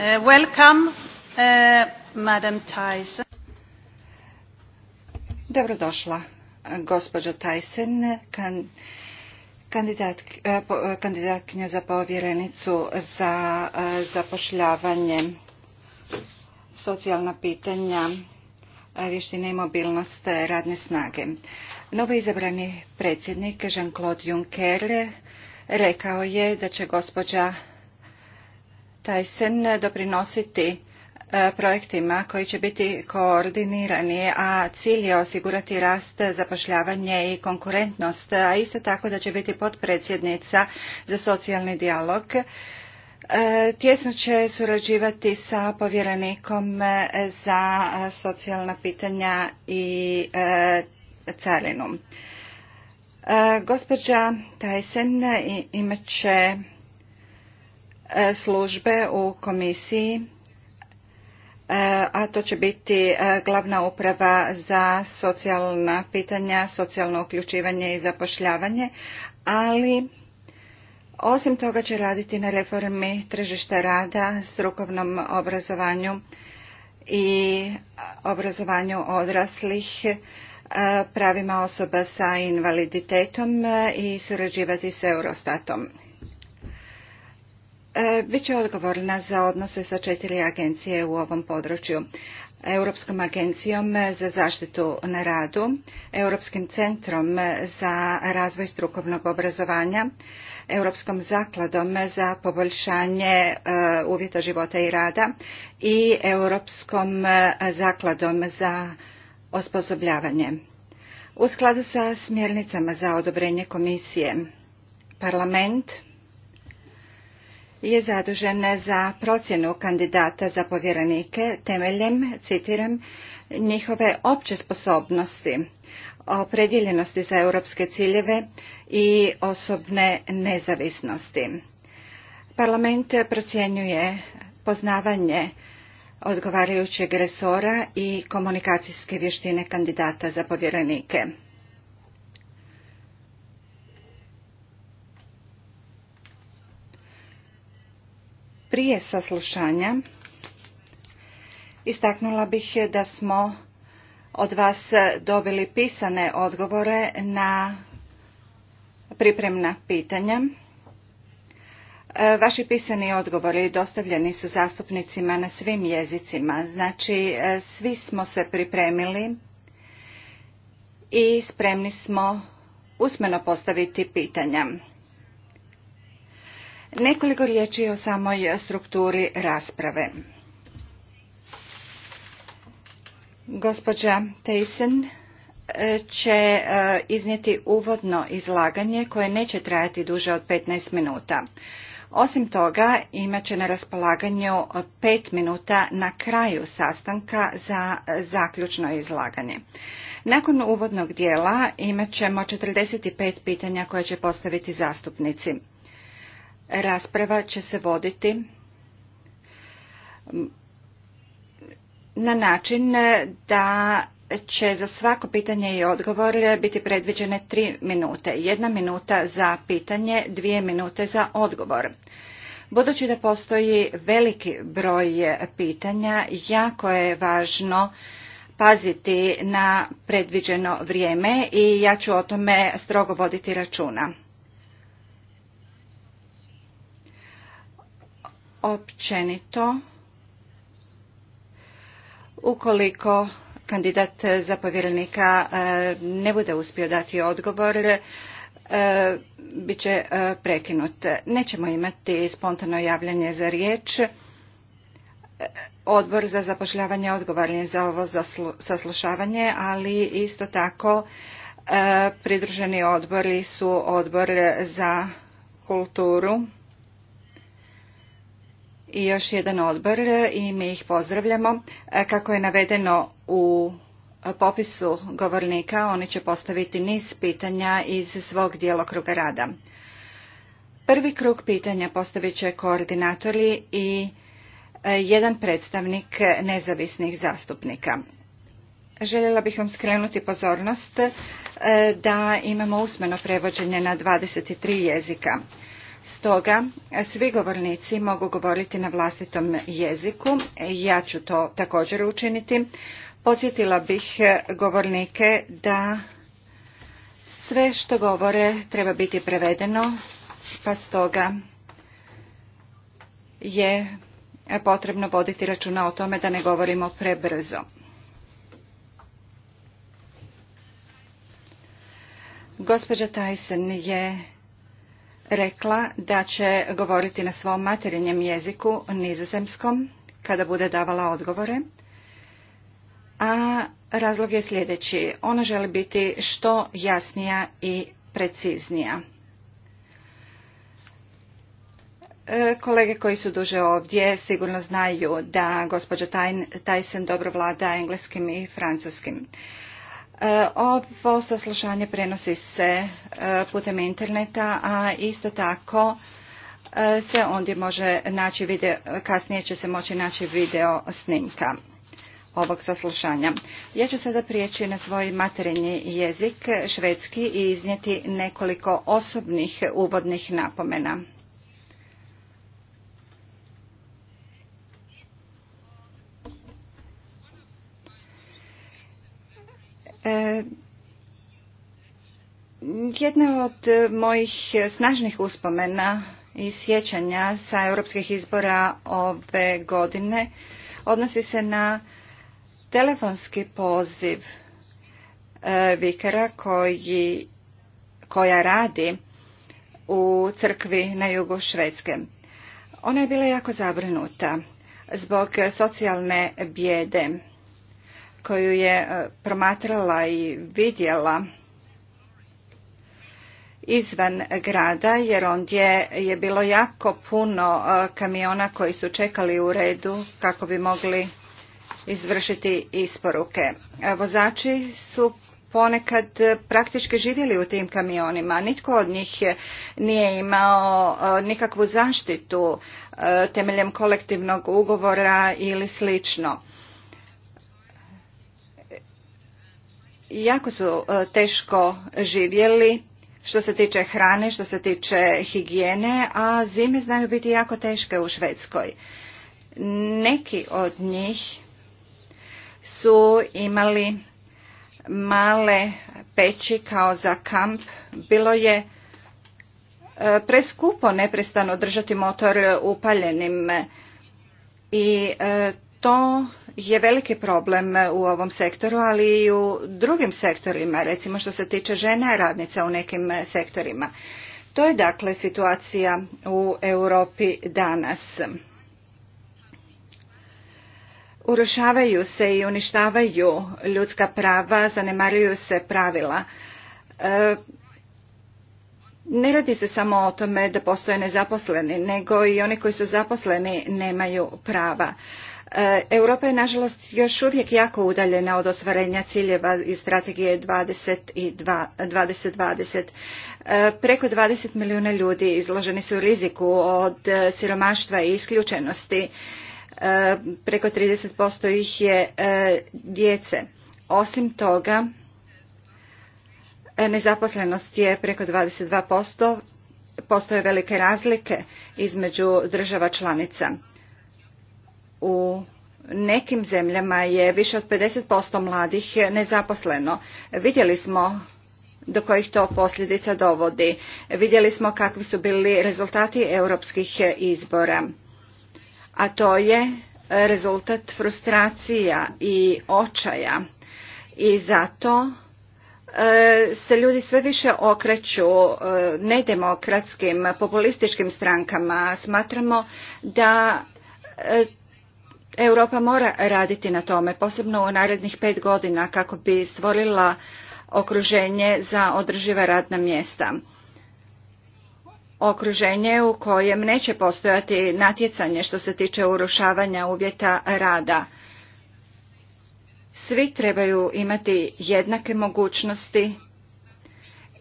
Eh, welcome, eh, Madam Tyson. Dobrodošla, gospođo Tyson, kan, E, e, kandidatkinja za povjerenicu za e, zapošljavanje, socijalna pitanja, vještine i mobilnost radne snage. Novi izabrani predsjednik Jean-Claude Juncker rekao je da će gospođa Tyson doprinositi E, projektima koji će biti koordinirani, a cilj je osigurati rast, zapošljavanje i konkurentnost, a isto tako da će biti potpredsjednica za socijalni dijalog. E, tjesno će surađivati sa povjerenikom za socijalna pitanja i e, carinu. Gospođa Tajsen imat će službe u komisiji a to će biti e, glavna uprava za socijalna pitanja, socijalno uključivanje i zapošljavanje, ali osim toga će raditi na reformi tržišta rada, strukovnom obrazovanju i obrazovanju odraslih, e, pravima osoba sa invaliditetom e, i surađivati s Eurostatom. E, će odgovorna za odnose sa četiri agencije u ovom području. Europskom agencijom za zaštitu na radu, Europskim centrom za razvoj strukovnog obrazovanja, Europskom zakladom za poboljšanje e, uvjeta života i rada i Europskom e, zakladom za osposobljavanje. U skladu sa smjernicama za odobrenje komisije, parlament je zadužena za procjenu kandidata za povjerenike temeljem, citiram, njihove opće sposobnosti, opredjeljenosti za europske ciljeve i osobne nezavisnosti. Parlament procjenjuje poznavanje odgovarajućeg resora i komunikacijske vještine kandidata za povjerenike. Prije saslušanja istaknula bih da smo od vas dobili pisane odgovore na pripremna pitanja. Vaši pisani odgovori dostavljeni su zastupnicima na svim jezicima, znači svi smo se pripremili i spremni smo usmeno postaviti pitanja. Nekoliko riječi o samoj strukturi rasprave. Gospođa Tejsen e, će e, iznijeti uvodno izlaganje koje neće trajati duže od 15 minuta. Osim toga, imat će na raspolaganju 5 minuta na kraju sastanka za e, zaključno izlaganje. Nakon uvodnog dijela imat ćemo 45 pitanja koje će postaviti zastupnici. Rasprava će se voditi na način da će za svako pitanje i odgovor biti predviđene tri minute. Jedna minuta za pitanje, dvije minute za odgovor. Budući da postoji veliki broj pitanja, jako je važno paziti na predviđeno vrijeme i ja ću o tome strogo voditi računa. općenito ukoliko kandidat za povjerenika e, ne bude uspio dati odgovor e, bit će e, prekinut. Nećemo imati spontano javljanje za riječ. Odbor za zapošljavanje odgovoran je za ovo saslušavanje, ali isto tako pridruženi odbori su odbor za kulturu i još jedan odbor i mi ih pozdravljamo. E, kako je navedeno u popisu govornika, oni će postaviti niz pitanja iz svog djelokruga rada. Prvi krug pitanja postavit će koordinatori i e, jedan predstavnik nezavisnih zastupnika. Željela bih vam skrenuti pozornost e, da imamo usmeno prevođenje na 23 jezika. Stoga svi govornici mogu govoriti na vlastitom jeziku. Ja ću to također učiniti. Podsjetila bih govornike da sve što govore treba biti prevedeno, pa stoga je potrebno voditi računa o tome da ne govorimo prebrzo. Gospođa Tyson je rekla da će govoriti na svom materinjem jeziku, nizozemskom, kada bude davala odgovore. A razlog je sljedeći. Ona želi biti što jasnija i preciznija. E, kolege koji su duže ovdje sigurno znaju da gospođa Tyson dobro vlada engleskim i francuskim. E, ovo saslušanje prenosi se e, putem interneta, a isto tako e, se ondje može naći video, kasnije će se moći naći video snimka ovog saslušanja. Ja ću sada prijeći na svoj materinji jezik, švedski, i iznijeti nekoliko osobnih uvodnih napomena. E, jedna od mojih snažnih uspomena i sjećanja sa europskih izbora ove godine odnosi se na telefonski poziv e, vikara koji, koja radi u crkvi na jugu Švedske. Ona je bila jako zabrinuta zbog socijalne bijede koju je e, promatrala i vidjela izvan grada jer ondje je bilo jako puno e, kamiona koji su čekali u redu kako bi mogli izvršiti isporuke. E, vozači su ponekad praktički živjeli u tim kamionima. Nitko od njih nije imao nikakvu zaštitu temeljem kolektivnog ugovora ili slično. jako su e, teško živjeli što se tiče hrane, što se tiče higijene, a zime znaju biti jako teške u Švedskoj. Neki od njih su imali male peći kao za kamp. Bilo je e, preskupo neprestano držati motor upaljenim i e, to je veliki problem u ovom sektoru, ali i u drugim sektorima, recimo što se tiče žena radnica u nekim sektorima. To je dakle situacija u Europi danas. Urušavaju se i uništavaju ljudska prava, zanemaruju se pravila. E, ne radi se samo o tome da postoje nezaposleni, nego i oni koji su zaposleni nemaju prava. E, Europa je nažalost još uvijek jako udaljena od ostvarenja ciljeva iz strategije dvadeset 2020. E, preko 20 milijuna ljudi izloženi su riziku od e, siromaštva i isključenosti. Preko 30% ih je djece. Osim toga, nezaposlenost je preko 22%. Postoje velike razlike između država članica u nekim zemljama je više od 50% mladih nezaposleno. Vidjeli smo do kojih to posljedica dovodi. Vidjeli smo kakvi su bili rezultati europskih izbora. A to je rezultat frustracija i očaja. I zato e, se ljudi sve više okreću e, nedemokratskim, populističkim strankama. Smatramo da e, Europa mora raditi na tome, posebno u narednih pet godina kako bi stvorila okruženje za održiva radna mjesta. Okruženje u kojem neće postojati natjecanje što se tiče urušavanja uvjeta rada. Svi trebaju imati jednake mogućnosti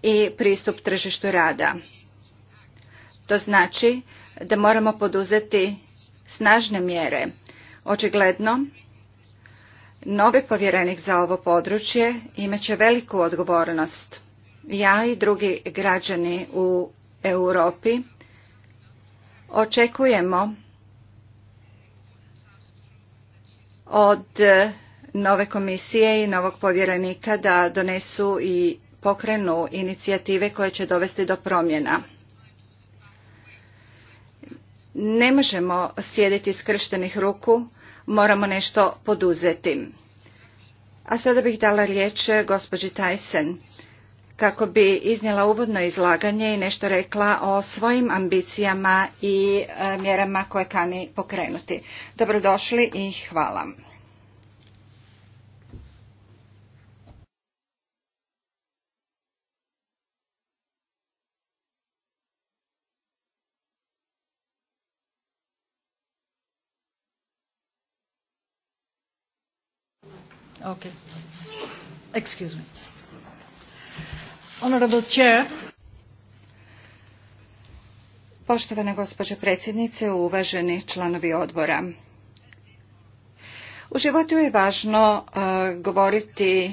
i pristup tržištu rada. To znači da moramo poduzeti snažne mjere Očigledno, novi povjerenik za ovo područje imaće veliku odgovornost. Ja i drugi građani u Europi očekujemo od nove komisije i novog povjerenika da donesu i pokrenu inicijative koje će dovesti do promjena. Ne možemo sjediti skrštenih ruku moramo nešto poduzeti. A sada bih dala riječ gospođi Tyson kako bi iznijela uvodno izlaganje i nešto rekla o svojim ambicijama i e, mjerama koje kani pokrenuti. Dobrodošli i hvala. Okay. Excuse me. Honorable Chair. Poštovana gospođa predsjednice, uvaženi članovi odbora. U životu je važno uh, govoriti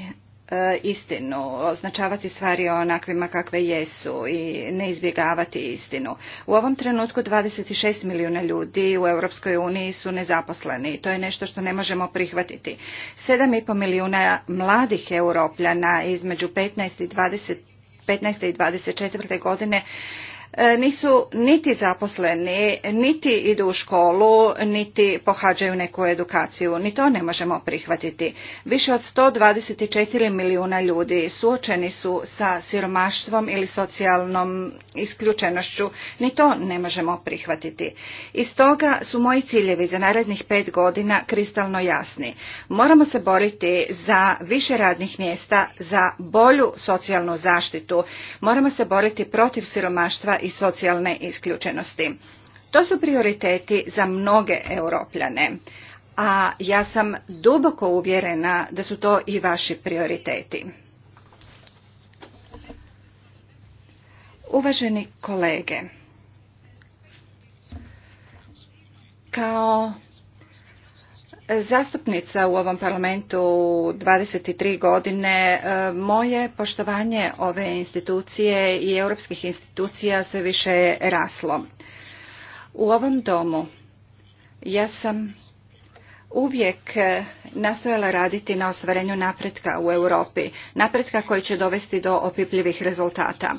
E, istinu, označavati stvari onakvima kakve jesu i ne izbjegavati istinu. U ovom trenutku 26 milijuna ljudi u Europskoj uniji su nezaposleni i to je nešto što ne možemo prihvatiti. 7,5 milijuna mladih europljana između 15 i 20 15. i 24. godine E, nisu niti zaposleni, niti idu u školu, niti pohađaju neku edukaciju. Ni to ne možemo prihvatiti. Više od 124 milijuna ljudi suočeni su sa siromaštvom ili socijalnom isključenošću. Ni to ne možemo prihvatiti. Iz stoga su moji ciljevi za narednih pet godina kristalno jasni. Moramo se boriti za više radnih mjesta, za bolju socijalnu zaštitu. Moramo se boriti protiv siromaštva i socijalne isključenosti. To su prioriteti za mnoge europljane, a ja sam duboko uvjerena da su to i vaši prioriteti. Uvaženi kolege, kao zastupnica u ovom parlamentu 23 godine, e, moje poštovanje ove institucije i europskih institucija sve više je raslo. U ovom domu ja sam uvijek nastojala raditi na ostvarenju napretka u Europi, napretka koji će dovesti do opipljivih rezultata.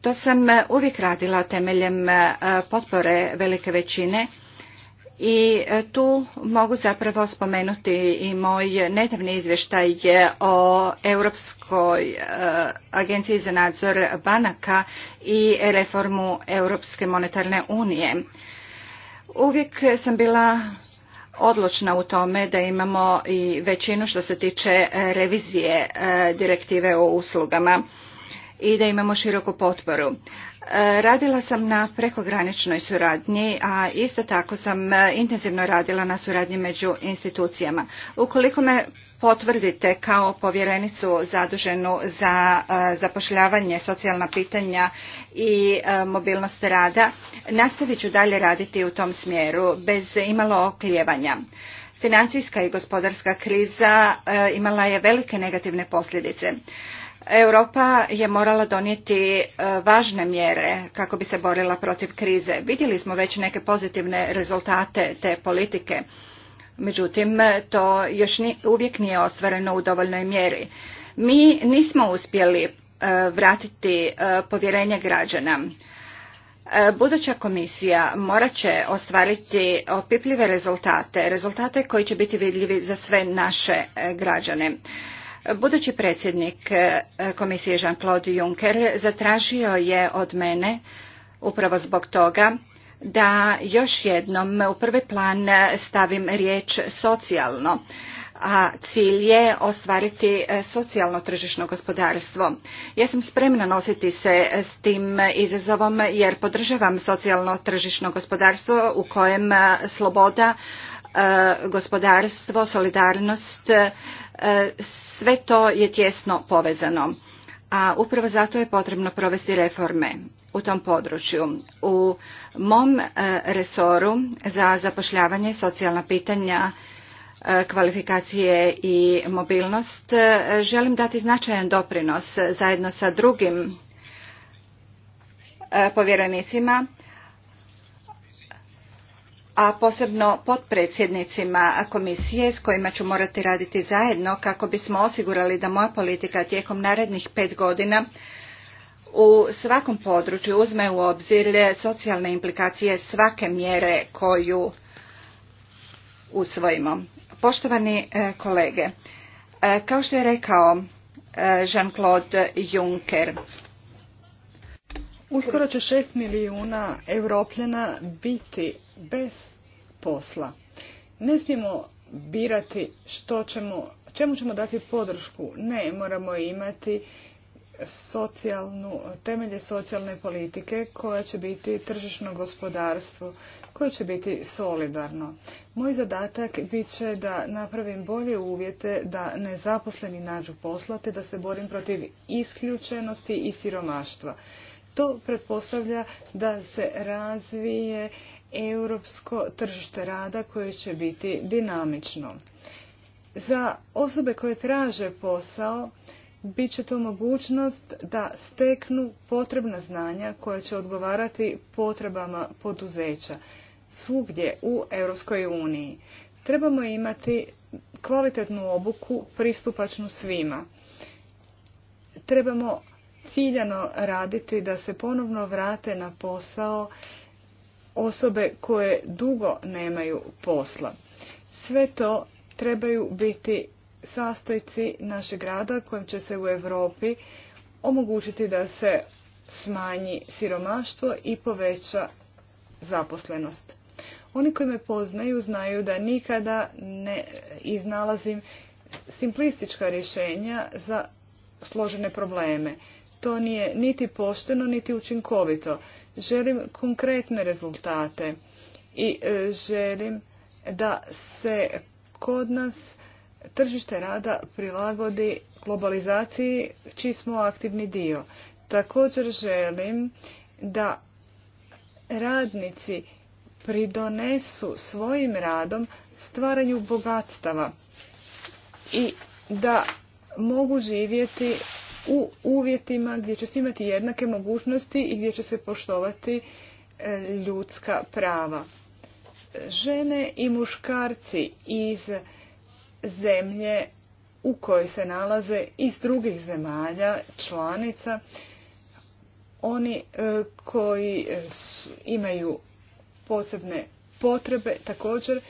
To sam uvijek radila temeljem e, potpore velike većine i e, tu mogu zapravo spomenuti i moj nedavni izvještaj o Europskoj e, agenciji za nadzor banaka i reformu Europske monetarne unije. Uvijek sam bila odlučna u tome da imamo i većinu što se tiče revizije e, direktive o uslugama i da imamo široku potporu. Radila sam na prekograničnoj suradnji, a isto tako sam e, intenzivno radila na suradnji među institucijama. Ukoliko me potvrdite kao povjerenicu zaduženu za e, zapošljavanje, socijalna pitanja i e, mobilnost rada, nastavit ću dalje raditi u tom smjeru bez imalo oklijevanja. Financijska i gospodarska kriza imala je velike negativne posljedice. Europa je morala donijeti e, važne mjere kako bi se borila protiv krize. Vidjeli smo već neke pozitivne rezultate te politike. Međutim, to još uvijek nije ostvareno u dovoljnoj mjeri. Mi nismo uspjeli e, vratiti e, povjerenje građana. Buduća komisija morat će ostvariti opipljive rezultate, rezultate koji će biti vidljivi za sve naše građane. Budući predsjednik e, komisije Jean-Claude Juncker zatražio je od mene upravo zbog toga da još jednom u prvi plan stavim riječ socijalno, a cilj je ostvariti e, socijalno tržišno gospodarstvo. Ja sam spremna nositi se s tim izazovom jer podržavam socijalno tržišno gospodarstvo u kojem e, sloboda, gospodarstvo, solidarnost E, sve to je tjesno povezano, a upravo zato je potrebno provesti reforme u tom području. U mom e, resoru za zapošljavanje socijalna pitanja e, kvalifikacije i mobilnost želim dati značajan doprinos zajedno sa drugim povjerenicima a posebno potpredsjednicima komisije s kojima ću morati raditi zajedno kako bismo osigurali da moja politika tijekom narednih pet godina u svakom području uzme u obzir socijalne implikacije svake mjere koju usvojimo. Poštovani e, kolege, e, kao što je rekao e, Jean-Claude Juncker, Uskoro će šest milijuna europljena biti bez posla. Ne smijemo birati što ćemo, čemu ćemo dati podršku. Ne, moramo imati socijalnu, temelje socijalne politike koja će biti tržišno gospodarstvo, koje će biti solidarno. Moj zadatak bit će da napravim bolje uvjete da nezaposleni nađu posla te da se borim protiv isključenosti i siromaštva. To pretpostavlja da se razvije europsko tržište rada koje će biti dinamično. Za osobe koje traže posao bit će to mogućnost da steknu potrebna znanja koja će odgovarati potrebama poduzeća svugdje u Europskoj uniji. Trebamo imati kvalitetnu obuku pristupačnu svima. Trebamo ciljano raditi da se ponovno vrate na posao osobe koje dugo nemaju posla. Sve to trebaju biti sastojci našeg rada kojim će se u Europi omogućiti da se smanji siromaštvo i poveća zaposlenost. Oni koji me poznaju znaju da nikada ne iznalazim simplistička rješenja za složene probleme. To nije niti pošteno, niti učinkovito. Želim konkretne rezultate i e, želim da se kod nas tržište rada prilagodi globalizaciji čiji smo aktivni dio. Također želim da radnici pridonesu svojim radom stvaranju bogatstava i da mogu živjeti u uvjetima gdje će se imati jednake mogućnosti i gdje će se poštovati e, ljudska prava. Žene i muškarci iz zemlje u kojoj se nalaze iz drugih zemalja, članica, oni e, koji imaju posebne potrebe također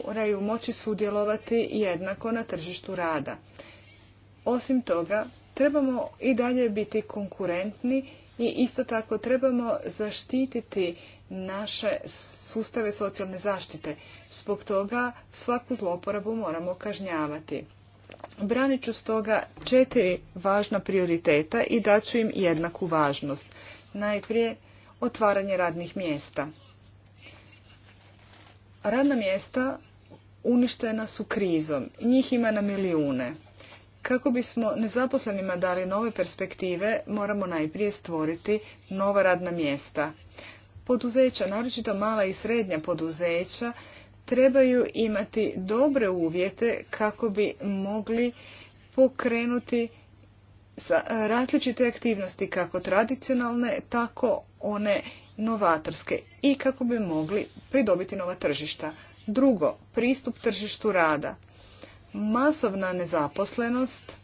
moraju moći sudjelovati jednako na tržištu rada. Osim toga, trebamo i dalje biti konkurentni i isto tako trebamo zaštititi naše sustave socijalne zaštite. Zbog toga svaku zloporabu moramo kažnjavati. Branit ću stoga četiri važna prioriteta i daću im jednaku važnost. Najprije otvaranje radnih mjesta. Radna mjesta uništena su krizom. Njih ima na milijune. Kako bismo nezaposlenima dali nove perspektive, moramo najprije stvoriti nova radna mjesta. Poduzeća, naročito mala i srednja poduzeća, trebaju imati dobre uvjete kako bi mogli pokrenuti različite aktivnosti, kako tradicionalne, tako one novatorske i kako bi mogli pridobiti nova tržišta. Drugo, pristup tržištu rada masovna nezaposlenost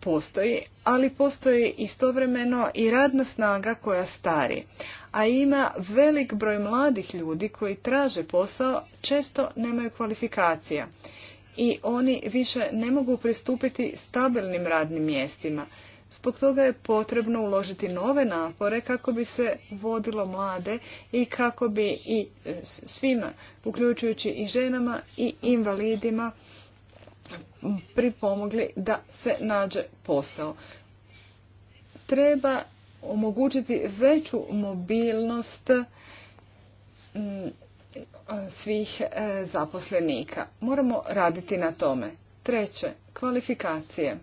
postoji, ali postoji istovremeno i radna snaga koja stari. A ima velik broj mladih ljudi koji traže posao, često nemaju kvalifikacija. I oni više ne mogu pristupiti stabilnim radnim mjestima. Zbog toga je potrebno uložiti nove napore kako bi se vodilo mlade i kako bi i e, svima, uključujući i ženama i invalidima, pripomogli da se nađe posao. Treba omogućiti veću mobilnost svih e, zaposlenika. Moramo raditi na tome. Treće, kvalifikacije.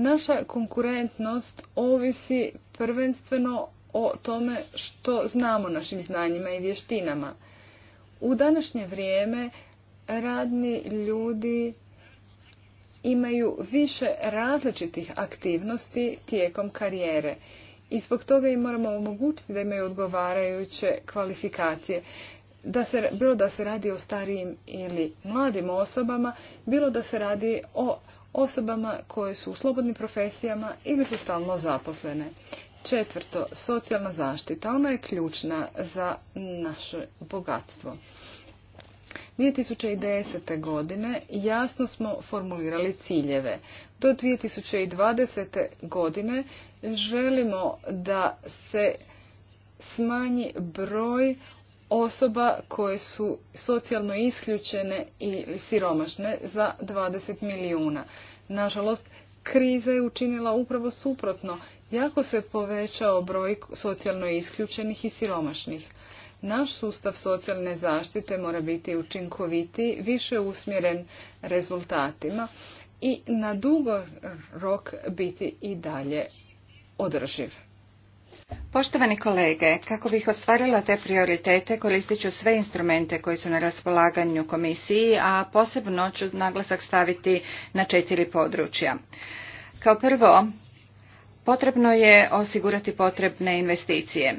Naša konkurentnost ovisi prvenstveno o tome što znamo našim znanjima i vještinama. U današnje vrijeme radni ljudi imaju više različitih aktivnosti tijekom karijere i zbog toga im moramo omogućiti da imaju odgovarajuće kvalifikacije. Da se, bilo da se radi o starijim ili mladim osobama, bilo da se radi o osobama koje su u slobodnim profesijama ili su stalno zaposlene. Četvrto, socijalna zaštita. Ona je ključna za naše bogatstvo. 2010. godine jasno smo formulirali ciljeve. Do 2020. godine želimo da se smanji broj osoba koje su socijalno isključene i siromašne za 20 milijuna. Nažalost, kriza je učinila upravo suprotno. Jako se povećao broj socijalno isključenih i siromašnih. Naš sustav socijalne zaštite mora biti učinkovitiji, više usmjeren rezultatima i na dugo rok biti i dalje održiv. Poštovani kolege, kako bih ostvarila te prioritete koristit ću sve instrumente koji su na raspolaganju komisiji, a posebno ću naglasak staviti na četiri područja. Kao prvo, potrebno je osigurati potrebne investicije.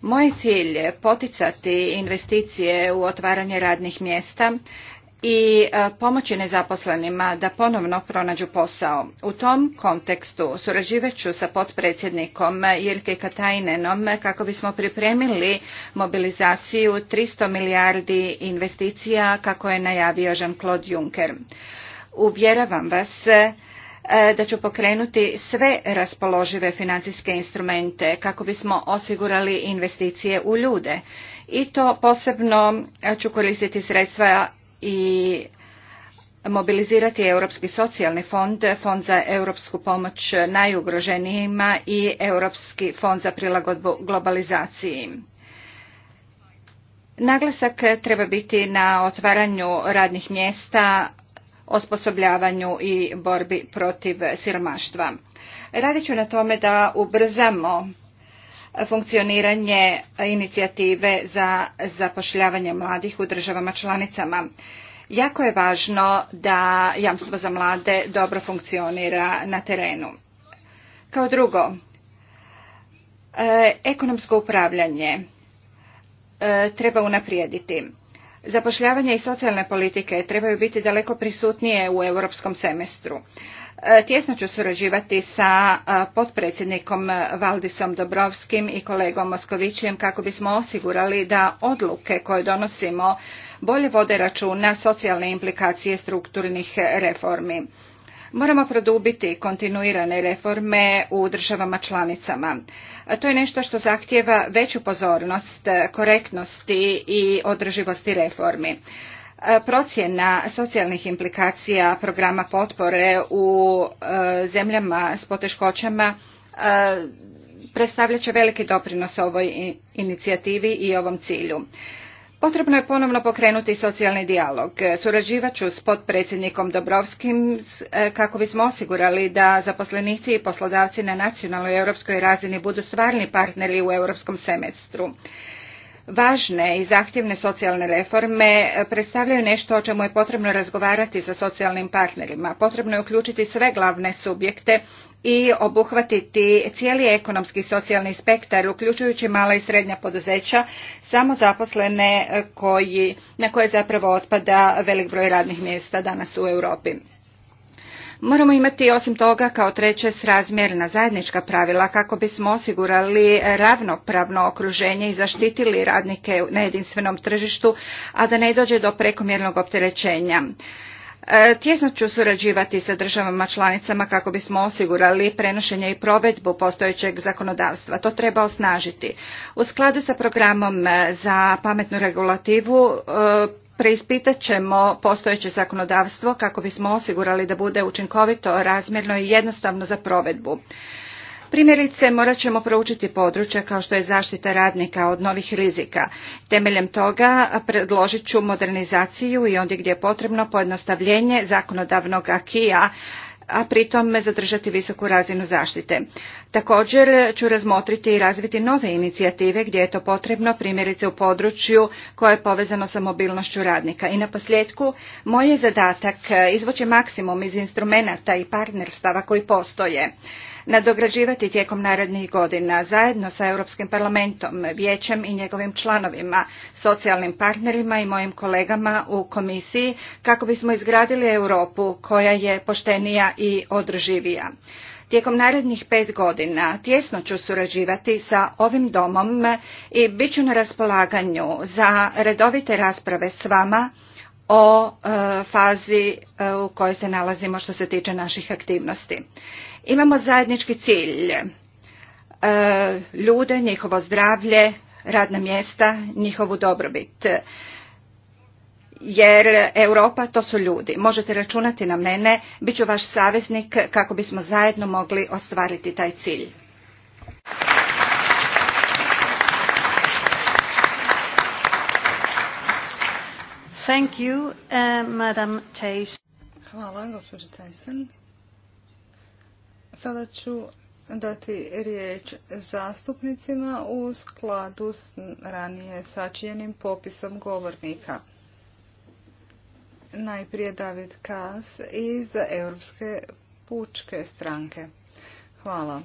Moj cilj je poticati investicije u otvaranje radnih mjesta, i e, pomoći nezaposlenima da ponovno pronađu posao. U tom kontekstu surađivat ću sa potpredsjednikom Jirke Katajnenom kako bismo pripremili mobilizaciju 300 milijardi investicija kako je najavio Jean-Claude Juncker. Uvjeravam vas e, da ću pokrenuti sve raspoložive financijske instrumente kako bismo osigurali investicije u ljude i to posebno ću koristiti sredstva i mobilizirati Europski socijalni fond, fond za europsku pomoć najugroženijima i Europski fond za prilagodbu globalizaciji. Naglasak treba biti na otvaranju radnih mjesta, osposobljavanju i borbi protiv siromaštva. Radit ću na tome da ubrzamo funkcioniranje inicijative za zapošljavanje mladih u državama članicama. Jako je važno da jamstvo za mlade dobro funkcionira na terenu. Kao drugo, e, ekonomsko upravljanje e, treba unaprijediti. Zapošljavanje i socijalne politike trebaju biti daleko prisutnije u europskom semestru. Tjesno ću surađivati sa potpredsjednikom Valdisom Dobrovskim i kolegom Moskovićem kako bismo osigurali da odluke koje donosimo bolje vode računa socijalne implikacije strukturnih reformi. Moramo produbiti kontinuirane reforme u državama članicama. To je nešto što zahtjeva veću pozornost, korektnosti i održivosti reformi. E, procjena socijalnih implikacija programa potpore u e, zemljama s poteškoćama e, predstavljat će veliki doprinos ovoj inicijativi i ovom cilju. Potrebno je ponovno pokrenuti socijalni dijalog. Surađivat ću s potpredsjednikom Dobrovskim kako bismo osigurali da zaposlenici i poslodavci na nacionalnoj i europskoj razini budu stvarni partneri u europskom semestru važne i zahtjevne socijalne reforme e, predstavljaju nešto o čemu je potrebno razgovarati sa socijalnim partnerima. Potrebno je uključiti sve glavne subjekte i obuhvatiti cijeli ekonomski i socijalni spektar, uključujući mala i srednja poduzeća, samozaposlene e, koji, na koje zapravo otpada velik broj radnih mjesta danas u Europi. Moramo imati osim toga kao treće srazmjerna zajednička pravila kako bismo osigurali ravnopravno okruženje i zaštitili radnike na jedinstvenom tržištu, a da ne dođe do prekomjernog opterećenja. E, tjesno ću surađivati sa državama članicama kako bismo osigurali prenošenje i provedbu postojećeg zakonodavstva. To treba osnažiti. U skladu sa programom e, za pametnu regulativu e, Preispitat ćemo postojeće zakonodavstvo kako bismo osigurali da bude učinkovito, razmjerno i jednostavno za provedbu. Primjerice, morat ćemo proučiti područja kao što je zaštita radnika od novih rizika. Temeljem toga predložit ću modernizaciju i ondje gdje je potrebno pojednostavljenje zakonodavnog akija a pritom zadržati visoku razinu zaštite. Također ću razmotriti i razviti nove inicijative gdje je to potrebno, primjerice u području koje je povezano sa mobilnošću radnika. I na posljedku, moj je zadatak eh, izvoći maksimum iz instrumenta i partnerstava koji postoje nadograđivati tijekom narednih godina zajedno sa Europskim parlamentom, vijećem i njegovim članovima, socijalnim partnerima i mojim kolegama u komisiji kako bismo izgradili Europu koja je poštenija i održivija. Tijekom narednih pet godina tjesno ću surađivati sa ovim domom i bit ću na raspolaganju za redovite rasprave s vama o e, fazi e, u kojoj se nalazimo što se tiče naših aktivnosti. Imamo zajednički cilj. E, ljude, njihovo zdravlje, radna mjesta, njihovu dobrobit. Jer Europa to su ljudi. Možete računati na mene, bit ću vaš saveznik kako bismo zajedno mogli ostvariti taj cilj. Thank you, eh, Hvala, gospođo Tyson. Sada ću dati riječ zastupnicima u skladu s ranije sačinjenim popisom govornika. Najprije David Kas iz Europske pučke stranke. Hvala.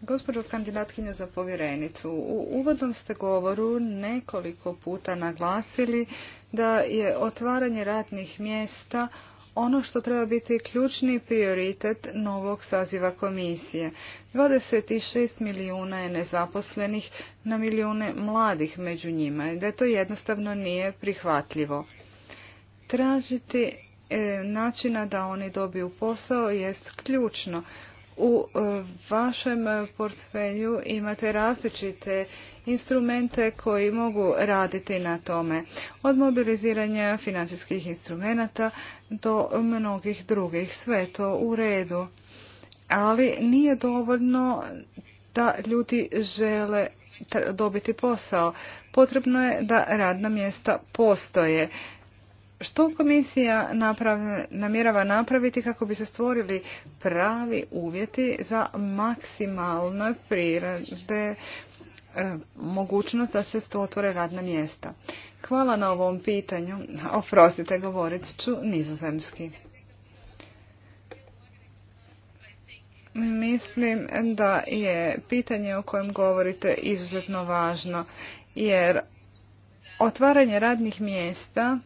Gospođo kandidatkinju za povjerenicu, u uvodnom ste govoru nekoliko puta naglasili da je otvaranje ratnih mjesta ono što treba biti ključni prioritet novog saziva komisije. 26 milijuna je nezaposlenih na milijune mladih među njima i da to jednostavno nije prihvatljivo. Tražiti e, načina da oni dobiju posao jest ključno u e, vašem portfelju imate različite instrumente koji mogu raditi na tome. Od mobiliziranja financijskih instrumenata do mnogih drugih. Sve to u redu. Ali nije dovoljno da ljudi žele dobiti posao. Potrebno je da radna mjesta postoje. Što komisija namjerava napraviti kako bi se stvorili pravi uvjeti za maksimalne prirade e, mogućnost da se otvore radna mjesta. Hvala na ovom pitanju. Oprostite, govorit ću nizozemski. Mislim da je pitanje o kojem govorite izuzetno važno, jer otvaranje radnih mjesta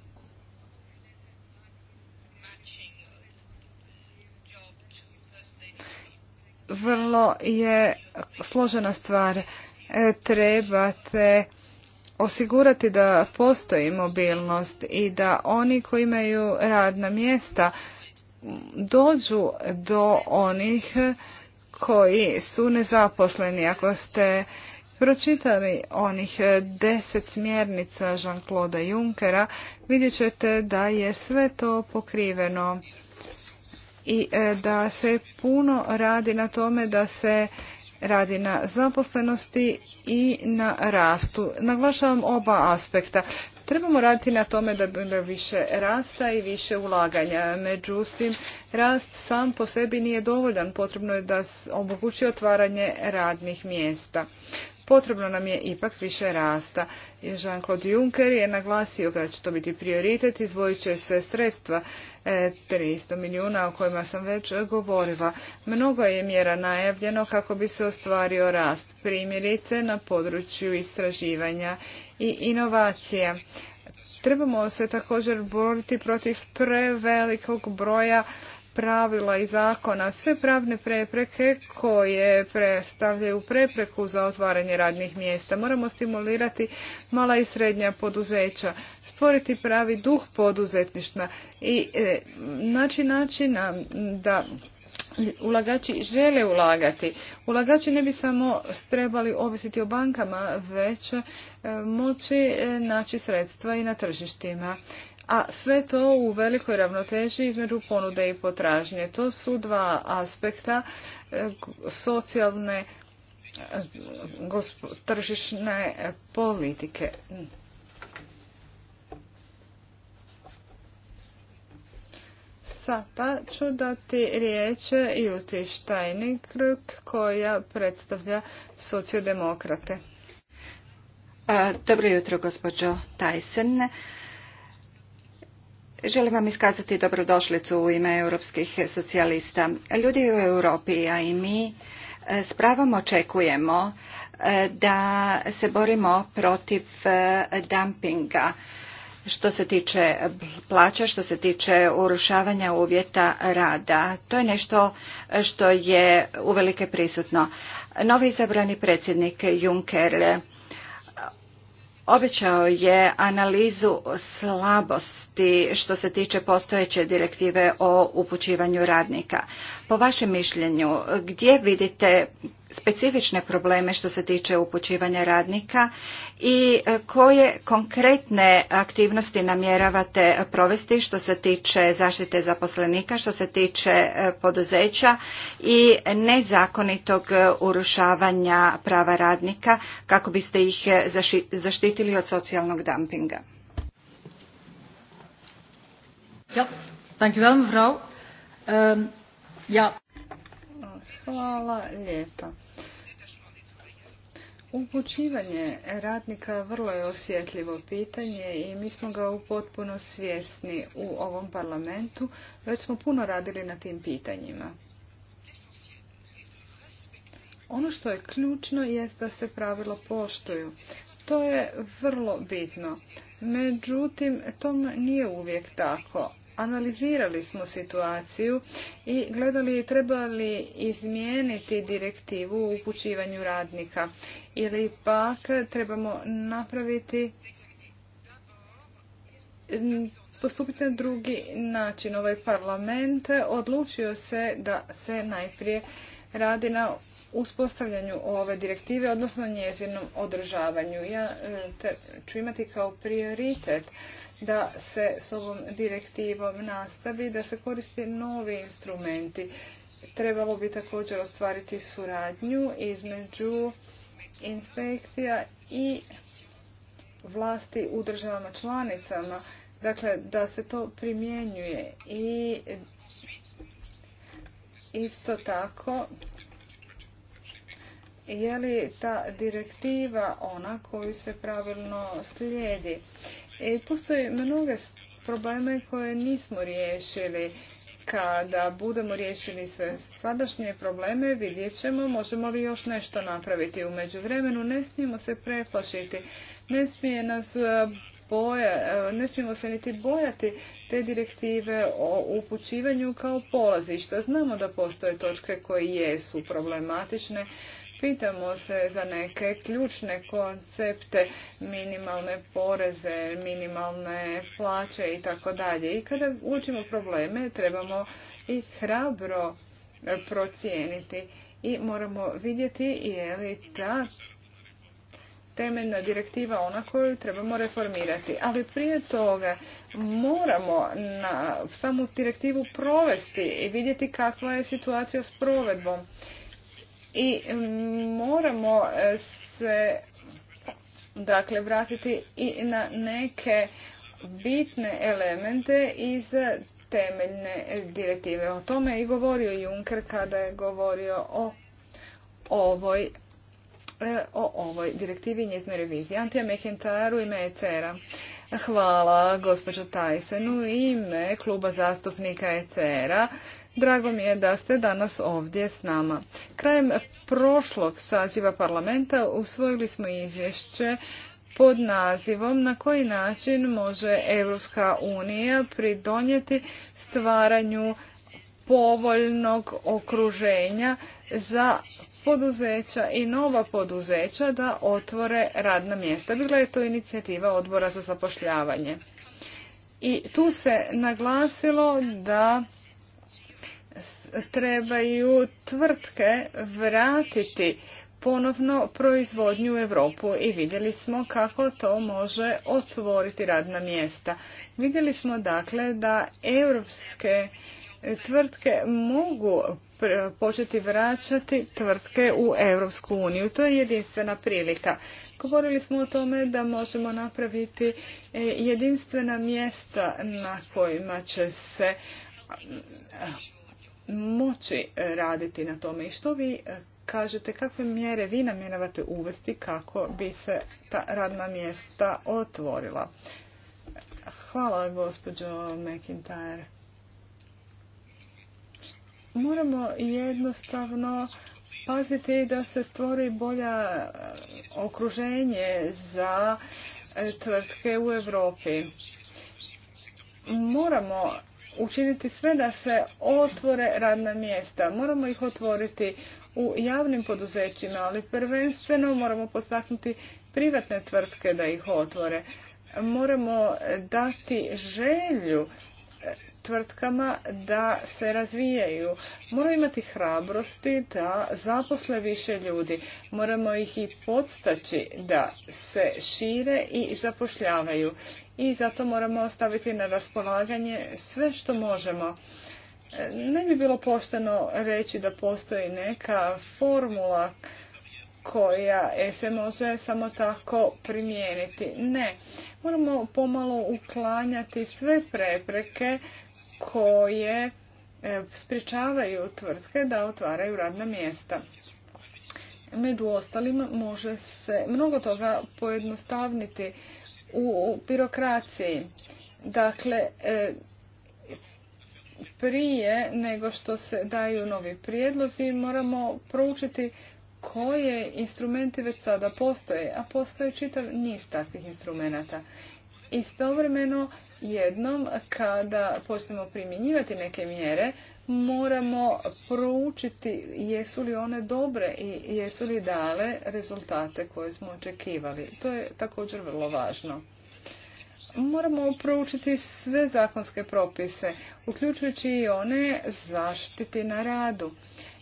vrlo je složena stvar. E, trebate osigurati da postoji mobilnost i da oni koji imaju radna mjesta dođu do onih koji su nezaposleni. Ako ste pročitali onih deset smjernica Jean-Claude Junckera, vidjet ćete da je sve to pokriveno i e, da se puno radi na tome da se radi na zaposlenosti i na rastu. Naglašavam oba aspekta. Trebamo raditi na tome da bilo više rasta i više ulaganja. Međutim, rast sam po sebi nije dovoljan. Potrebno je da omogući otvaranje radnih mjesta. Potrebno nam je ipak više rasta. Jean-Claude Juncker je naglasio da će to biti prioritet, izvojit će se sredstva 300 e, milijuna o kojima sam već govorila. Mnogo je mjera najavljeno kako bi se ostvario rast primjerice na području istraživanja i inovacija. Trebamo se također boriti protiv prevelikog broja pravila i zakona, sve pravne prepreke koje predstavljaju prepreku za otvaranje radnih mjesta. Moramo stimulirati mala i srednja poduzeća, stvoriti pravi duh poduzetništva i e, naći način da ulagači žele ulagati. Ulagači ne bi samo trebali ovisiti o bankama, već e, moći e, naći sredstva i na tržištima. A sve to u velikoj ravnoteži između ponude i potražnje. To su dva aspekta e, socijalne tržišne politike. Sada pa ću dati riječ Juti Štajnikruk koja predstavlja socijodemokrate. Dobro jutro, gospođo Tajsen. Želim vam iskazati dobrodošlicu u ime europskih socijalista. Ljudi u Europi, a i mi, e, s pravom očekujemo e, da se borimo protiv e, dumpinga što se tiče plaća, što se tiče urušavanja uvjeta rada. To je nešto što je uvelike prisutno. Novi izabrani predsjednik Juncker obećao je analizu slabosti što se tiče postojeće direktive o upućivanju radnika. Po vašem mišljenju, gdje vidite specifične probleme što se tiče upućivanja radnika i e, koje konkretne aktivnosti namjeravate provesti što se tiče zaštite zaposlenika, što se tiče e, poduzeća i nezakonitog e, urušavanja prava radnika kako biste ih zaštitili od socijalnog dumpinga? Ja, mevrouw. Ehm, ja. Hvala lijepa. Upućivanje radnika vrlo je osjetljivo pitanje i mi smo ga u potpuno svjesni u ovom parlamentu. Već smo puno radili na tim pitanjima. Ono što je ključno jest da se pravila poštuju. To je vrlo bitno. Međutim, to nije uvijek tako analizirali smo situaciju i gledali treba li izmijeniti direktivu u upućivanju radnika ili pak trebamo napraviti postupiti na drugi način. Ovaj parlament odlučio se da se najprije radi na uspostavljanju ove direktive, odnosno njezinom održavanju. Ja e, ću imati kao prioritet da se s ovom direktivom nastavi, da se koriste novi instrumenti. Trebalo bi također ostvariti suradnju između inspekcija i vlasti u državama članicama, dakle da se to primjenjuje i isto tako je li ta direktiva ona koju se pravilno slijedi. I e, postoje mnoge probleme koje nismo riješili. Kada budemo riješili sve sadašnje probleme, vidjet ćemo možemo li još nešto napraviti. U međuvremenu ne smijemo se preplašiti, ne smije nas e, boja, e, ne smijemo se niti bojati te direktive o upućivanju kao polazišta. Znamo da postoje točke koje jesu problematične, Pitamo se za neke ključne koncepte, minimalne poreze, minimalne plaće i tako dalje. I kada učimo probleme, trebamo i hrabro procijeniti i moramo vidjeti je li ta temeljna direktiva ona koju trebamo reformirati. Ali prije toga moramo na samu direktivu provesti i vidjeti kakva je situacija s provedbom i moramo e, se dakle vratiti i na neke bitne elemente iz temeljne direktive. O tome je i govorio Juncker kada je govorio o ovoj e, o ovoj direktivi i njezinoj reviziji. Antija Mehentaru ime ECR-a. Hvala gospođo Tajsenu ime kluba zastupnika ecr Drago mi je da ste danas ovdje s nama. Krajem prošlog saziva parlamenta usvojili smo izvješće pod nazivom na koji način može Europska unija pridonijeti stvaranju povoljnog okruženja za poduzeća i nova poduzeća da otvore radna mjesta. Bila je to inicijativa odbora za zapošljavanje. I tu se naglasilo da trebaju tvrtke vratiti ponovno proizvodnju u Europu i vidjeli smo kako to može otvoriti radna mjesta. Vidjeli smo dakle da europske tvrtke mogu početi vraćati tvrtke u Europsku uniju. To je jedinstvena prilika. Govorili smo o tome da možemo napraviti e, jedinstvena mjesta na kojima će se moći e, raditi na tome i što vi e, kažete kakve mjere vi namjeravate uvesti kako bi se ta radna mjesta otvorila. Hvala gospođo McIntyre. Moramo jednostavno paziti da se stvori bolja e, okruženje za tvrtke u Europi. Moramo učiniti sve da se otvore radna mjesta. Moramo ih otvoriti u javnim poduzećima, ali prvenstveno moramo postaknuti privatne tvrtke da ih otvore. Moramo dati želju tvrtkama da se razvijaju. Moramo imati hrabrosti da zaposle više ljudi. Moramo ih i podstaći da se šire i zapošljavaju. I zato moramo staviti na raspolaganje sve što možemo. Ne bi bilo pošteno reći da postoji neka formula koja se može samo tako primijeniti. Ne, moramo pomalo uklanjati sve prepreke koje e, sprječavaju tvrtke da otvaraju radna mjesta. Među ostalim, može se mnogo toga pojednostavniti u birokraciji. Dakle, e, prije nego što se daju novi prijedlozi moramo proučiti koje instrumenti već sada postoje, a postoje čitav niz takvih instrumenata istovremeno jednom kada počnemo primjenjivati neke mjere, moramo proučiti jesu li one dobre i jesu li dale rezultate koje smo očekivali. To je također vrlo važno. Moramo proučiti sve zakonske propise, uključujući i one zaštiti na radu.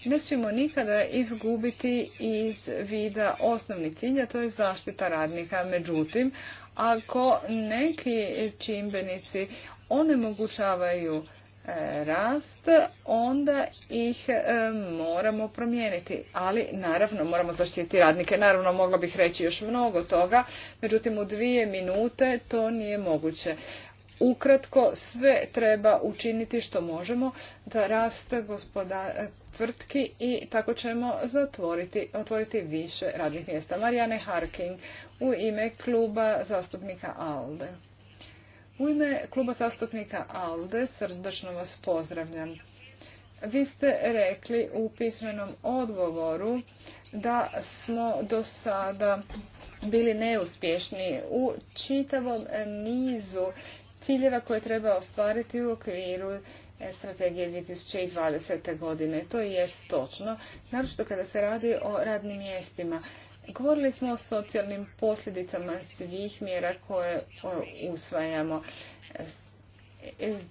Ne smijemo nikada izgubiti iz vida osnovni cilj, a to je zaštita radnika. Međutim, ako neki čimbenici onemogućavaju e, rast, onda ih e, moramo promijeniti. Ali naravno moramo zaštiti radnike. Naravno mogla bih reći još mnogo toga, međutim u dvije minute to nije moguće. Ukratko sve treba učiniti što možemo da rast gospoda, tvrtki i tako ćemo otvoriti više radnih mjesta. Marijane Harking u ime kluba zastupnika ALDE. U ime kluba zastupnika ALDE srdačno vas pozdravljam. Vi ste rekli u pismenom odgovoru da smo do sada bili neuspješni u čitavom nizu ciljeva koje treba ostvariti u okviru strategije 2020. godine. To je točno, naročito kada se radi o radnim mjestima. Govorili smo o socijalnim posljedicama svih mjera koje usvajamo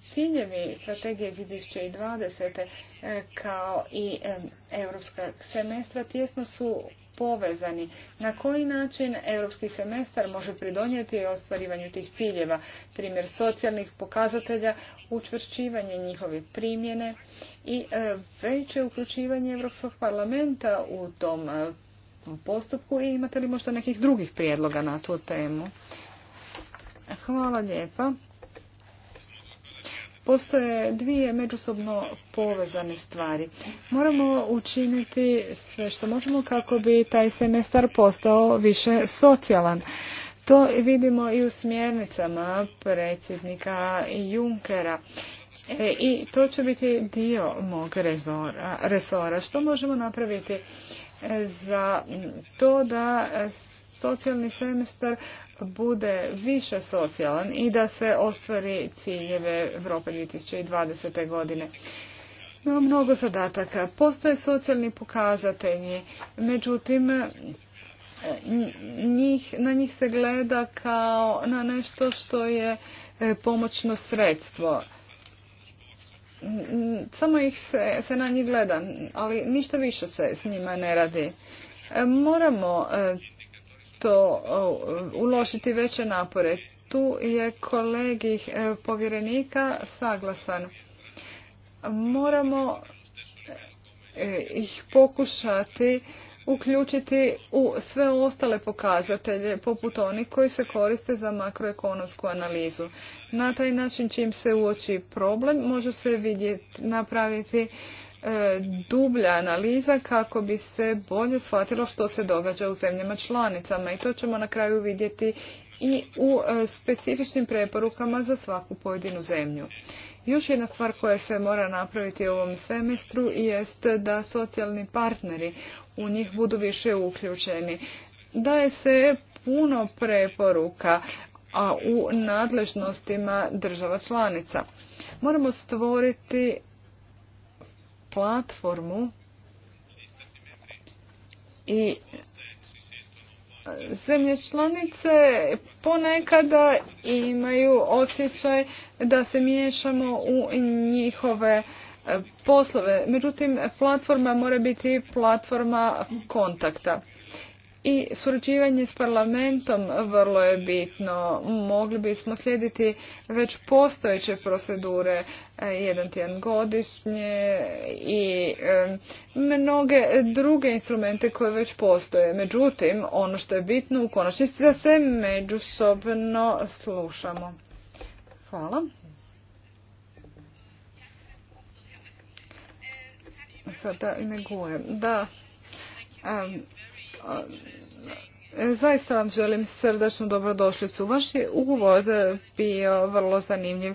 ciljevi strategije 2020. E, kao i e, europska semestra tjesno su povezani. Na koji način europski semestar može pridonijeti ostvarivanju tih ciljeva? Primjer socijalnih pokazatelja, učvršćivanje njihove primjene i e, veće uključivanje Europskog parlamenta u tom postupku i imate li možda nekih drugih prijedloga na tu temu? Hvala lijepa. Postoje dvije međusobno povezane stvari. Moramo učiniti sve što možemo kako bi taj semestar postao više socijalan. To vidimo i u smjernicama predsjednika Junkera. E, I to će biti dio mog resora. Što možemo napraviti e, za to da socijalni semestar bude više socijalan i da se ostvari ciljeve Europe 2020. godine. Imamo mnogo zadataka. Postoje socijalni pokazatelji, međutim, na njih se gleda kao na nešto što je e, pomoćno sredstvo. Samo ih se, se na njih gleda, ali ništa više se s njima ne radi. E, moramo e, to uložiti veće napore. Tu je kolegi eh, povjerenika saglasan. Moramo eh, ih pokušati uključiti u sve ostale pokazatelje poput onih koji se koriste za makroekonomsku analizu. Na taj način čim se uoči problem može se vidjeti, napraviti E, dublja analiza kako bi se bolje shvatilo što se događa u zemljama članicama i to ćemo na kraju vidjeti i u e, specifičnim preporukama za svaku pojedinu zemlju. Još jedna stvar koja se mora napraviti u ovom semestru jest da socijalni partneri u njih budu više uključeni. Daje se puno preporuka a u nadležnostima država članica. Moramo stvoriti platformu i zemlje članice ponekada imaju osjećaj da se miješamo u njihove e, poslove. Međutim, platforma mora biti platforma kontakta. I surađivanje s parlamentom vrlo je bitno. Mogli bismo slijediti već postojeće procedure e, jedan tjedan godišnje i e, mnoge druge instrumente koje već postoje. Međutim, ono što je bitno u konačnici da se međusobno slušamo. Hvala. Sada ne Da. E, E, zaista vam želim srdačnu dobrodošlicu. Vaš je uvod bio vrlo zanimljiv.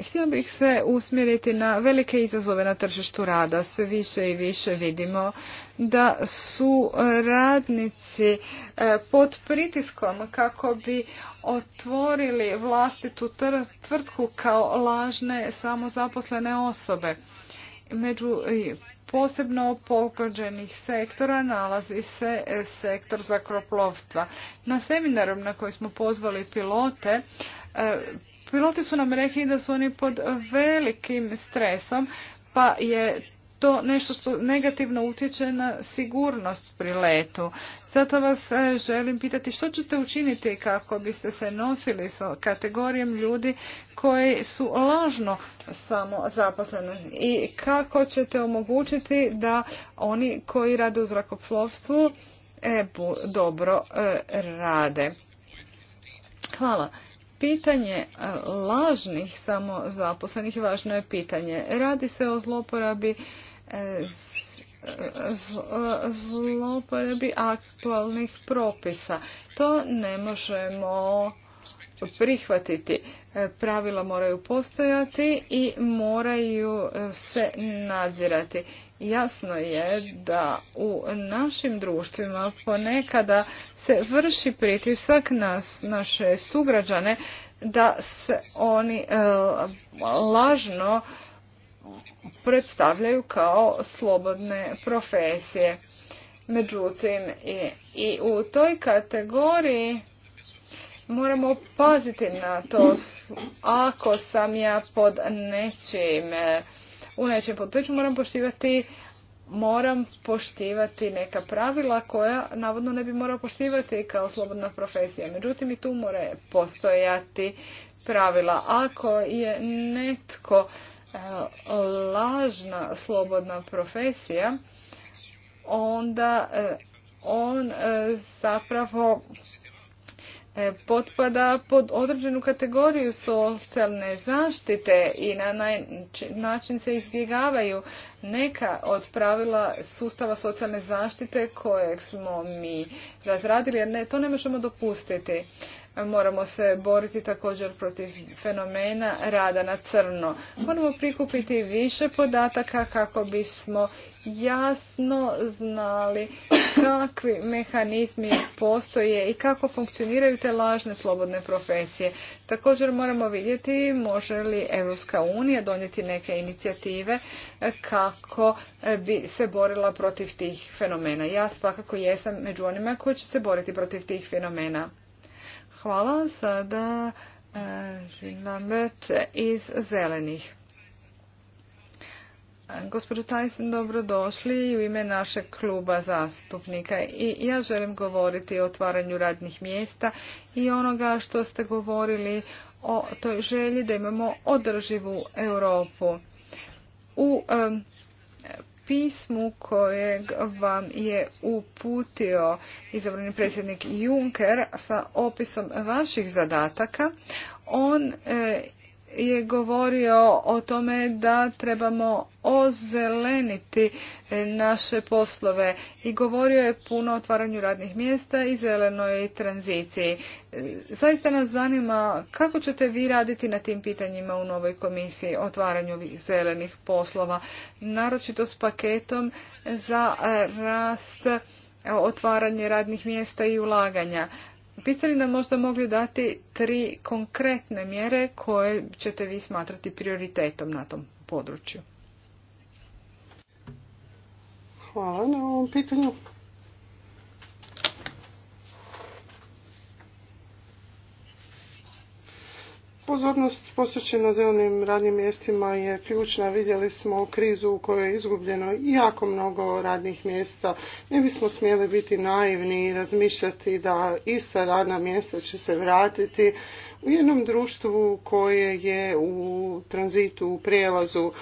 Htio bih se usmjeriti na velike izazove na tržištu rada. Sve više i više vidimo da su radnici e, pod pritiskom kako bi otvorili vlastitu tvrtku kao lažne samozaposlene osobe. Među posebno pogođenih sektora nalazi se e, sektor zakroplovstva. Na seminaru na koji smo pozvali pilote, e, piloti su nam rekli da su oni pod velikim stresom, pa je to nešto što negativno utječe na sigurnost pri letu. Zato vas e, želim pitati što ćete učiniti kako biste se nosili sa kategorijom ljudi koji su lažno samo i kako ćete omogućiti da oni koji rade u zrakoplovstvu e, dobro e, rade. Hvala. Pitanje e, lažnih samozaposlenih važno je pitanje. Radi se o zloporabi zloporebi aktualnih propisa. To ne možemo prihvatiti. Pravila moraju postojati i moraju se nadzirati. Jasno je da u našim društvima ponekada se vrši pritisak na naše sugrađane da se oni e, lažno predstavljaju kao slobodne profesije. Međutim, i, i u toj kategoriji moramo paziti na to. Ako sam ja pod nečim, u nečem moram poštivati moram poštivati neka pravila koja navodno ne bi morao poštivati kao slobodna profesija. Međutim, i tu mora postojati pravila. Ako je netko E, lažna slobodna profesija, onda e, on e, zapravo potpada pod određenu kategoriju socijalne zaštite i na način se izbjegavaju neka od pravila sustava socijalne zaštite kojeg smo mi razradili, jer ne, to ne možemo dopustiti. Moramo se boriti također protiv fenomena rada na crno. Moramo prikupiti više podataka kako bismo jasno znali kakvi mehanizmi postoje i kako funkcioniraju te lažne slobodne profesije. Također moramo vidjeti može li Europska unija donijeti neke inicijative kako bi se borila protiv tih fenomena. Ja svakako jesam među onima koji će se boriti protiv tih fenomena. Hvala. Sada e, Lambert iz Zelenih. Gospođo Tyson, dobrodošli u ime našeg kluba zastupnika i ja želim govoriti o otvaranju radnih mjesta i onoga što ste govorili o toj želji da imamo održivu Europu. U pismu kojeg vam je uputio izabrani predsjednik Juncker sa opisom vaših zadataka, on e, je govorio o tome da trebamo ozeleniti e, naše poslove i govorio je puno o otvaranju radnih mjesta i zelenoj tranziciji. E, zaista nas zanima kako ćete vi raditi na tim pitanjima u novoj komisiji o otvaranju zelenih poslova, naročito s paketom za e, rast otvaranje radnih mjesta i ulaganja. Biste li nam možda mogli dati tri konkretne mjere koje ćete vi smatrati prioritetom na tom području? Hvala na ovom pitanju. Pozornost posvećena zelenim radnim mjestima je ključna. Vidjeli smo krizu u kojoj je izgubljeno jako mnogo radnih mjesta. Ne bismo smjeli biti naivni i razmišljati da ista radna mjesta će se vratiti u jednom društvu koje je u tranzitu, u prijelazu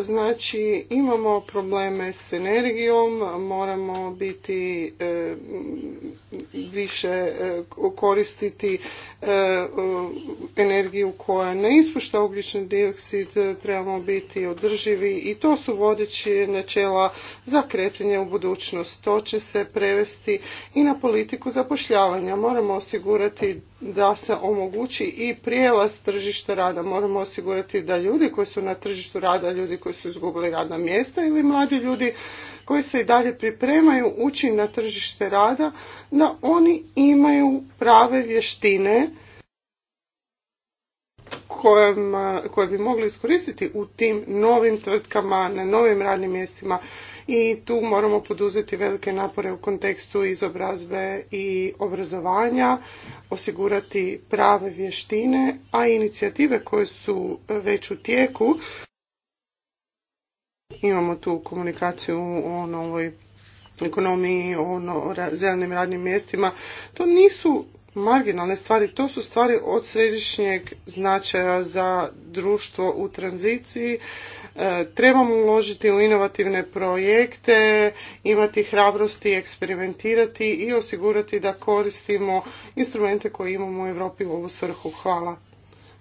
Znači imamo probleme s energijom, moramo biti e, više e, koristiti e, energiju koja ne ispušta ugljični dioksid, trebamo biti održivi i to su vodeći načela za kretanje u budućnost. To će se prevesti i na politiku zapošljavanja. Moramo osigurati da se omogući i prijelaz tržišta rada. Moramo osigurati da ljudi koji su na tržištu rada, ljudi koji su izgubili radna mjesta ili mladi ljudi koji se i dalje pripremaju ući na tržište rada, da oni imaju prave vještine koje bi mogli iskoristiti u tim novim tvrtkama, na novim radnim mjestima i tu moramo poduzeti velike napore u kontekstu izobrazbe i obrazovanja, osigurati prave vještine, a inicijative koje su već u tijeku imamo tu komunikaciju o novoj ekonomiji, o zelenim radnim mjestima. To nisu marginalne stvari, to su stvari od središnjeg značaja za društvo u tranziciji. E, trebamo uložiti u inovativne projekte, imati hrabrosti, eksperimentirati i osigurati da koristimo instrumente koje imamo u Europi u ovu svrhu. Hvala.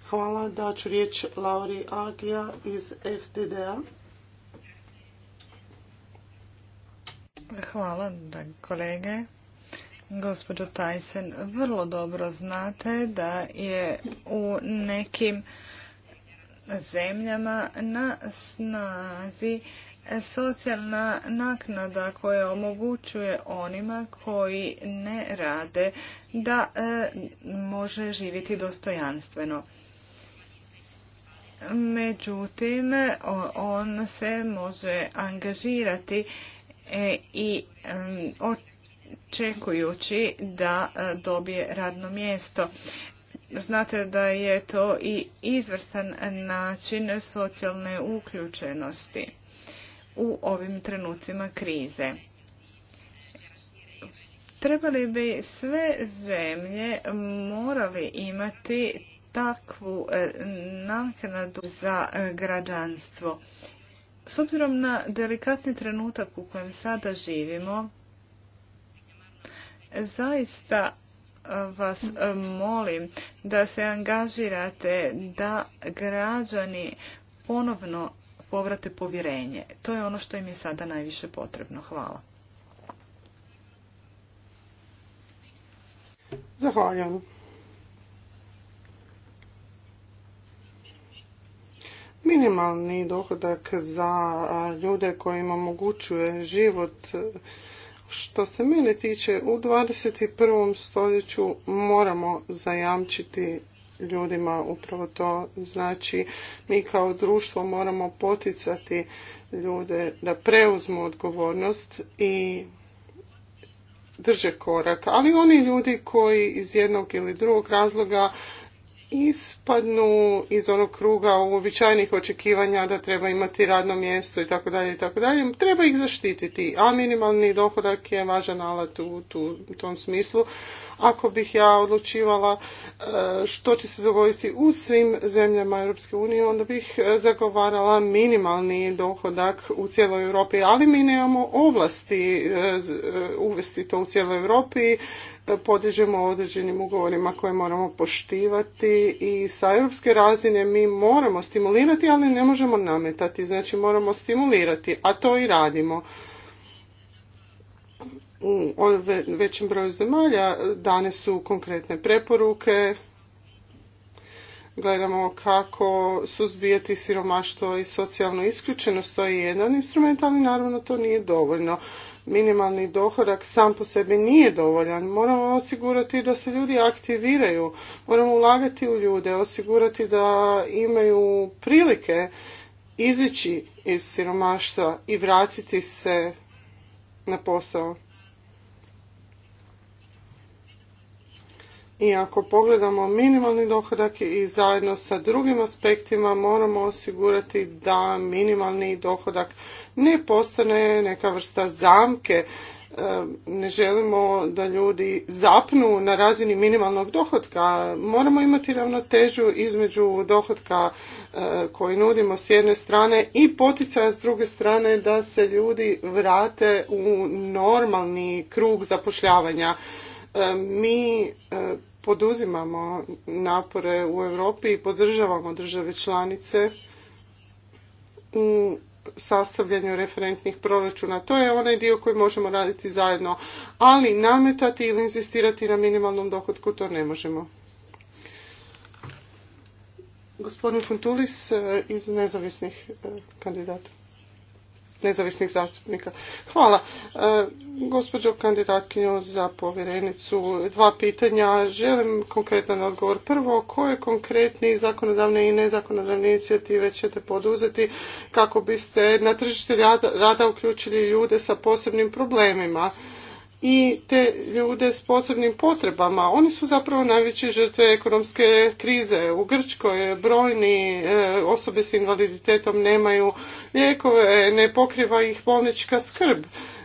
Hvala, daću riječ Lauri Agija iz FTDA. Hvala, kolege. Gospođo Tyson, vrlo dobro znate da je u nekim zemljama na snazi socijalna naknada koja omogućuje onima koji ne rade da e, može živjeti dostojanstveno. Međutim, on se može angažirati e, i e, čekujući da e, dobije radno mjesto. Znate da je to i izvrstan način socijalne uključenosti u ovim trenucima krize. Trebali bi sve zemlje morali imati takvu e, naknadu za e, građanstvo. S obzirom na delikatni trenutak u kojem sada živimo, zaista e, vas e, molim da se angažirate da građani ponovno povrate povjerenje. To je ono što im je sada najviše potrebno. Hvala. Zahvaljujem. Minimalni dohodak za ljude kojima omogućuje život što se mene tiče, u 21. stoljeću moramo zajamčiti ljudima upravo to znači mi kao društvo moramo poticati ljude da preuzmu odgovornost i drže korak ali oni ljudi koji iz jednog ili drugog razloga ispadnu iz onog kruga uobičajenih očekivanja da treba imati radno mjesto i tako dalje i tako dalje. Treba ih zaštititi, a minimalni dohodak je važan alat u tom smislu ako bih ja odlučivala e, što će se dogoditi u svim zemljama Europske unije, onda bih e, zagovarala minimalni dohodak u cijeloj Europi, ali mi nemamo ovlasti e, uvesti to u cijeloj Europi, podižemo određenim ugovorima koje moramo poštivati i sa europske razine mi moramo stimulirati, ali ne možemo nametati, znači moramo stimulirati, a to i radimo u većem broju zemalja dane su konkretne preporuke, gledamo kako suzbijati siromaštvo i socijalnu isključenost, to je jedan instrument, ali naravno to nije dovoljno. Minimalni dohodak sam po sebi nije dovoljan. Moramo osigurati da se ljudi aktiviraju, moramo ulagati u ljude, osigurati da imaju prilike izići iz siromaštva i vratiti se na posao. I ako pogledamo minimalni dohodak i zajedno sa drugim aspektima moramo osigurati da minimalni dohodak ne postane neka vrsta zamke. E, ne želimo da ljudi zapnu na razini minimalnog dohotka. Moramo imati ravnotežu između dohotka e, koji nudimo s jedne strane i poticaja s druge strane da se ljudi vrate u normalni krug zapošljavanja e, mi poduzimamo napore u Europi i podržavamo države članice u sastavljanju referentnih proračuna. To je onaj dio koji možemo raditi zajedno, ali nametati ili inzistirati na minimalnom dohotku to ne možemo. Gospodin Funtulis eh, iz nezavisnih eh, kandidata nezavisnih zastupnika. Hvala. E, gospođo kandidatkinjo za povjerenicu, dva pitanja. Želim konkretan odgovor. Prvo, koje konkretne zakonodavne i nezakonodavne inicijative ćete poduzeti kako biste na tržište rada uključili ljude sa posebnim problemima? i te ljude s posebnim potrebama. Oni su zapravo najveće žrtve ekonomske krize. U Grčkoj brojni e, osobe s invaliditetom nemaju lijekove, ne pokriva ih bolnička skrb.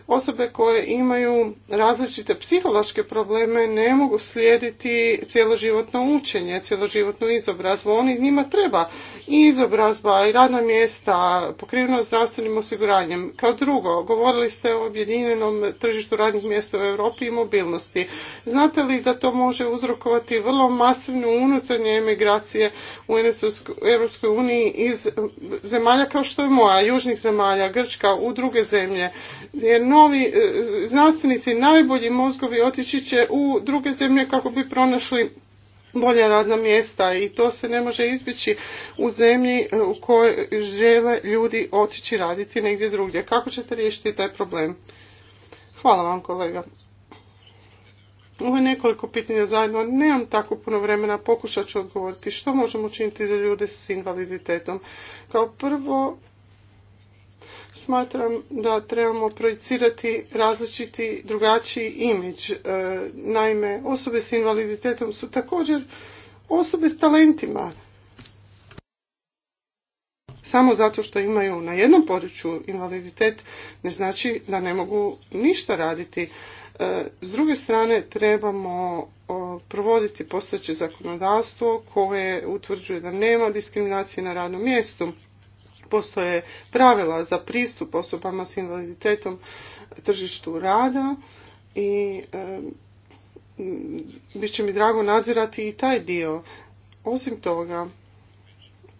Osobe koje imaju različite psihološke probleme ne mogu slijediti cjeloživotno učenje, cjeloživotnu izobrazbu. Oni njima treba i izobrazba i radna mjesta pokrivno zdravstvenim osiguranjem. Kao drugo, govorili ste o objedinjenom tržištu radnih mjesta u Europi i mobilnosti. Znate li da to može uzrokovati vrlo masivnu unutarnje emigracije u Europskoj uniji iz zemalja kao što je moja, južnih zemalja, Grčka, u druge zemlje. Jer novi e, znanstvenici, najbolji mozgovi otići će u druge zemlje kako bi pronašli bolja radna mjesta i to se ne može izbjeći u zemlji e, u kojoj žele ljudi otići raditi negdje drugdje. Kako ćete riješiti taj problem? Hvala vam kolega. Ovo nekoliko pitanja zajedno. Nemam tako puno vremena, pokušat ću odgovoriti. Što možemo učiniti za ljude s invaliditetom? Kao prvo, smatram da trebamo projicirati različiti drugačiji imidž. E, naime, osobe s invaliditetom su također osobe s talentima. Samo zato što imaju na jednom području invaliditet ne znači da ne mogu ništa raditi. E, s druge strane trebamo provoditi postojeće zakonodavstvo koje utvrđuje da nema diskriminacije na radnom mjestu postoje pravila za pristup osobama s invaliditetom tržištu rada i bit će mi drago nadzirati i taj dio. Osim toga,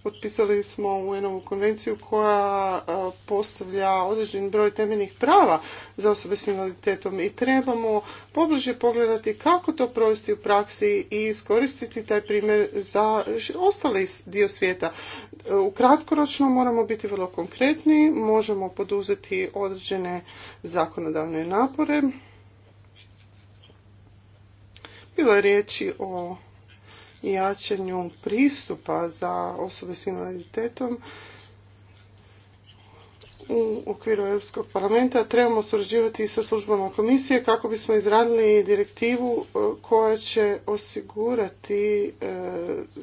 potpisali smo UN-ovu konvenciju koja e, postavlja određen broj temeljnih prava za osobe s invaliditetom i trebamo pobliže pogledati kako to provesti u praksi i iskoristiti taj primjer za ostali dio svijeta. E, u kratkoročno moramo biti vrlo konkretni, možemo poduzeti određene zakonodavne napore. Bilo je riječi o jačanju pristupa za osobe s invaliditetom u okviru Europskog parlamenta trebamo surađivati i sa službama komisije kako bismo izradili direktivu e, koja će osigurati e,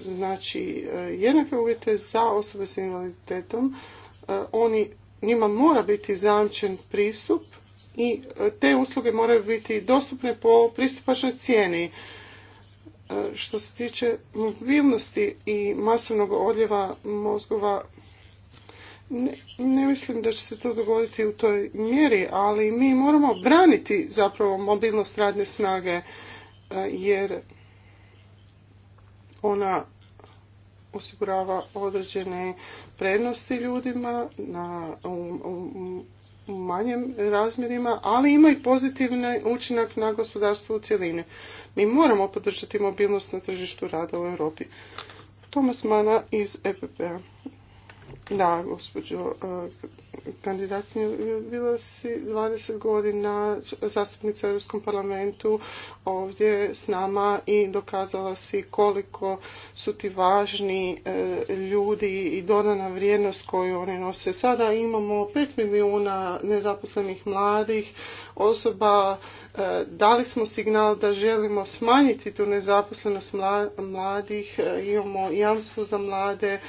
znači e, jednake uvjete za osobe s invaliditetom. Oni, njima mora biti zamčen pristup i te usluge moraju biti dostupne po pristupačnoj cijeni E, što se tiče mobilnosti i masovnog odljeva mozgova, ne, mislim da će se to dogoditi u toj mjeri, ali mi moramo braniti zapravo mobilnost radne snage e, jer ona osigurava određene prednosti ljudima na, u, manjim razmjerima, ali ima i pozitivni učinak na gospodarstvo u cjelini. Mi moramo podržati mobilnost na tržištu rada u Europi. Tomas Mana iz EPP-a. Da, gospođo e, kandidatnje, bila si 20 godina zastupnica u Europskom parlamentu ovdje s nama i dokazala si koliko su ti važni e, ljudi i dodana vrijednost koju oni nose. Sada imamo 5 milijuna nezaposlenih mladih osoba. E, dali smo signal da želimo smanjiti tu nezaposlenost mladih, imamo jamstvo za mlade,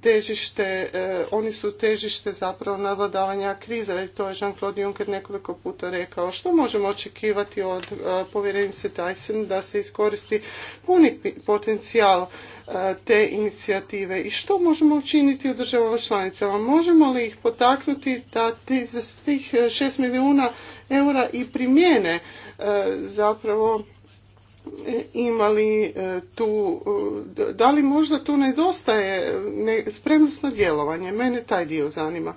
težište E, oni su težište zapravo navladavanja kriza i to je Jean-Claude Juncker nekoliko puta rekao. Što možemo očekivati od e, povjerenice Tyson da se iskoristi puni potencijal e, te inicijative i što možemo učiniti u državama članicama? Možemo li ih potaknuti da ti, za tih 6 milijuna eura i primjene zapravo imali e, tu, e, da li možda tu nedostaje spremnost na djelovanje? Mene taj dio zanima.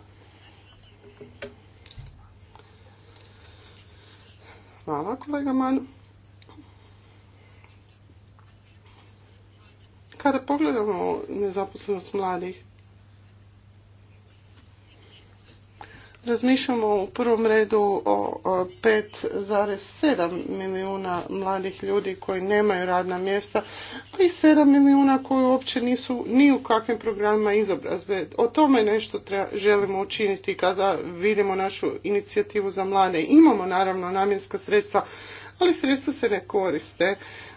Hvala kolega Man. Kada pogledamo nezaposlenost mladih, Razmišljamo u prvom redu o 5,7 milijuna mladih ljudi koji nemaju radna mjesta, pa i 7 milijuna koji uopće nisu ni u kakvim programima izobrazbe. O tome nešto treba, želimo učiniti kada vidimo našu inicijativu za mlade. Imamo naravno namjenska sredstva, ali sredstva se ne koriste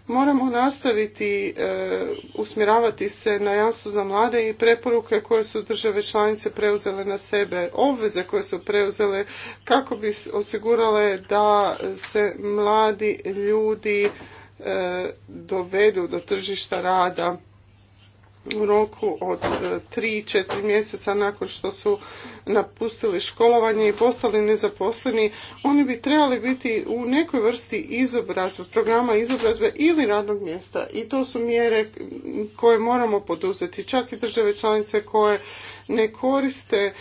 moramo nastaviti e, usmjeravati se na jamstvo za mlade i preporuke koje su države članice preuzele na sebe, obveze koje su preuzele kako bi osigurale da se mladi ljudi e, dovedu do tržišta rada u roku od 3-4 e, mjeseca nakon što su napustili školovanje i postali nezaposleni, oni bi trebali biti u nekoj vrsti izobrazbe, programa izobrazbe ili radnog mjesta. I to su mjere koje moramo poduzeti. Čak i države članice koje ne koriste e,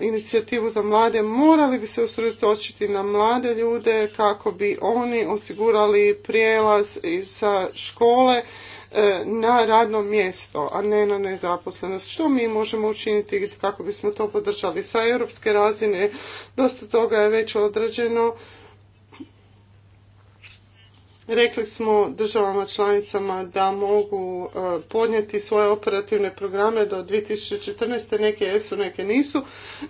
inicijativu za mlade, morali bi se usredotočiti na mlade ljude kako bi oni osigurali prijelaz sa škole E, na radno mjesto, a ne na nezaposlenost. Što mi možemo učiniti kako bismo to podržali? Sa europske razine dosta toga je već odrađeno Rekli smo državama članicama da mogu e, podnijeti svoje operativne programe do 2014. Neke jesu, neke nisu.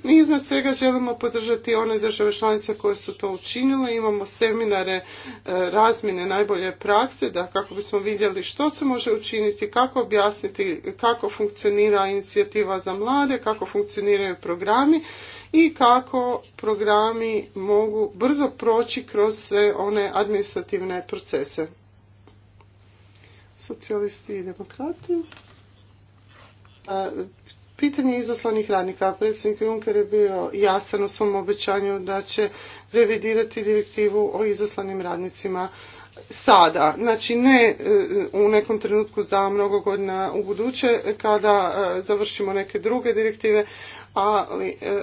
Mi iznad svega želimo podržati one države članice koje su to učinile. Imamo seminare e, razmjene najbolje prakse da kako bismo vidjeli što se može učiniti, kako objasniti kako funkcionira inicijativa za mlade, kako funkcioniraju programi i kako programi mogu brzo proći kroz sve one administrativne procese. Socijalisti i demokrati. E, pitanje izaslanih radnika. Predsjednik Juncker je bio jasan u svom obećanju da će revidirati direktivu o izaslanim radnicima sada, znači ne e, u nekom trenutku za mnogo godina u buduće kada e, završimo neke druge direktive, ali e,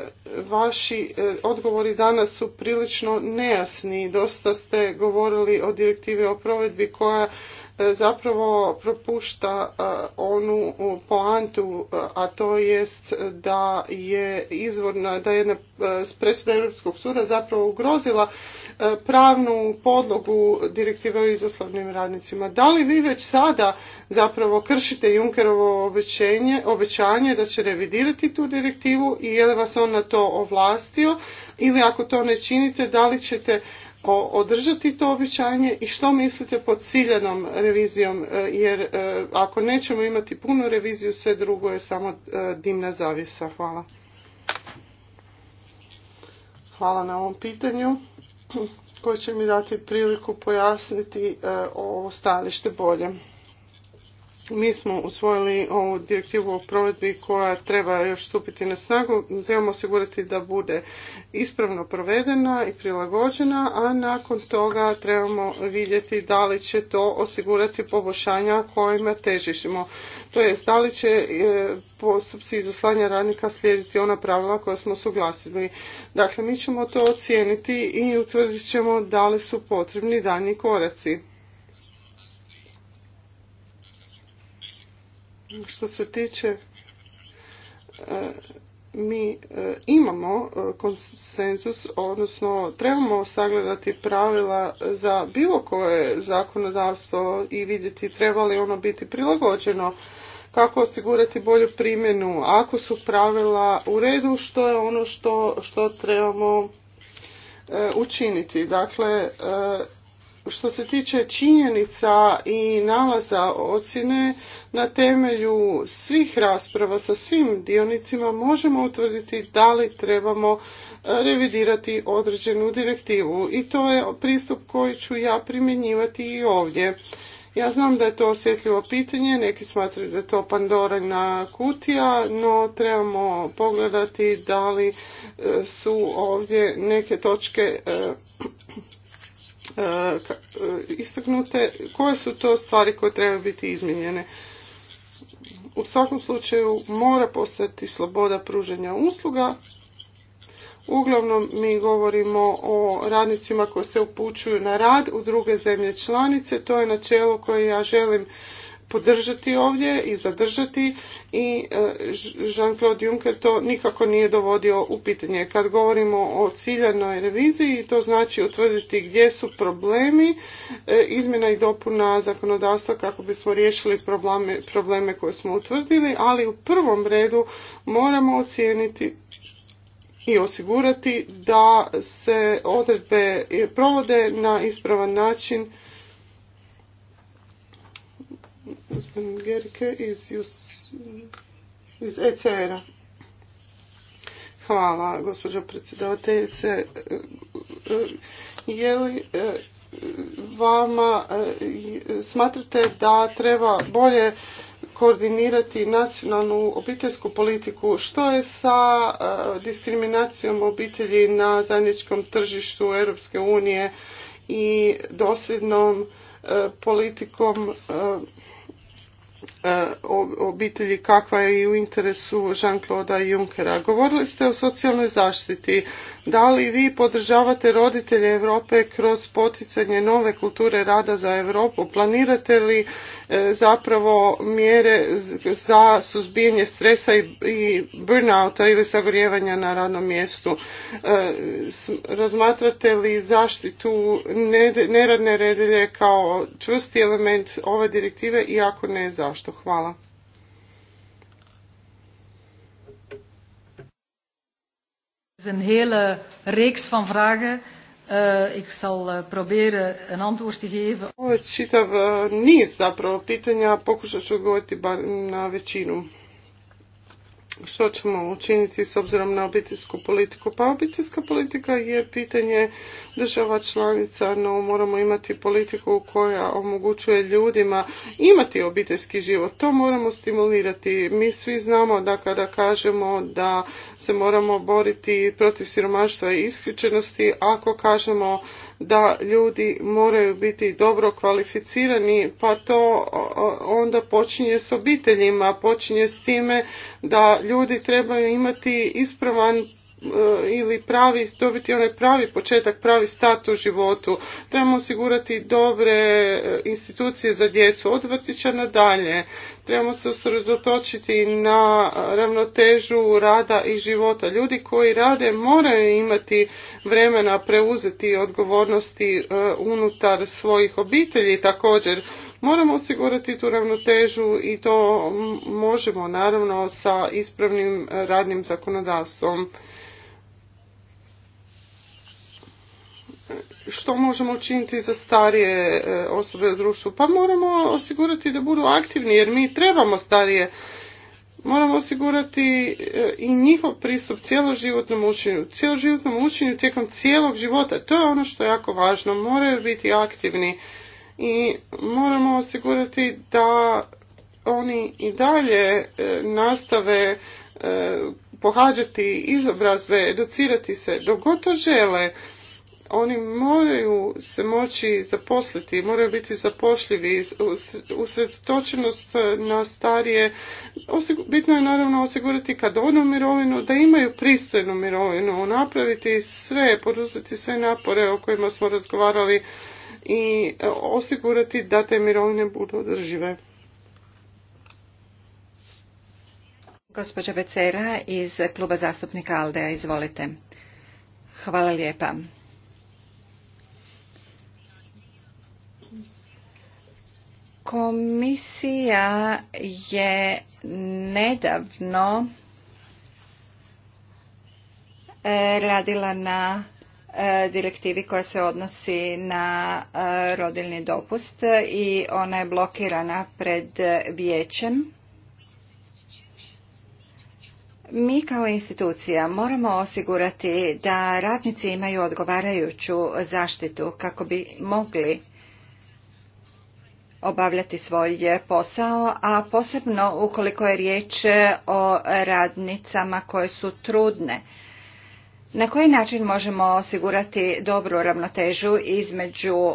vaši e, odgovori danas su prilično nejasni. Dosta ste govorili o direktivi o provedbi koja zapravo propušta e, onu poantu, e, a to jest da je izvorna, da je e, presuda Europskog suda zapravo ugrozila pravnu podlogu direktive o izoslovnim radnicima. Da li vi već sada zapravo kršite Junkerovo obećanje, obećanje da će revidirati tu direktivu i je li vas on na to ovlastio ili ako to ne činite da li ćete održati to obećanje i što mislite pod ciljanom revizijom e, jer e, ako nećemo imati punu reviziju sve drugo je samo e, dimna zavisa. Hvala. Hvala na ovom pitanju koje će mi dati priliku pojasniti ovo stajalište bolje mi smo usvojili ovu direktivu o provedbi koja treba još stupiti na snagu. Trebamo osigurati da bude ispravno provedena i prilagođena, a nakon toga trebamo vidjeti da li će to osigurati poboljšanja kojima težišimo. To je da li će e, postupci izaslanja radnika slijediti ona pravila koja smo suglasili. Dakle, mi ćemo to ocijeniti i utvrdit ćemo da li su potrebni danji koraci. Što se tiče e, mi e, imamo e, konsenzus, odnosno trebamo sagledati pravila za bilo koje zakonodavstvo i vidjeti treba li ono biti prilagođeno, kako osigurati bolju primjenu, ako su pravila u redu, što je ono što, što trebamo učiniti. Dakle, što se tiče činjenica i nalaza ocjene, na temelju svih rasprava sa svim dionicima možemo utvrditi da li trebamo e, revidirati određenu direktivu. I to je pristup koji ću ja primjenjivati i ovdje. Ja znam da je to osjetljivo pitanje, neki smatraju da je to pandorajna kutija, no trebamo pogledati da li e, su ovdje neke točke e, E, e, istaknute, koje su to stvari koje trebaju biti izmijenjene. U svakom slučaju mora postati sloboda pružanja usluga. Uglavnom mi govorimo o radnicima koji se upućuju na rad u druge zemlje članice. To je načelo koje ja želim podržati ovdje i zadržati i e, Jean-Claude Juncker to nikako nije dovodio u pitanje. Kad govorimo o ciljanoj reviziji, to znači utvrditi gdje su problemi e, izmjena i dopuna zakonodavstva kako bismo riješili probleme, probleme koje smo utvrdili, ali u prvom redu moramo ocijeniti i osigurati da se odredbe provode na ispravan način gospodin Gerke iz, iz ECR-a. Hvala, gospođo predsjedavateljice. Je li e, vama, e, smatrate da treba bolje koordinirati nacionalnu obiteljsku politiku. Što je sa e, diskriminacijom obitelji na zajedničkom tržištu Europske unije i dosljednom politikom E, obitelji kakva je i u interesu Jean-Claude Junckera. Govorili ste o socijalnoj zaštiti. Da li vi podržavate roditelje Europe kroz poticanje nove kulture rada za Europu? Planirate li e, zapravo mjere za suzbijanje stresa i burnouta ili sagorijevanja na radnom mjestu? E, razmatrate li zaštitu neradne redelje kao čvrsti element ove direktive i ako ne zašto? nešto. Hvala. een hele reeks van vragen. Uh, ik zal uh, proberen een antwoord te geven. Ovo je čitav uh, niz zapravo pitanja, pokušat ću odgovoriti bar na većinu što ćemo učiniti s obzirom na obiteljsku politiku? Pa obiteljska politika je pitanje država članica, no moramo imati politiku koja omogućuje ljudima imati obiteljski život. To moramo stimulirati. Mi svi znamo da kada kažemo da se moramo boriti protiv siromaštva i isključenosti, ako kažemo da ljudi moraju biti dobro kvalificirani, pa to onda počinje s obiteljima, počinje s time da ljudi trebaju imati ispravan E, ili pravi, dobiti onaj pravi početak, pravi start u životu. Trebamo osigurati dobre e, institucije za djecu, od vrtića nadalje. Trebamo se usredotočiti na ravnotežu rada i života. Ljudi koji rade moraju imati vremena preuzeti odgovornosti e, unutar svojih obitelji također. Moramo osigurati tu ravnotežu i to možemo naravno sa ispravnim radnim zakonodavstvom. što možemo učiniti za starije e, osobe u društvu? Pa moramo osigurati da budu aktivni jer mi trebamo starije. Moramo osigurati e, i njihov pristup cijeloživotnom učenju, cijeloživotnom učenju tijekom cijelog života. To je ono što je jako važno. Moraju biti aktivni i moramo osigurati da oni i dalje e, nastave pohađati izobrazbe, educirati se, dok žele oni moraju se moći zaposliti, moraju biti zapošljivi, usredotočenost e, na starije. Bitno je naravno osigurati kad odu mirovinu, da imaju pristojnu mirovinu, napraviti sve, poduzeti sve napore o kojima smo razgovarali i e, osigurati da te mirovine budu održive. Gospođa Becera iz kluba zastupnika Aldeja izvolite. Hvala lijepa. Komisija je nedavno e, radila na e, direktivi koja se odnosi na e, rodilni dopust i ona je blokirana pred vijećem. Mi kao institucija moramo osigurati da radnici imaju odgovarajuću zaštitu kako bi mogli obavljati svoj e, posao, a posebno ukoliko je riječ e, o radnicama koje su trudne. Na koji način možemo osigurati dobru ravnotežu između e,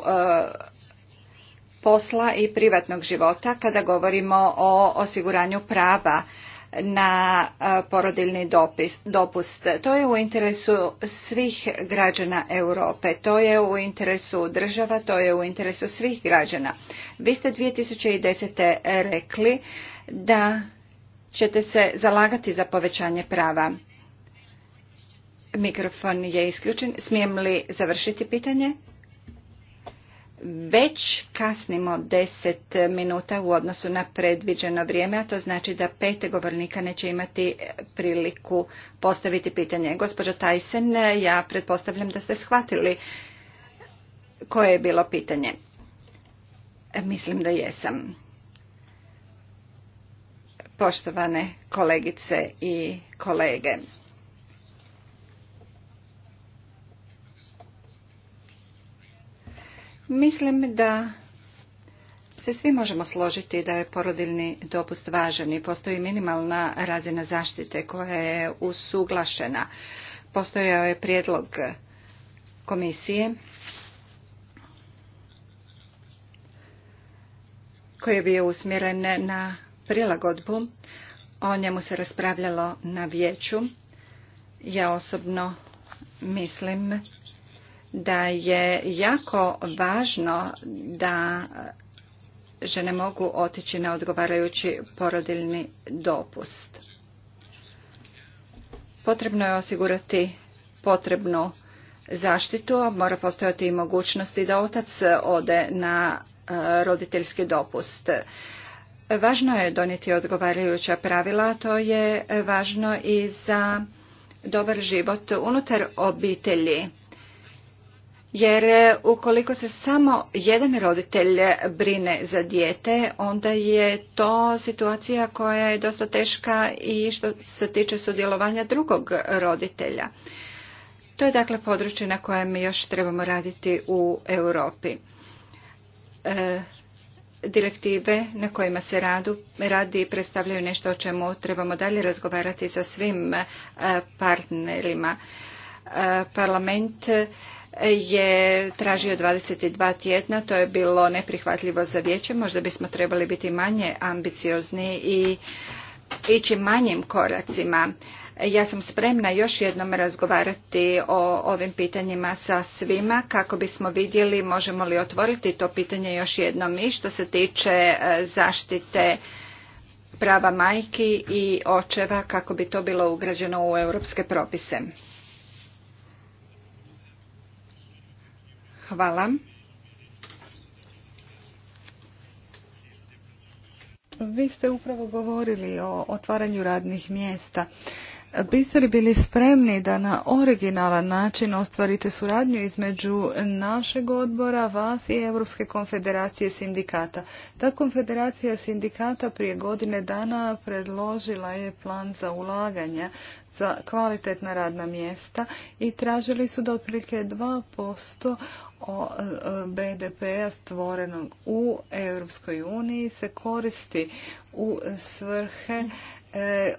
posla i privatnog života kada govorimo o osiguranju prava na porodiljni dopust. To je u interesu svih građana Europe, to je u interesu država, to je u interesu svih građana. Vi ste 2010. rekli da ćete se zalagati za povećanje prava. Mikrofon je isključen. Smijem li završiti pitanje? već kasnimo deset minuta u odnosu na predviđeno vrijeme, a to znači da pete govornika neće imati priliku postaviti pitanje. Gospođo Tajsen, ja pretpostavljam da ste shvatili koje je bilo pitanje. Mislim da jesam. Poštovane kolegice i kolege. Mislim da se svi možemo složiti da je porodiljni dopust važan i postoji minimalna razina zaštite koja je usuglašena. Postojao je prijedlog komisije koji je bio usmjeren na prilagodbu. O njemu se raspravljalo na vijeću. Ja osobno mislim da je jako važno da žene mogu otići na odgovarajući porodiljni dopust. Potrebno je osigurati potrebnu zaštitu, mora postojati i mogućnosti da otac ode na e, roditeljski dopust. Važno je donijeti odgovarajuća pravila, to je važno i za dobar život unutar obitelji jer e, ukoliko se samo jedan roditelj brine za dijete, onda je to situacija koja je dosta teška i što se tiče sudjelovanja drugog roditelja. To je dakle područje na kojem još trebamo raditi u Europi. E, direktive na kojima se radu, radi predstavljaju nešto o čemu trebamo dalje razgovarati sa svim e, partnerima. E, parlament je tražio 22 tjedna, to je bilo neprihvatljivo za vijeće, možda bismo trebali biti manje ambiciozni i ići manjim koracima. Ja sam spremna još jednom razgovarati o ovim pitanjima sa svima kako bismo vidjeli možemo li otvoriti to pitanje još jednom i što se tiče e, zaštite prava majki i očeva kako bi to bilo ugrađeno u europske propise. Hvala. Vi ste upravo govorili o otvaranju radnih mjesta. Biste li bili spremni da na originalan način ostvarite suradnju između našeg odbora, vas i Europske konfederacije sindikata? Ta konfederacija sindikata prije godine dana predložila je plan za ulaganja za kvalitetna radna mjesta i tražili su da otprilike 2% BDP-a stvorenog u Europskoj uniji se koristi u svrhe e,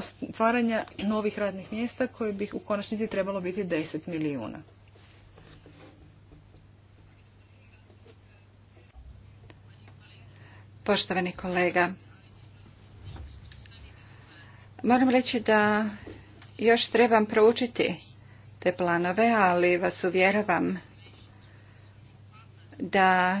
stvaranja novih radnih mjesta koji bi u konačnici trebalo biti 10 milijuna. Poštovani kolega, moram reći da još trebam proučiti te planove, ali vas uvjeravam da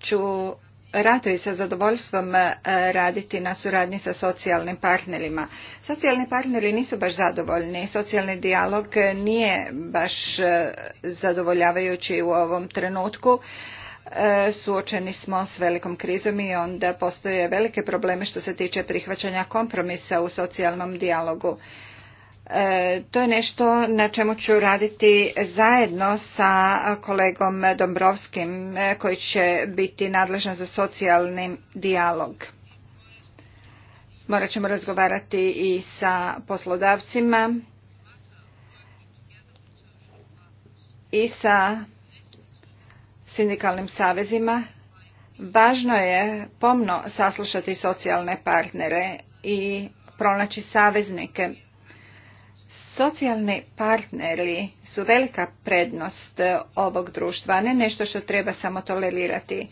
ću rato i sa zadovoljstvom e, raditi na suradnji sa socijalnim partnerima. Socijalni partneri nisu baš zadovoljni. Socijalni dijalog nije baš e, zadovoljavajući u ovom trenutku e, suočeni smo s velikom krizom i onda postoje velike probleme što se tiče prihvaćanja kompromisa u socijalnom dijalogu. E, to je nešto na čemu ću raditi zajedno sa kolegom Dombrovskim e, koji će biti nadležan za socijalni dijalog. Morat ćemo razgovarati i sa poslodavcima i sa sindikalnim savezima. Važno je pomno saslušati socijalne partnere i pronaći saveznike Socijalni partneri su velika prednost e, ovog društva, ne nešto što treba samo tolerirati.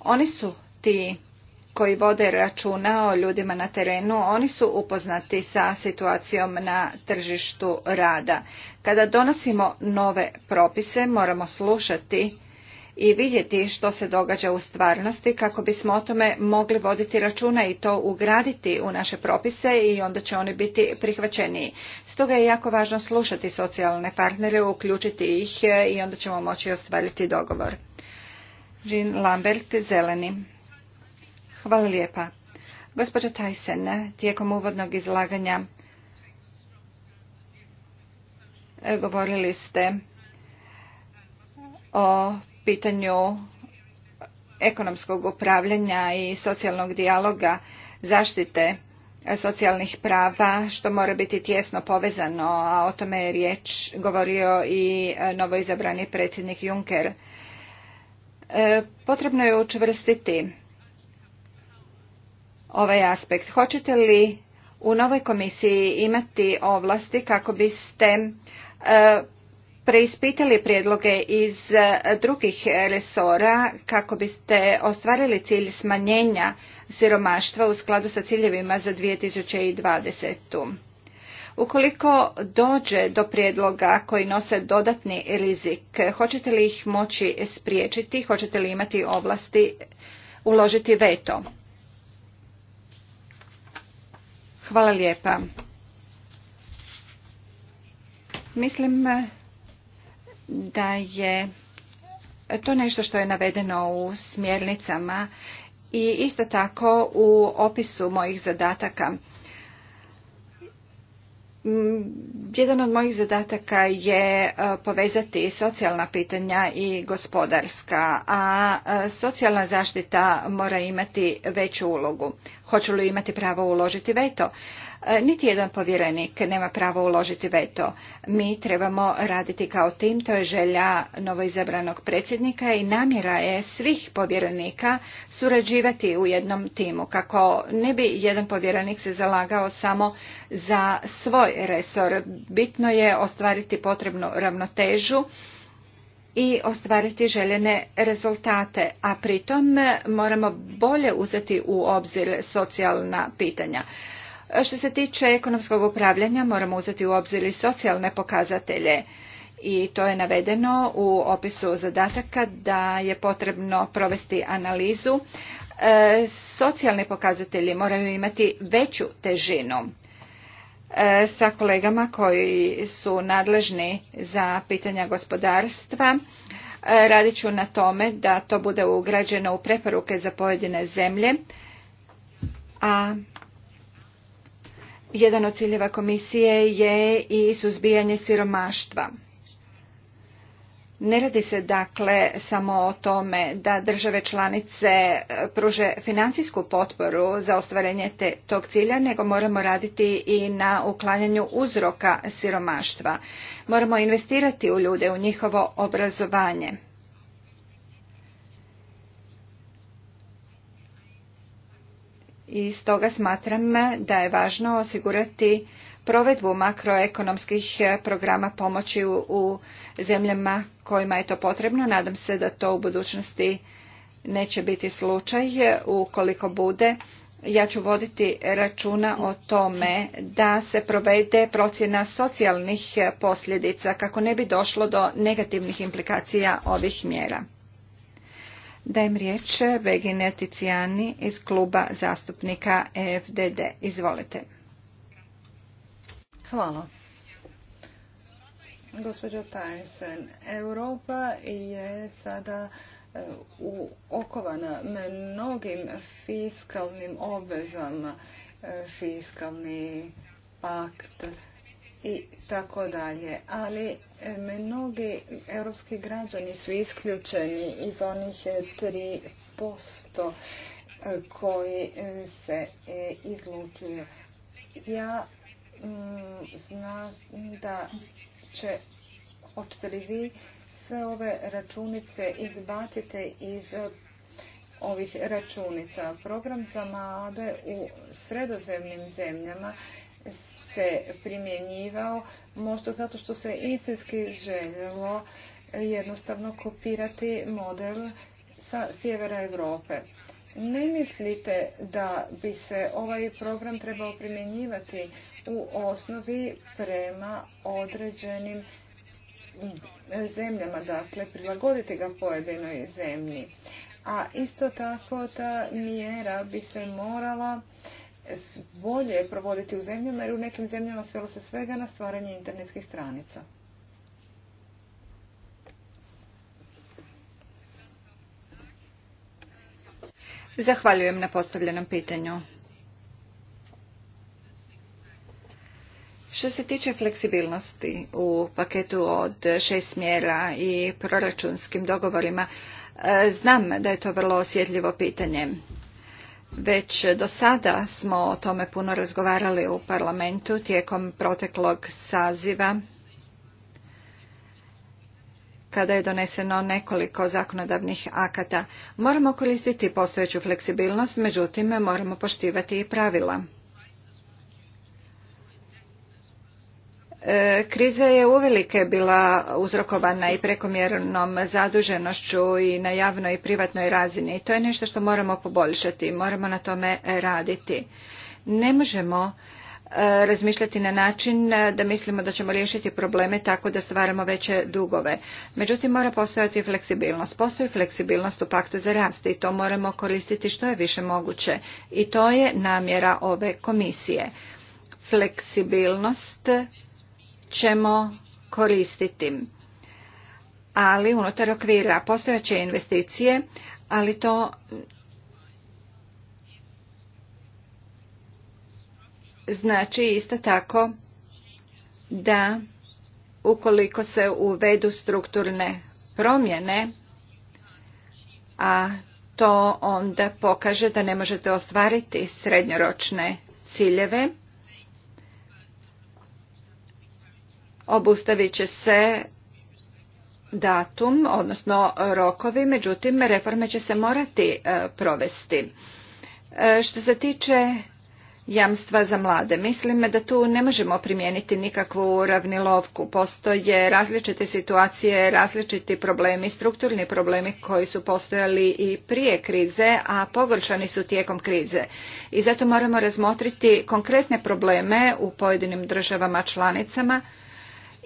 Oni su ti koji vode računa o ljudima na terenu, oni su upoznati sa situacijom na tržištu rada. Kada donosimo nove propise, moramo slušati i vidjeti što se događa u stvarnosti kako bismo o tome mogli voditi računa i to ugraditi u naše propise i onda će oni biti prihvaćeniji. Stoga je jako važno slušati socijalne partnere, uključiti ih e, i onda ćemo moći ostvariti dogovor. Jean Lambert, Zeleni. Hvala lijepa. Gospođa Tyson, tijekom uvodnog izlaganja e, govorili ste o pitanju ekonomskog upravljanja i socijalnog dijaloga zaštite socijalnih prava što mora biti tjesno povezano a o tome je riječ govorio i e, novoizabrani predsjednik Juncker. E, potrebno je učvrstiti ovaj aspekt. Hoćete li u novoj komisiji imati ovlasti kako biste e, preispitali prijedloge iz e, drugih resora kako biste ostvarili cilj smanjenja siromaštva u skladu sa ciljevima za 2020. Ukoliko dođe do prijedloga koji nose dodatni rizik, hoćete li ih moći spriječiti, hoćete li imati ovlasti uložiti veto? Hvala lijepa. Mislim da je to nešto što je navedeno u smjernicama i isto tako u opisu mojih zadataka. Mm, jedan od mojih zadataka je e, povezati socijalna pitanja i gospodarska, a e, socijalna zaštita mora imati veću ulogu. Hoću li imati pravo uložiti veto? E, niti jedan povjerenik nema pravo uložiti veto. Mi trebamo raditi kao tim, to je želja novoizabranog predsjednika i namjera je svih povjerenika surađivati u jednom timu, kako ne bi jedan povjerenik se zalagao samo za svoj resor. Bitno je ostvariti potrebnu ravnotežu i ostvariti željene rezultate, a pritom moramo bolje uzeti u obzir socijalna pitanja. Što se tiče ekonomskog upravljanja, moramo uzeti u obzir i socijalne pokazatelje i to je navedeno u opisu zadataka da je potrebno provesti analizu. E, socijalni pokazatelji moraju imati veću težinu. E, sa kolegama koji su nadležni za pitanja gospodarstva e, radit ću na tome da to bude ugrađeno u preporuke za pojedine zemlje, a jedan od ciljeva komisije je i suzbijanje siromaštva. Ne radi se dakle samo o tome da države članice e, pruže financijsku potporu za ostvarenje te, tog cilja, nego moramo raditi i na uklanjanju uzroka siromaštva. Moramo investirati u ljude, u njihovo obrazovanje. i stoga smatram da je važno osigurati provedbu makroekonomskih eh, programa pomoći u zemljama kojima je to potrebno. Nadam se da to u budućnosti neće biti slučaj. Ukoliko bude, ja ću voditi računa o tome da se provede procjena socijalnih eh, posljedica kako ne bi došlo do negativnih implikacija ovih mjera. Dajem riječ Begine Ticijani iz kluba zastupnika EFDD. Izvolite. Hvala. Gospođo Tyson, Europa je sada e, u okovana mnogim fiskalnim obvezama, e, fiskalni pakt i tako dalje. Ali E, mnogi europski građani su isključeni iz onih 3% e, koji e, se izlučuju. Ja mm, znam da će hoćete vi sve ove računice izbacite iz ovih računica. Program za MADE u sredozemnim zemljama se primjenjivao, možda zato što se istinski željelo jednostavno kopirati model sa sjevera Europe. Ne mislite da bi se ovaj program trebao primjenjivati u osnovi prema određenim zemljama, dakle prilagoditi ga pojedinoj zemlji. A isto tako ta mjera bi se morala bolje provoditi u zemljama jer u nekim zemljama svelo se svega na stvaranje internetskih stranica. Zahvaljujem na postavljenom pitanju. Što se tiče fleksibilnosti u paketu od šest mjera i proračunskim dogovorima, e, znam da je to vrlo osjetljivo pitanje. Već do sada smo o tome puno razgovarali u parlamentu tijekom proteklog saziva kada je doneseno nekoliko zakonodavnih akata. Moramo koristiti postojeću fleksibilnost, međutim moramo poštivati i pravila. Kriza je uvelike bila uzrokovana i prekomjernom zaduženošću i na javnoj i privatnoj razini. i To je nešto što moramo poboljšati, moramo na tome raditi. Ne možemo e, razmišljati na način e, da mislimo da ćemo riješiti probleme tako da stvaramo veće dugove. Međutim, mora postojati fleksibilnost. Postoji fleksibilnost u paktu za rast i to moramo koristiti što je više moguće. I to je namjera ove komisije. Fleksibilnost ćemo koristiti. Ali unutar okvira postojeće investicije, ali to znači isto tako da ukoliko se uvedu strukturne promjene, a to onda pokaže da ne možete ostvariti srednjoročne ciljeve, Obustavit će se datum, odnosno rokovi, međutim reforme će se morati e, provesti. E, što se tiče jamstva za mlade. Mislim da tu ne možemo primijeniti nikakvu ravnilovku. Postoje različite situacije, različiti problemi, strukturni problemi koji su postojali i prije krize, a pogoršani su tijekom krize. I zato moramo razmotriti konkretne probleme u pojedinim državama članicama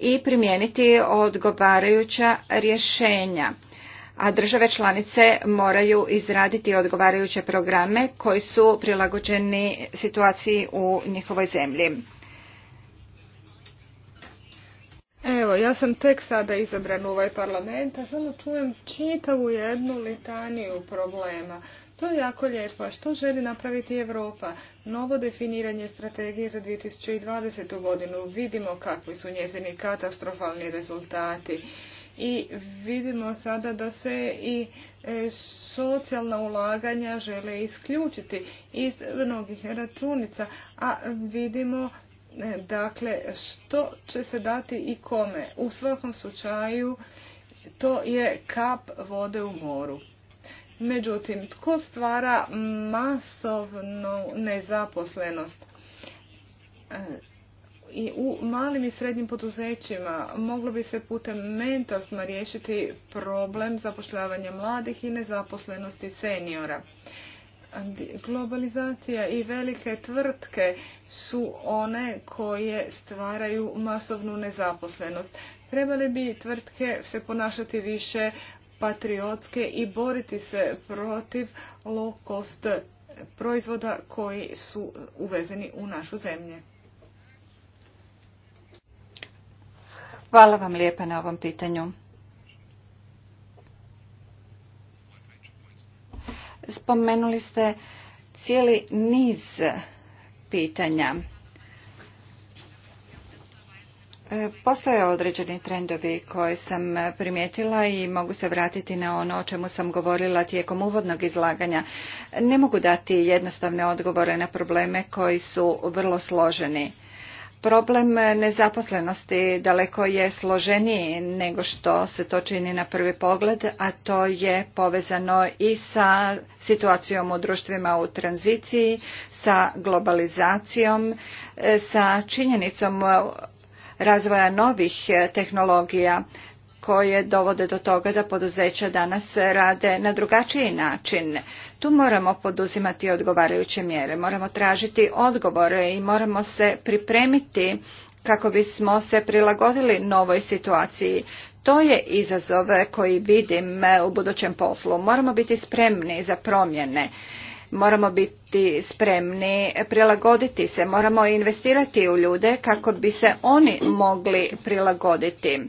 i primijeniti odgovarajuća rješenja a države članice moraju izraditi odgovarajuće programe koji su prilagođeni situaciji u njihovoj zemlji. Evo, ja sam tek sada izabran u ovaj parlament, a samo čujem čitavu jednu litaniju problema. To je jako lijepo. Što želi napraviti Europa? Novo definiranje strategije za 2020. godinu. Vidimo kakvi su njezini katastrofalni rezultati. I vidimo sada da se i e, socijalna ulaganja žele isključiti iz mnogih računica. A vidimo e, dakle što će se dati i kome. U svakom slučaju to je kap vode u moru. Međutim, tko stvara masovnu nezaposlenost? E, I u malim i srednjim poduzećima moglo bi se putem mentorstva riješiti problem zapošljavanja mladih i nezaposlenosti seniora. Globalizacija i velike tvrtke su one koje stvaraju masovnu nezaposlenost. Trebali bi tvrtke se ponašati više patriotske i boriti se protiv low cost proizvoda koji su uvezeni u našu zemlju. Hvala vam lijepa na ovom pitanju. Spomenuli ste cijeli niz pitanja. E, postoje određeni trendovi koje sam primijetila i mogu se vratiti na ono o čemu sam govorila tijekom uvodnog izlaganja. Ne mogu dati jednostavne odgovore na probleme koji su vrlo složeni. Problem nezaposlenosti daleko je složeniji nego što se to čini na prvi pogled, a to je povezano i sa situacijom u društvima u tranziciji, sa globalizacijom, e, sa činjenicom razvoja novih e, tehnologija koje dovode do toga da poduzeća danas rade na drugačiji način. Tu moramo poduzimati odgovarajuće mjere, moramo tražiti odgovore i moramo se pripremiti kako bismo se prilagodili novoj situaciji. To je izazov koji vidim e, u budućem poslu. Moramo biti spremni za promjene Moramo biti spremni prilagoditi se, moramo investirati u ljude kako bi se oni mogli prilagoditi.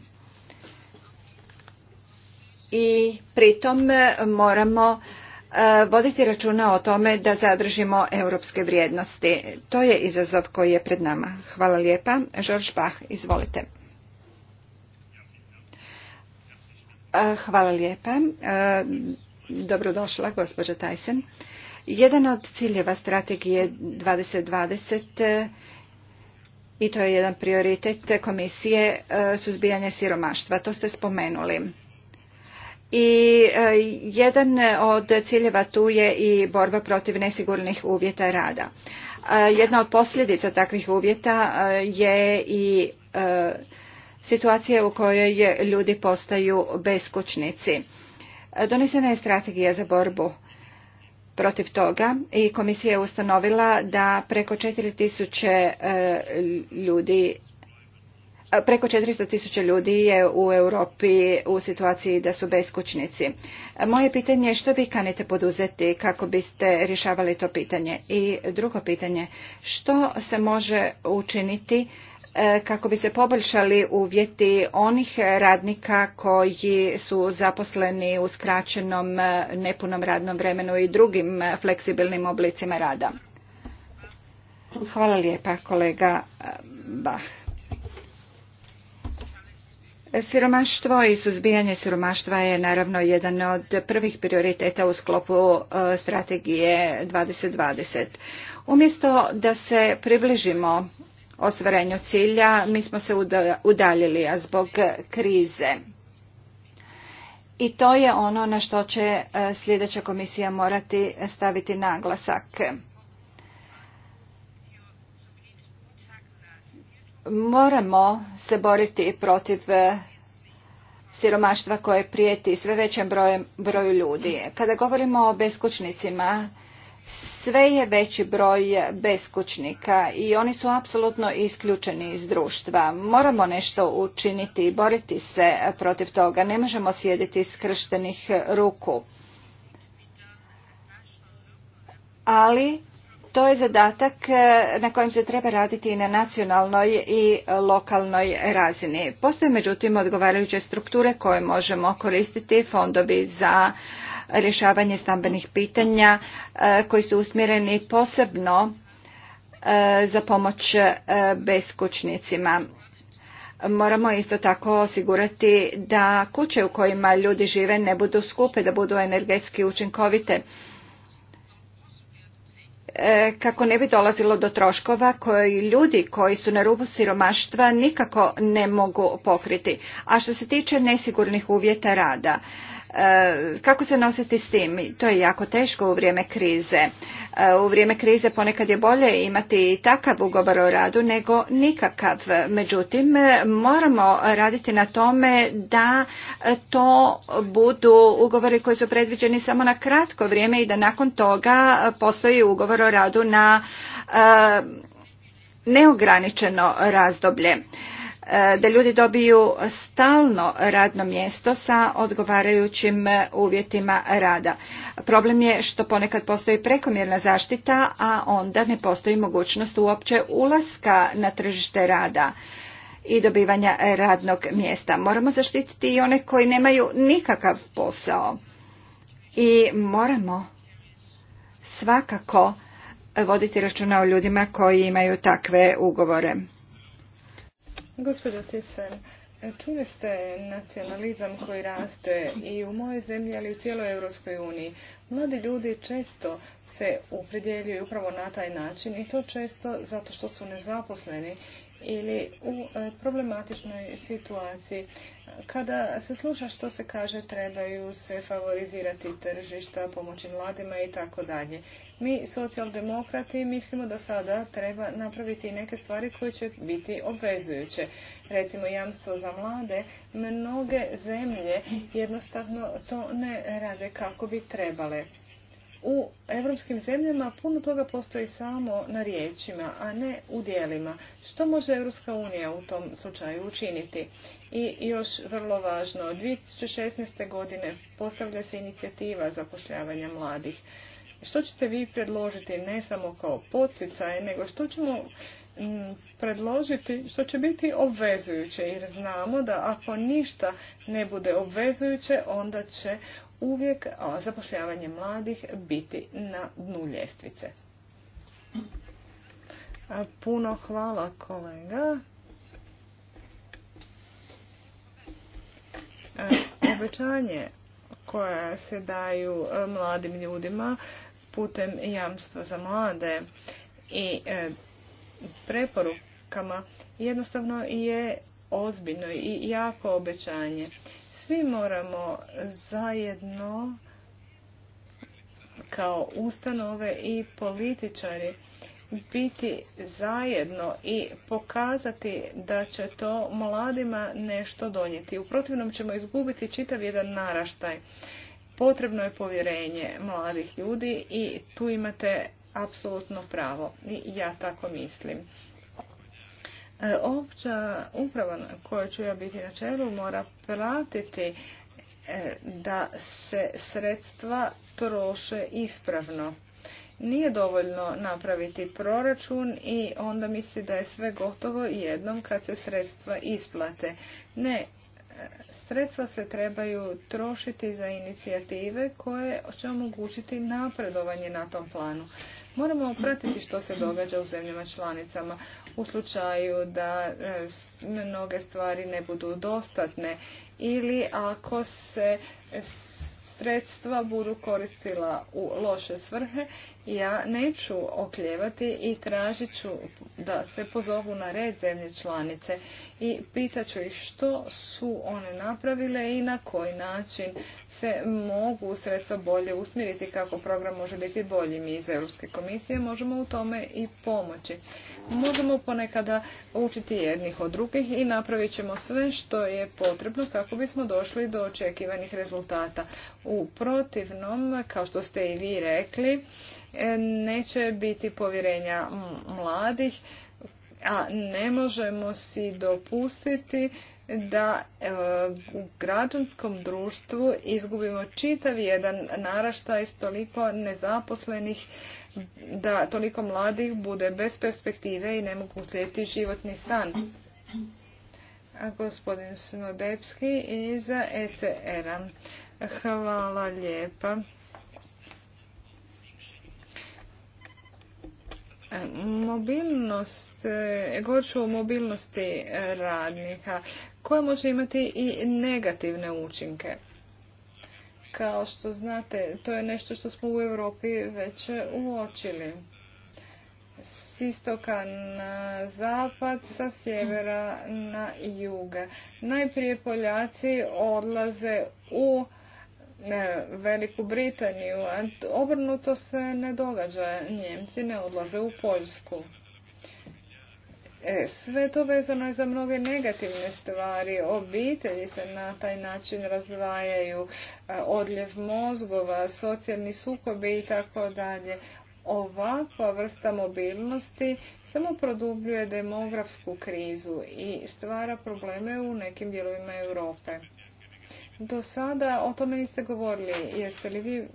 I pritom moramo e, voditi računa o tome da zadržimo europske vrijednosti. To je izazov koji je pred nama. Hvala lijepa. George Bach, izvolite. E, hvala lijepa. E, dobrodošla, gospođa Tajsen. Jedan od ciljeva strategije 2020 e, i to je jedan prioritet komisije e, suzbijanje siromaštva. To ste spomenuli. I e, jedan od ciljeva tu je i borba protiv nesigurnih uvjeta rada. Jedna od posljedica takvih uvjeta je i situacija u kojoj ljudi postaju beskućnici. Donesena je strategija za borbu protiv toga i komisija je ustanovila da preko 4000 e, ljudi e, Preko 400 tisuća ljudi je u Europi u situaciji da su beskućnici. Moje pitanje je što vi kanite poduzeti kako biste rješavali to pitanje? I drugo pitanje, što se može učiniti E, kako bi se poboljšali uvjeti onih radnika koji su zaposleni u skraćenom e, nepunom radnom vremenu i drugim e, fleksibilnim oblicima rada. Hvala lijepa kolega Bach. Siromaštvo i suzbijanje siromaštva je naravno jedan od prvih prioriteta u sklopu strategije 2020. Umjesto da se približimo ostvarenju cilja, mi smo se udaljili a zbog krize. I to je ono na što će e, sljedeća komisija morati staviti naglasak. Moramo se boriti protiv e, siromaštva koje prijeti sve većem broju ljudi. Kada govorimo o beskućnicima, sve je veći broj beskućnika i oni su apsolutno isključeni iz društva. Moramo nešto učiniti i boriti se protiv toga. Ne možemo sjediti skrštenih ruku. Ali to je zadatak e, na kojem se treba raditi i na nacionalnoj i lokalnoj razini. Postoje međutim odgovarajuće strukture koje možemo koristiti, fondovi za rješavanje stambenih pitanja e, koji su usmjereni posebno e, za pomoć beskućnicima. Moramo isto tako osigurati da kuće u kojima ljudi žive ne budu skupe, da budu energetski učinkovite E, kako ne bi dolazilo do troškova koji ljudi koji su na rubu siromaštva nikako ne mogu pokriti. A što se tiče nesigurnih uvjeta rada, E, kako se nositi s tim? To je jako teško u vrijeme krize. E, u vrijeme krize ponekad je bolje imati takav ugovor o radu nego nikakav. Međutim, moramo raditi na tome da to budu ugovori koji su predviđeni samo na kratko vrijeme i da nakon toga postoji ugovor o radu na e, neograničeno razdoblje E, da ljudi dobiju stalno radno mjesto sa odgovarajućim uvjetima rada. Problem je što ponekad postoji prekomjerna zaštita, a onda ne postoji mogućnost uopće ulaska na tržište rada i dobivanja radnog mjesta. Moramo zaštititi i one koji nemaju nikakav posao. I moramo svakako voditi računa o ljudima koji imaju takve ugovore. Gospođo Tisen, čuli ste nacionalizam koji raste i u mojoj zemlji, ali i u cijeloj Europskoj uniji. Mladi ljudi često se upredjeljuju upravo na taj način i to često zato što su nezaposleni ili u e, problematičnoj situaciji. Kada se sluša što se kaže, trebaju se favorizirati tržišta, pomoći mladima i tako dalje. Mi socijaldemokrati mislimo da sada treba napraviti neke stvari koje će biti obvezujuće. Recimo jamstvo za mlade, mnoge zemlje jednostavno to ne rade kako bi trebale u europskim zemljama puno toga postoji samo na riječima, a ne u dijelima. Što može Europska unija u tom slučaju učiniti? I još vrlo važno, 2016. godine postavlja se inicijativa zapošljavanja mladih. Što ćete vi predložiti ne samo kao podsjecaj, nego što ćemo mm, predložiti što će biti obvezujuće jer znamo da ako ništa ne bude obvezujuće onda će uvijek zapošljavanje mladih biti na dnu ljestvice. Puno hvala kolega. Obećanje koje se daju mladim ljudima putem jamstva za mlade i e, preporukama jednostavno je ozbiljno i jako obećanje. Svi moramo zajedno kao ustanove i političari biti zajedno i pokazati da će to mladima nešto donijeti. U protivnom ćemo izgubiti čitav jedan naraštaj. Potrebno je povjerenje mladih ljudi i tu imate apsolutno pravo. I ja tako mislim. E, opća uprava koja kojoj ću ja biti na čelu mora pratiti e, da se sredstva troše ispravno. Nije dovoljno napraviti proračun i onda misli da je sve gotovo jednom kad se sredstva isplate. Ne, e, sredstva se trebaju trošiti za inicijative koje će omogućiti napredovanje na tom planu. Moramo pratiti što se događa u zemljama članicama u slučaju da e, mnoge stvari ne budu dostatne ili ako se sredstva budu koristila u loše svrhe, ja neću okljevati i tražit ću da se pozovu na red zemlje članice i pitat ću ih što su one napravile i na koji način se mogu sredstva bolje usmjeriti kako program može biti bolji. Mi iz Europske komisije možemo u tome i pomoći. Možemo ponekada učiti jednih od drugih i napravit ćemo sve što je potrebno kako bismo došli do očekivanih rezultata. U protivnom, kao što ste i vi rekli, e, neće biti povjerenja mladih, a ne možemo si dopustiti da e, u građanskom društvu izgubimo čitav jedan naraštaj s toliko nezaposlenih da toliko mladih bude bez perspektive i ne mogu slijediti životni san. gospodin Snodepski iz ECR-a. Hvala lijepa. Mobilnost, govorit ću o mobilnosti radnika, koja može imati i negativne učinke. Kao što znate, to je nešto što smo u Europi već uočili. S istoka na zapad, sa sjevera na jug. Najprije Poljaci odlaze u Veliku Britaniju, a obrnuto se ne događa. Njemci ne odlaze u Poljsku. E, sve to vezano je za mnoge negativne stvari. Obitelji se na taj način razdvajaju, e, odljev mozgova, socijalni sukobi i tako dalje. Ovakva vrsta mobilnosti samo produbljuje demografsku krizu i stvara probleme u nekim dijelovima Europe. Do sada o tome niste govorili. Jeste li vi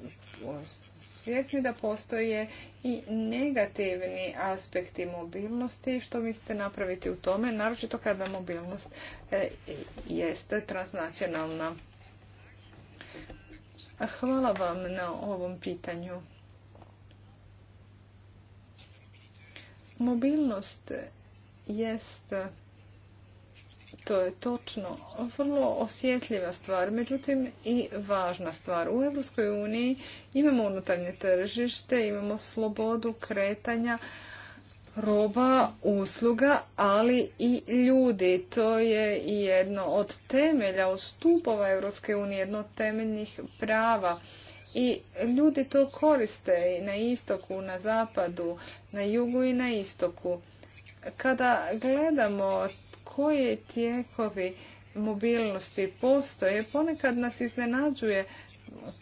svjesni da postoje i negativni aspekti mobilnosti? Što mislite napraviti u tome, naročito kada mobilnost e, jeste transnacionalna? Hvala vam na ovom pitanju. Mobilnost jeste to je točno vrlo osjetljiva stvar, međutim i važna stvar. U Europskoj uniji imamo unutarnje tržište, imamo slobodu kretanja roba, usluga, ali i ljudi. To je jedno od temelja, od stupova Europske unije, jedno od temeljnih prava. I ljudi to koriste i na istoku, na zapadu, na jugu i na istoku. Kada gledamo koje tijekovi mobilnosti postoje. Ponekad nas iznenađuje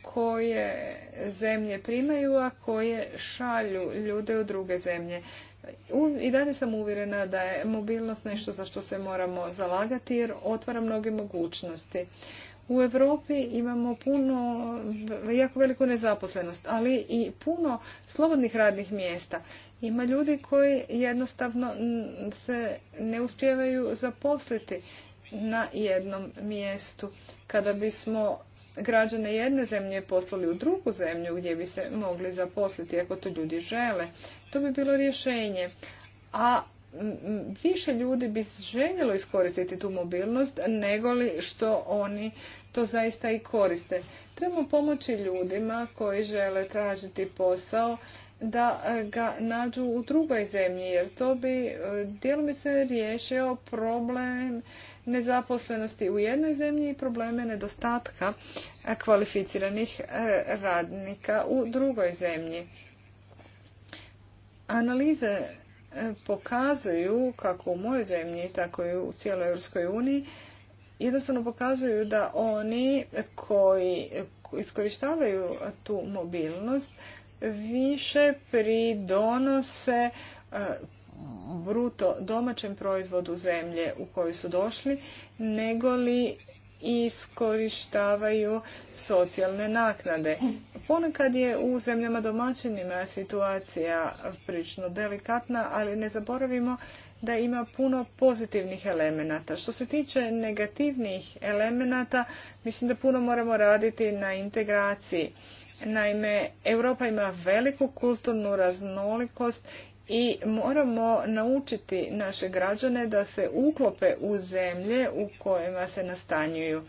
koje zemlje primaju, a koje šalju ljude u druge zemlje. I dalje sam uvjerena da je mobilnost nešto za što se moramo zalagati jer otvara mnoge mogućnosti. U Europi imamo puno, jako veliku nezaposlenost, ali i puno slobodnih radnih mjesta. Ima ljudi koji jednostavno se ne uspijevaju zaposliti na jednom mjestu. Kada bismo građane jedne zemlje poslali u drugu zemlju gdje bi se mogli zaposliti ako to ljudi žele, to bi bilo rješenje. A više ljudi bi željelo iskoristiti tu mobilnost nego li što oni to zaista i koriste. Trebamo pomoći ljudima koji žele tražiti posao da e, ga nađu u drugoj zemlji jer to bi e, djelom se riješio problem nezaposlenosti u jednoj zemlji i probleme nedostatka kvalificiranih e, radnika u drugoj zemlji. Analize pokazuju, kako u mojoj zemlji, tako i u cijeloj Europskoj uniji, jednostavno pokazuju da oni koji iskorištavaju tu mobilnost više pridonose e, bruto domaćem proizvodu zemlje u koju su došli, nego li iskorištavaju socijalne naknade. Ponekad je u zemljama domaćinima situacija prilično delikatna, ali ne zaboravimo da ima puno pozitivnih elemenata. Što se tiče negativnih elemenata, mislim da puno moramo raditi na integraciji. Naime, Europa ima veliku kulturnu raznolikost i moramo naučiti naše građane da se uklope u zemlje u kojima se nastanjuju.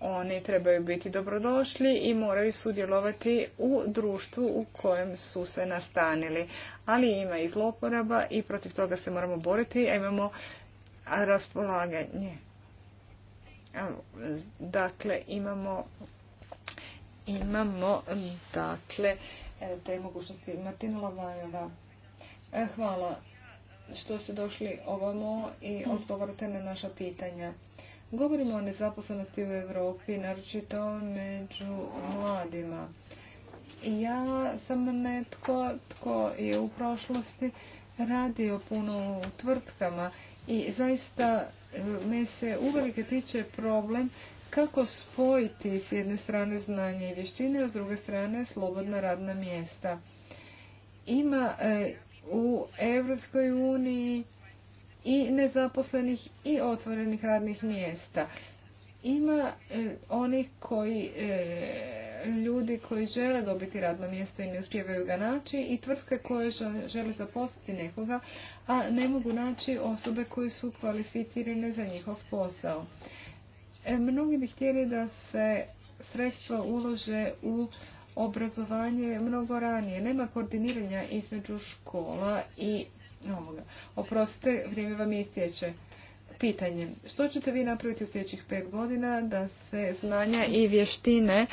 Oni trebaju biti dobrodošli i moraju sudjelovati u društvu u kojem su se nastanili. Ali ima i zloporaba i protiv toga se moramo boriti, a imamo raspolaganje. Dakle, imamo imamo dakle e, te mogućnosti Martina E, hvala što ste došli ovamo i hm. odgovorite na naša pitanja. Govorimo o nezaposlenosti u Europi, naročito među mladima. Ja sam netko tko je u prošlosti radio puno tvrtkama i zaista e, me se uvelike tiče problem kako spojiti s jedne strane znanje i vještine, a s druge strane slobodna radna mjesta. Ima e, u Europskoj uniji i nezaposlenih i otvorenih radnih mjesta. Ima e, onih koji e, ljudi koji žele dobiti radno mjesto i ne uspijevaju ga naći i tvrtke koje žele zaposliti nekoga, a ne mogu naći osobe koje su kvalificirane za njihov posao. E, mnogi bi htjeli da se sredstva ulože u obrazovanje je mnogo ranije. Nema koordiniranja između škola i ovoga. Oprostite, vrijeme vam istječe pitanje. Što ćete vi napraviti u sljedećih pet godina da se znanja i vještine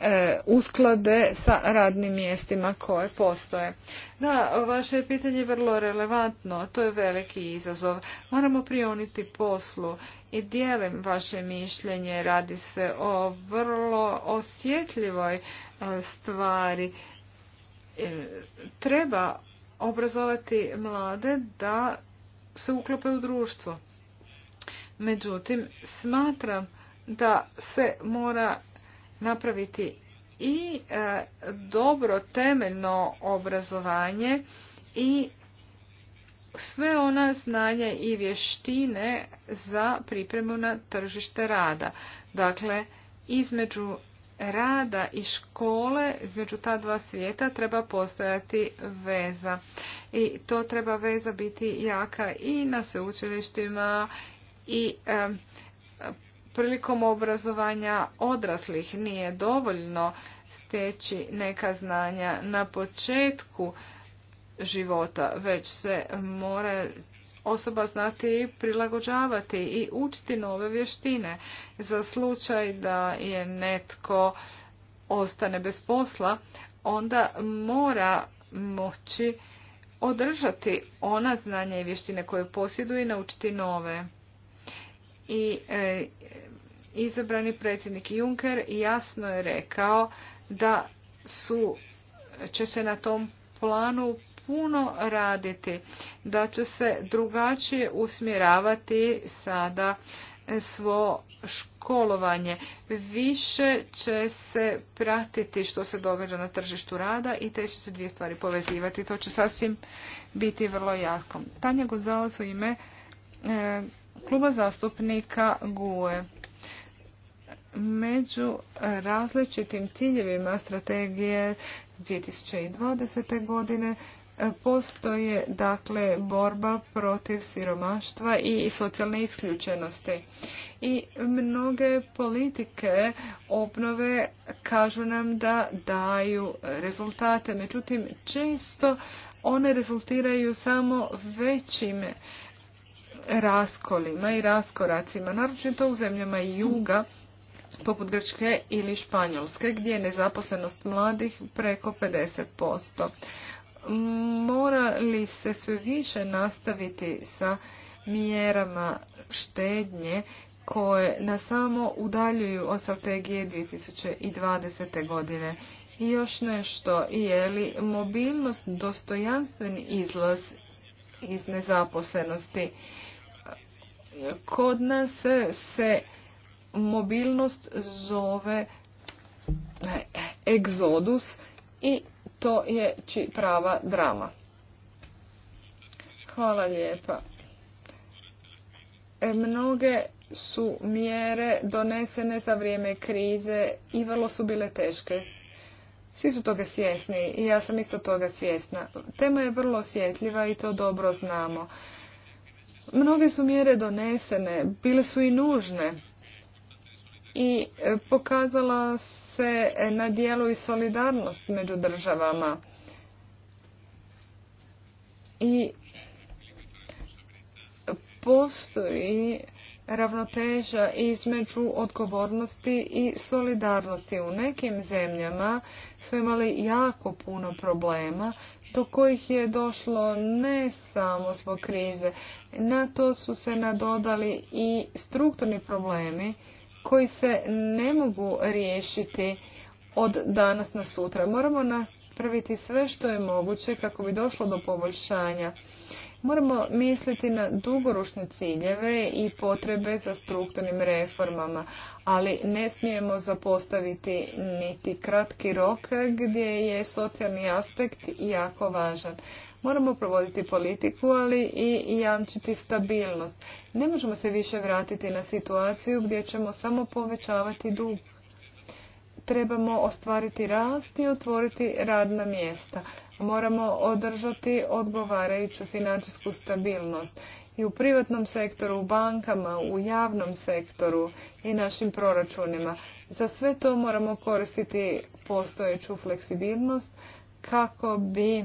e, usklade sa radnim mjestima koje postoje? Da, vaše je pitanje vrlo relevantno. To je veliki izazov. Moramo prioniti poslu i dijelim vaše mišljenje. Radi se o vrlo osjetljivoj e, stvari. E, treba obrazovati mlade da se uklope u društvo. Međutim, smatram da se mora napraviti i e, dobro temeljno obrazovanje i sve ona znanja i vještine za pripremu na tržište rada. Dakle, između rada i škole, između ta dva svijeta treba postojati veza. I to treba veza biti jaka i na sveučilištima i prilikom obrazovanja odraslih nije dovoljno steći neka znanja na početku života, već se mora osoba znati i prilagođavati i učiti nove vještine za slučaj da je netko ostane bez posla, onda mora moći održati ona znanja i vještine koje posjeduje i naučiti nove i e, izabrani predsjednik Juncker jasno je rekao da su, će se na tom planu puno raditi, da će se drugačije usmjeravati sada svo školovanje. Više će se pratiti što se događa na tržištu rada i te će se dvije stvari povezivati. To će sasvim biti vrlo jako. Tanja Gonzalez u ime e, kluba zastupnika GUE. Među različitim ciljevima strategije 2020. godine e, postoje dakle borba protiv siromaštva i socijalne isključenosti. I mnoge politike obnove kažu nam da daju rezultate, međutim često one rezultiraju samo većim raskolima i raskoracima, naročito u zemljama juga poput Grčke ili Španjolske, gdje je nezaposlenost mladih preko 50%. Mora li se sve više nastaviti sa mjerama štednje koje nas samo udaljuju od strategije 2020. godine? I još nešto, je li mobilnost dostojanstven izlaz iz nezaposlenosti? Kod nas se mobilnost zove egzodus i to je prava drama. Hvala lijepa. E, mnoge su mjere donesene za vrijeme krize i vrlo su bile teške. Svi su toga svjesni i ja sam isto toga svjesna. Tema je vrlo osjetljiva i to dobro znamo. Mnoge su mjere donesene, bile su i nužne i e, pokazala se na dijelu i solidarnost među državama. I postoji ravnoteža između odgovornosti i solidarnosti. U nekim zemljama su imali jako puno problema do kojih je došlo ne samo zbog krize. Na to su se nadodali i strukturni problemi koji se ne mogu riješiti od danas na sutra. Moramo napraviti sve što je moguće kako bi došlo do poboljšanja. Moramo misliti na dugoročne ciljeve i potrebe za strukturnim reformama, ali ne smijemo zapostaviti niti kratki rok gdje je socijalni aspekt jako važan. Moramo provoditi politiku, ali i jamčiti stabilnost. Ne možemo se više vratiti na situaciju gdje ćemo samo povećavati dug trebamo ostvariti rast i otvoriti radna mjesta. Moramo održati odgovarajuću financijsku stabilnost i u privatnom sektoru, u bankama, u javnom sektoru i našim proračunima. Za sve to moramo koristiti postojeću fleksibilnost kako bi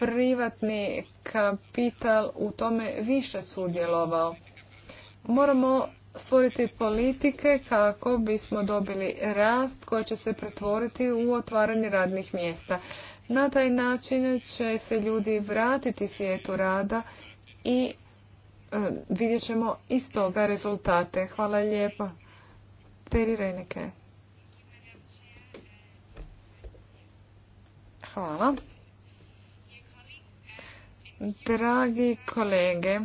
privatni kapital u tome više sudjelovao. Moramo stvoriti politike kako bismo dobili rast koji će se pretvoriti u otvaranje radnih mjesta. Na taj način će se ljudi vratiti svijetu rada i e, vidjet ćemo iz toga rezultate. Hvala lijepa. Teri Hvala. Dragi kolege,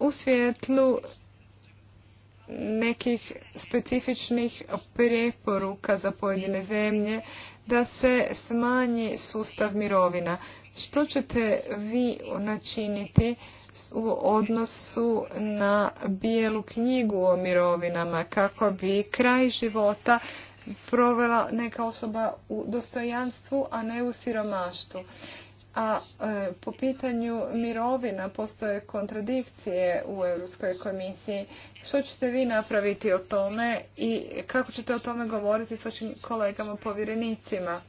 u svjetlu nekih specifičnih preporuka za pojedine zemlje da se smanji sustav mirovina. Što ćete vi načiniti u odnosu na bijelu knjigu o mirovinama kako bi kraj života provela neka osoba u dostojanstvu, a ne u siromaštu? a e, po pitanju mirovina postoje kontradikcije u Europskoj komisiji. Što ćete vi napraviti o tome i kako ćete o tome govoriti s vašim kolegama povjerenicima?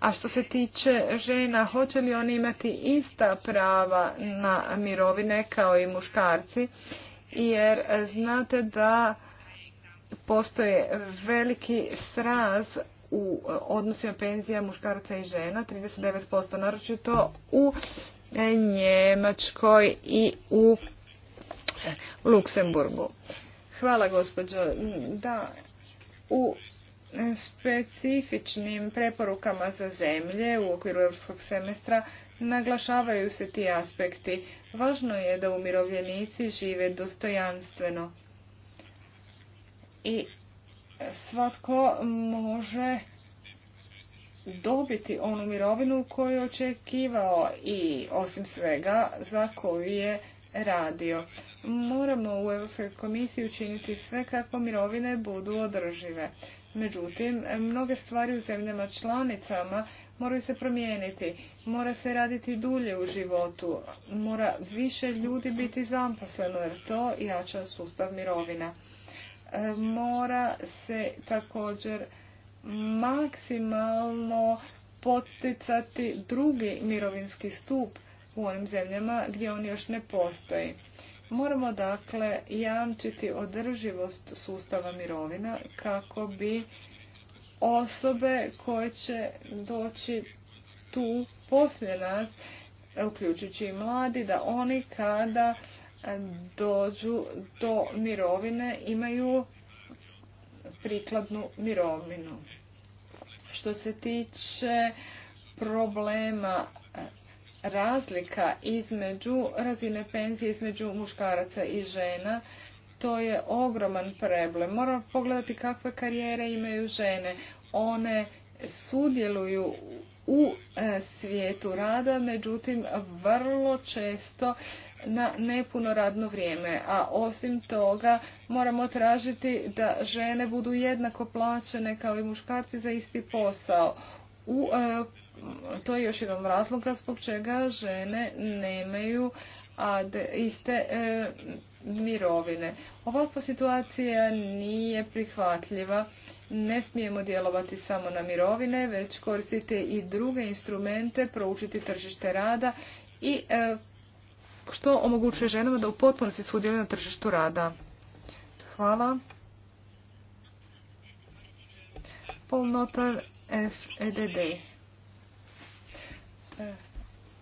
A što se tiče žena, hoće li oni imati ista prava na mirovine kao i muškarci? Jer znate da postoje veliki sraz u e, odnosima penzija muškarca i žena 39%, naročito u e, Njemačkoj i u e, Luksemburgu. Hvala gospođo. Da, u specifičnim preporukama za zemlje u okviru europskog semestra naglašavaju se ti aspekti. Važno je da umirovljenici žive dostojanstveno. I svatko može dobiti onu mirovinu koju je očekivao i osim svega za koju je radio. Moramo u Europskoj komisiji učiniti sve kako mirovine budu održive. Međutim, mnoge stvari u zemljama članicama moraju se promijeniti. Mora se raditi dulje u životu. Mora više ljudi biti zaposleno jer to jača sustav mirovina. E, mora se također maksimalno podsticati drugi mirovinski stup u onim zemljama gdje on još ne postoji. Moramo dakle jamčiti održivost sustava mirovina kako bi osobe koje će doći tu poslije nas, uključujući i mladi, da oni kada dođu do mirovine imaju prikladnu mirovinu. Što se tiče problema e, razlika između razine penzije između muškaraca i žena, to je ogroman problem. Moramo pogledati kakve karijere imaju žene. One sudjeluju u e, svijetu rada, međutim vrlo često na nepuno radno vrijeme. A osim toga moramo tražiti da žene budu jednako plaćene kao i muškarci za isti posao. U, e, to je još jedan razlog zbog čega žene nemaju iste e, mirovine. Ovakva situacija nije prihvatljiva ne smijemo djelovati samo na mirovine, već koristiti i druge instrumente, proučiti tržište rada i e, što omogućuje ženama da u potpunosti sudjeluju na tržištu rada. Hvala. Notar, e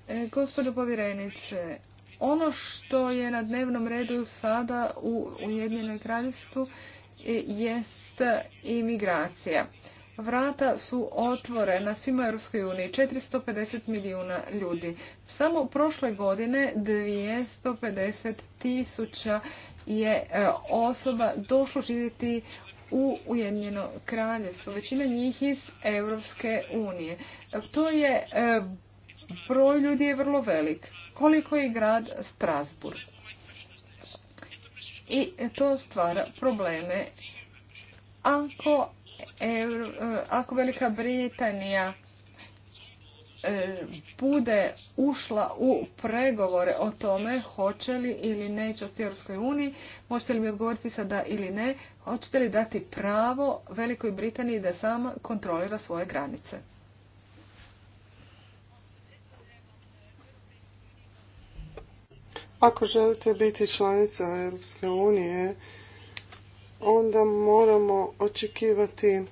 e, povjerenice, ono što je na dnevnom redu sada u Ujedinjenoj kraljevstvu jest imigracija. Vrata su otvorena svima Europskoj uniji, 450 milijuna ljudi. Samo prošle godine 250 tisuća je e, osoba došlo živjeti u Ujedinjeno kraljevstvo, većina njih iz Europske unije. To je e, broj ljudi je vrlo velik. Koliko je grad Strasburg? i to stvara probleme. Ako, ako Velika Britanija e, bude ušla u pregovore o tome hoće li ili neće u Europskoj uniji, možete li mi odgovoriti sada ili ne, hoćete li dati pravo Velikoj Britaniji da sama kontrolira svoje granice? Ako želite biti članica Europske unije, onda moramo očekivati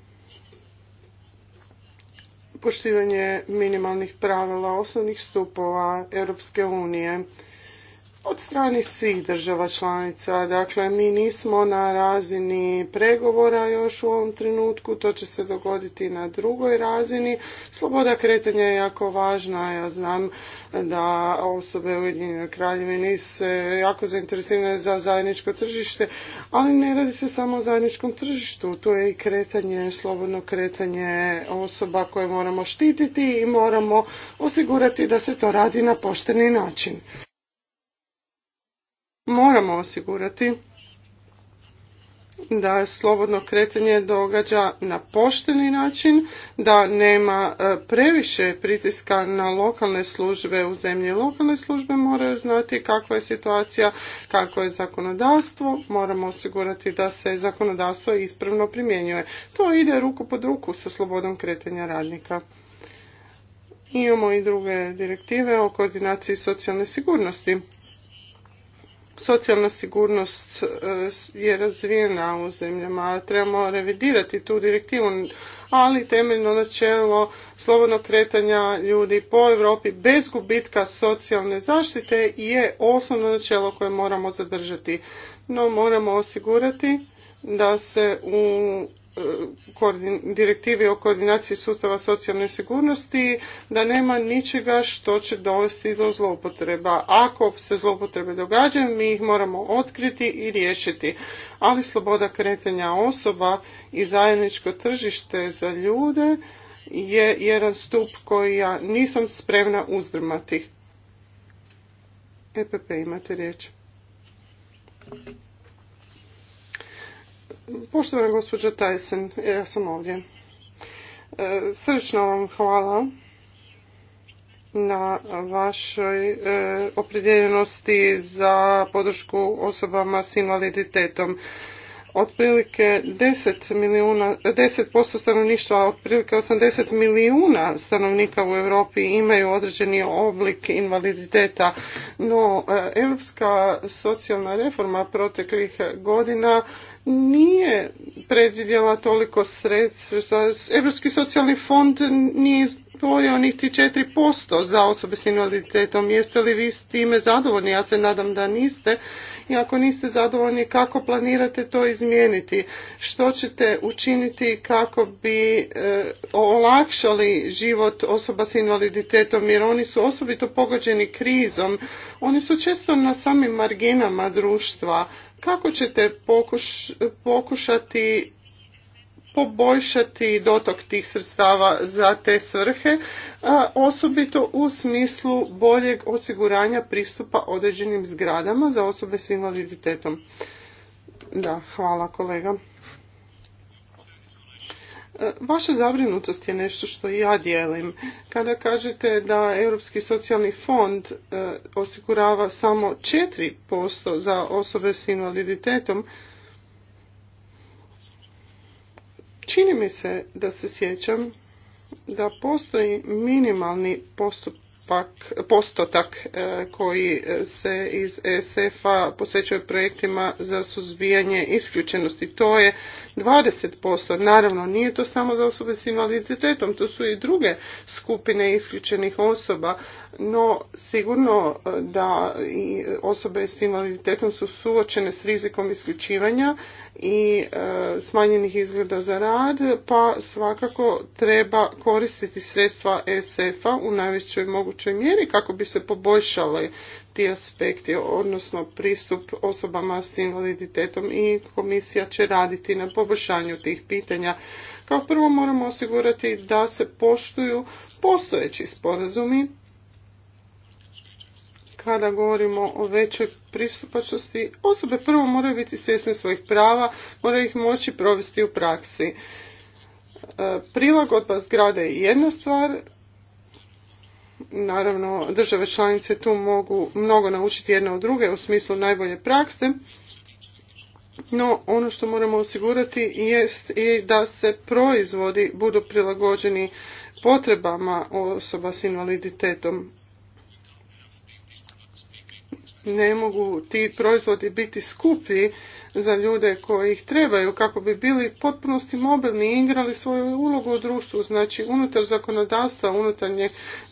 poštivanje minimalnih pravila osnovnih stupova Europske unije od strane svih država članica. Dakle, mi nismo na razini pregovora još u ovom trenutku, to će se dogoditi na drugoj razini. Sloboda kretanja je jako važna, ja znam da osobe u Ujedinjenoj kraljevini se jako zainteresirane za zajedničko tržište, ali ne radi se samo o zajedničkom tržištu, to je i kretanje, slobodno kretanje osoba koje moramo štititi i moramo osigurati da se to radi na pošteni način moramo osigurati da slobodno kretanje događa na pošteni način, da nema e, previše pritiska na lokalne službe u zemlji. Lokalne službe moraju znati kakva je situacija, kako je zakonodavstvo, moramo osigurati da se zakonodavstvo ispravno primjenjuje. To ide ruku pod ruku sa slobodom kretanja radnika. Imamo i druge direktive o koordinaciji socijalne sigurnosti socijalna sigurnost e, je razvijena u zemljama, trebamo revidirati tu direktivu, ali temeljno načelo slobodnog kretanja ljudi po Europi bez gubitka socijalne zaštite je osnovno načelo koje moramo zadržati. No moramo osigurati da se u direktivi o koordinaciji sustava socijalne sigurnosti da nema ničega što će dovesti do zloupotreba. Ako se zloupotrebe događaju, mi ih moramo otkriti i riješiti. Ali sloboda kretanja osoba i zajedničko tržište za ljude je jedan stup koji ja nisam spremna uzdrmati. E, EPP imate riječ. Poštovana gospođa Tyson, ja sam ovdje. E, Srčno vam hvala na vašoj e, opredjeljenosti za podršku osobama s invaliditetom otprilike 10 milijuna, 10% stanovništva, otprilike 80 milijuna stanovnika u Europi imaju određeni oblik invaliditeta. No, e, europska socijalna reforma proteklih godina nije predvidjela toliko sredstva. Europski socijalni fond nije to je onih ti 4% za osobe s invaliditetom. Jeste li vi s time zadovoljni? Ja se nadam da niste. I ako niste zadovoljni, kako planirate to izmijeniti? Što ćete učiniti kako bi eh, olakšali život osoba s invaliditetom? Jer oni su osobito pogođeni krizom. Oni su često na samim marginama društva. Kako ćete pokušati poboljšati dotok tih sredstava za te svrhe, osobito u smislu boljeg osiguranja pristupa određenim zgradama za osobe s invaliditetom. Da, hvala kolega. E, vaša zabrinutost je nešto što i ja dijelim. Kada kažete da Europski socijalni fond e, osigurava samo 4% za osobe s invaliditetom, Čini mi se da se sjećam da postoji minimalni postotak e, koji se iz e SF-a posvećuje projektima za suzbijanje isključenosti. To je 20%. Naravno, nije to samo za osobe s invaliditetom, to su i druge skupine isključenih osoba, no sigurno e, da i osobe s invaliditetom su suočene s rizikom isključivanja i e, smanjenih izgleda za rad, pa svakako treba koristiti sredstva e SF-a u najvećoj mogućoj mjeri kako bi se poboljšali ti aspekti, odnosno pristup osobama s invaliditetom i komisija će raditi na poboljšanju tih pitanja. Kao prvo moramo osigurati da se poštuju postojeći sporazumi kada govorimo o većoj pristupačnosti, osobe prvo moraju biti svjesne svojih prava, moraju ih moći provesti u praksi. E, prilagodba zgrade je jedna stvar, naravno države članice tu mogu mnogo naučiti jedna od druge u smislu najbolje prakse, no ono što moramo osigurati jest i da se proizvodi budu prilagođeni potrebama osoba s invaliditetom ne mogu ti proizvodi biti skupi za ljude koji ih trebaju kako bi bili potpunosti mobilni i igrali svoju ulogu u društvu. Znači unutar zakonodavstva, unutar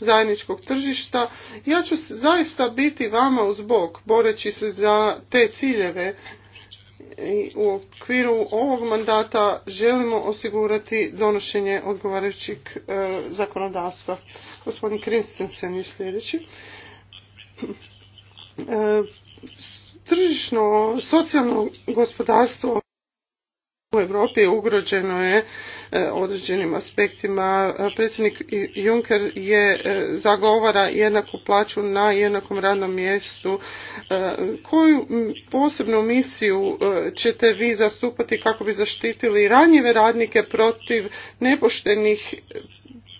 zajedničkog tržišta. Ja ću zaista biti vama uz bok boreći se za te ciljeve i u okviru ovog mandata želimo osigurati donošenje odgovarajućeg e, zakonodavstva. Gospodin Kristensen je sljedeći tržišno socijalno gospodarstvo u Europi ugrođeno je e, određenim aspektima. Predsjednik Juncker je e, zagovara jednaku plaću na jednakom radnom mjestu. E, koju posebnu misiju ćete vi zastupati kako bi zaštitili ranjive radnike protiv nepoštenih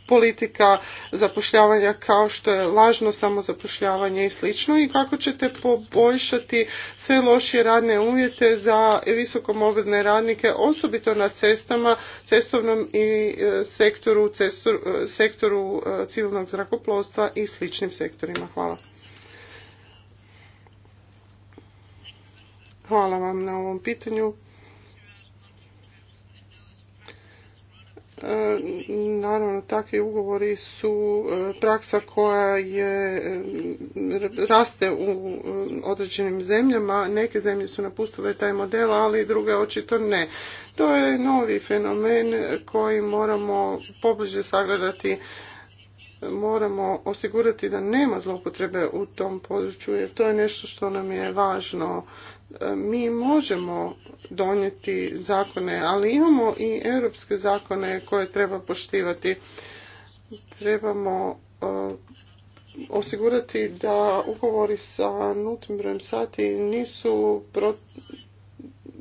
politika zapošljavanja kao što je lažno samozapošljavanje i slično i kako ćete poboljšati sve lošije radne uvjete za visokomobile radnike osobito na cestama, cestovnom i e, sektoru, e, sektoru e, civilnog zrakoplovstva i sličnim sektorima. Hvala. Hvala vam na ovom pitanju. Naravno, takvi ugovori su e, praksa koja je, e, raste u e, određenim zemljama. Neke zemlje su napustile taj model, ali druge očito ne. To je novi fenomen koji moramo pobliže sagledati moramo osigurati da nema zloupotrebe u tom području jer to je nešto što nam je važno mi možemo donijeti zakone, ali imamo i europske zakone koje treba poštivati. Trebamo e, osigurati da ugovori sa nutnim brojem sati nisu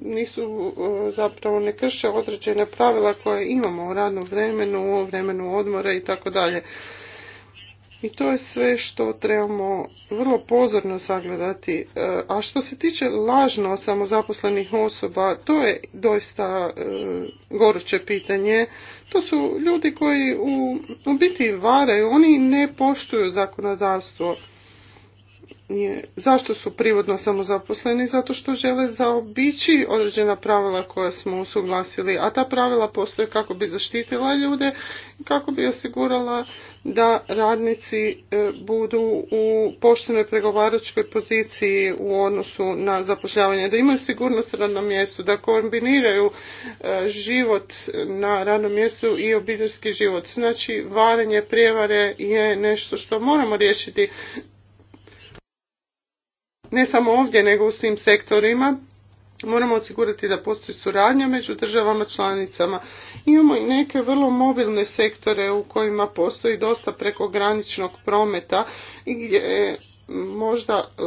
nisu e, zapravo ne krše određene pravila koje imamo u radnom vremenu, u vremenu odmora i tako dalje. I to je sve što trebamo vrlo pozorno sagledati. E, a što se tiče lažno samozaposlenih osoba, to je doista e, goruće pitanje. To su ljudi koji u, biti varaju, oni ne poštuju zakonodavstvo zašto su privodno samozaposleni? Zato što žele zaobići određena pravila koja smo usuglasili, a ta pravila postoje kako bi zaštitila ljude kako bi osigurala da radnici e, budu u poštenoj pregovaračkoj poziciji u odnosu na zapošljavanje, da imaju sigurnost radnom mjestu, da kombiniraju e, život na radnom mjestu i obiteljski život. Znači, varanje, prijevare je nešto što moramo riješiti ne samo ovdje nego u svim sektorima. Moramo osigurati da postoji suradnja među državama članicama. Imamo i neke vrlo mobilne sektore u kojima postoji dosta prekograničnog prometa i gdje je možda e,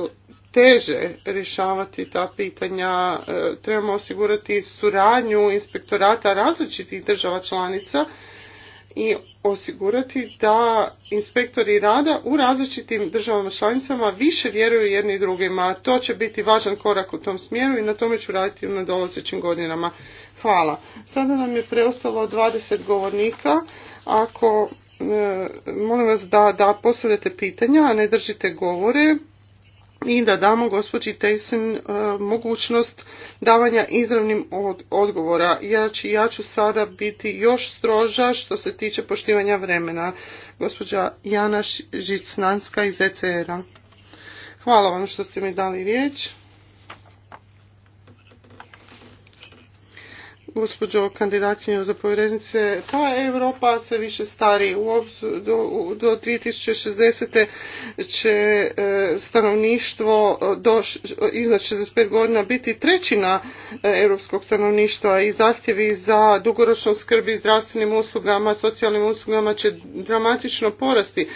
teže rješavati ta pitanja. E, trebamo osigurati suradnju inspektorata različitih država članica i osigurati da inspektori rada u različitim državama članicama više vjeruju jedni drugima. To će biti važan korak u tom smjeru i na tome ću raditi u nadolazećim godinama. Hvala. Sada nam je preostalo 20 govornika. Ako e, molim vas da, da postavljate pitanja, a ne držite govore, i da damo gospođi Tejsen e, mogućnost davanja izravnim odgovora. Ja ja ću sada biti još stroža što se tiče poštivanja vremena. Gospođa Jana Žicnanska iz ECR-a. Hvala vam što ste mi dali riječ. gospođo kandidatkinju za povjerenice, ta Europa sve više stari. U dvije e, e, do, 2060. će stanovništvo do, iznad 65 godina biti trećina europskog stanovništva i zahtjevi za dugoročnom skrbi zdravstvenim uslugama, socijalnim uslugama će dramatično porasti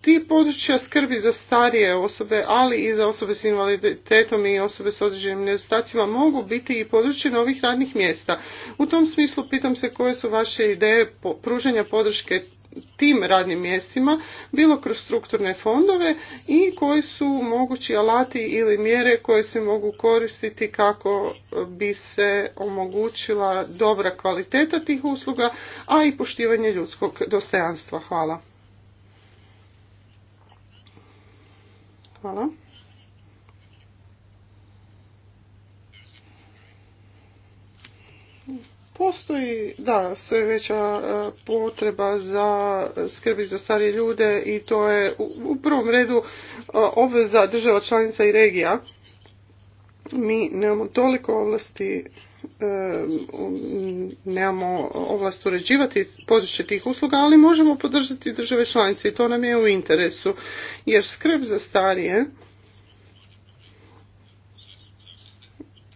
ti područja skrbi za starije osobe, ali i za osobe s invaliditetom i osobe s određenim nedostacima mogu biti i područje novih radnih mjesta. U tom smislu pitam se koje su vaše ideje pružanja podrške tim radnim mjestima, bilo kroz strukturne fondove i koji su mogući alati ili mjere koje se mogu koristiti kako bi se omogućila dobra kvaliteta tih usluga, a i poštivanje ljudskog dostojanstva. Hvala. Hvala. Postoji, da, sve veća e, potreba za skrbi za starije ljude i to je u prvom redu e, obveza država članica i regija. Mi nemamo toliko ovlasti E, nemamo ovlast uređivati područje tih usluga, ali možemo podržati države članice i to nam je u interesu, jer skrb za starije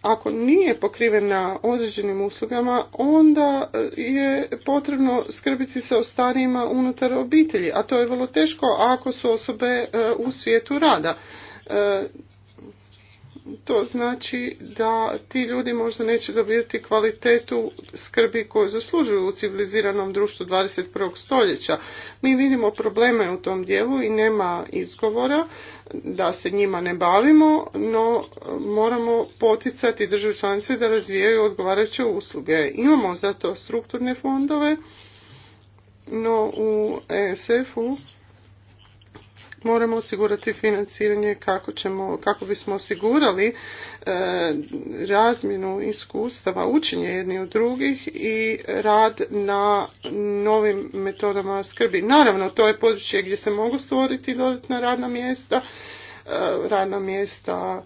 ako nije na određenim uslugama, onda je potrebno skrbiti se o starijima unutar obitelji, a to je vrlo teško ako su osobe e, u svijetu rada e, to znači da ti ljudi možda neće dobijati kvalitetu skrbi koju zaslužuju u civiliziranom društvu 21. stoljeća. Mi vidimo probleme u tom dijelu i nema izgovora da se njima ne bavimo, no e, moramo poticati države članice da razvijaju odgovarajuće usluge. Imamo zato strukturne fondove, no u ESF-u moramo osigurati financiranje kako, ćemo, kako bismo osigurali e, razmjenu iskustava, učenje jedni od drugih i rad na novim metodama skrbi. Naravno, to je područje gdje se mogu stvoriti dodatna radna mjesta, e, radna mjesta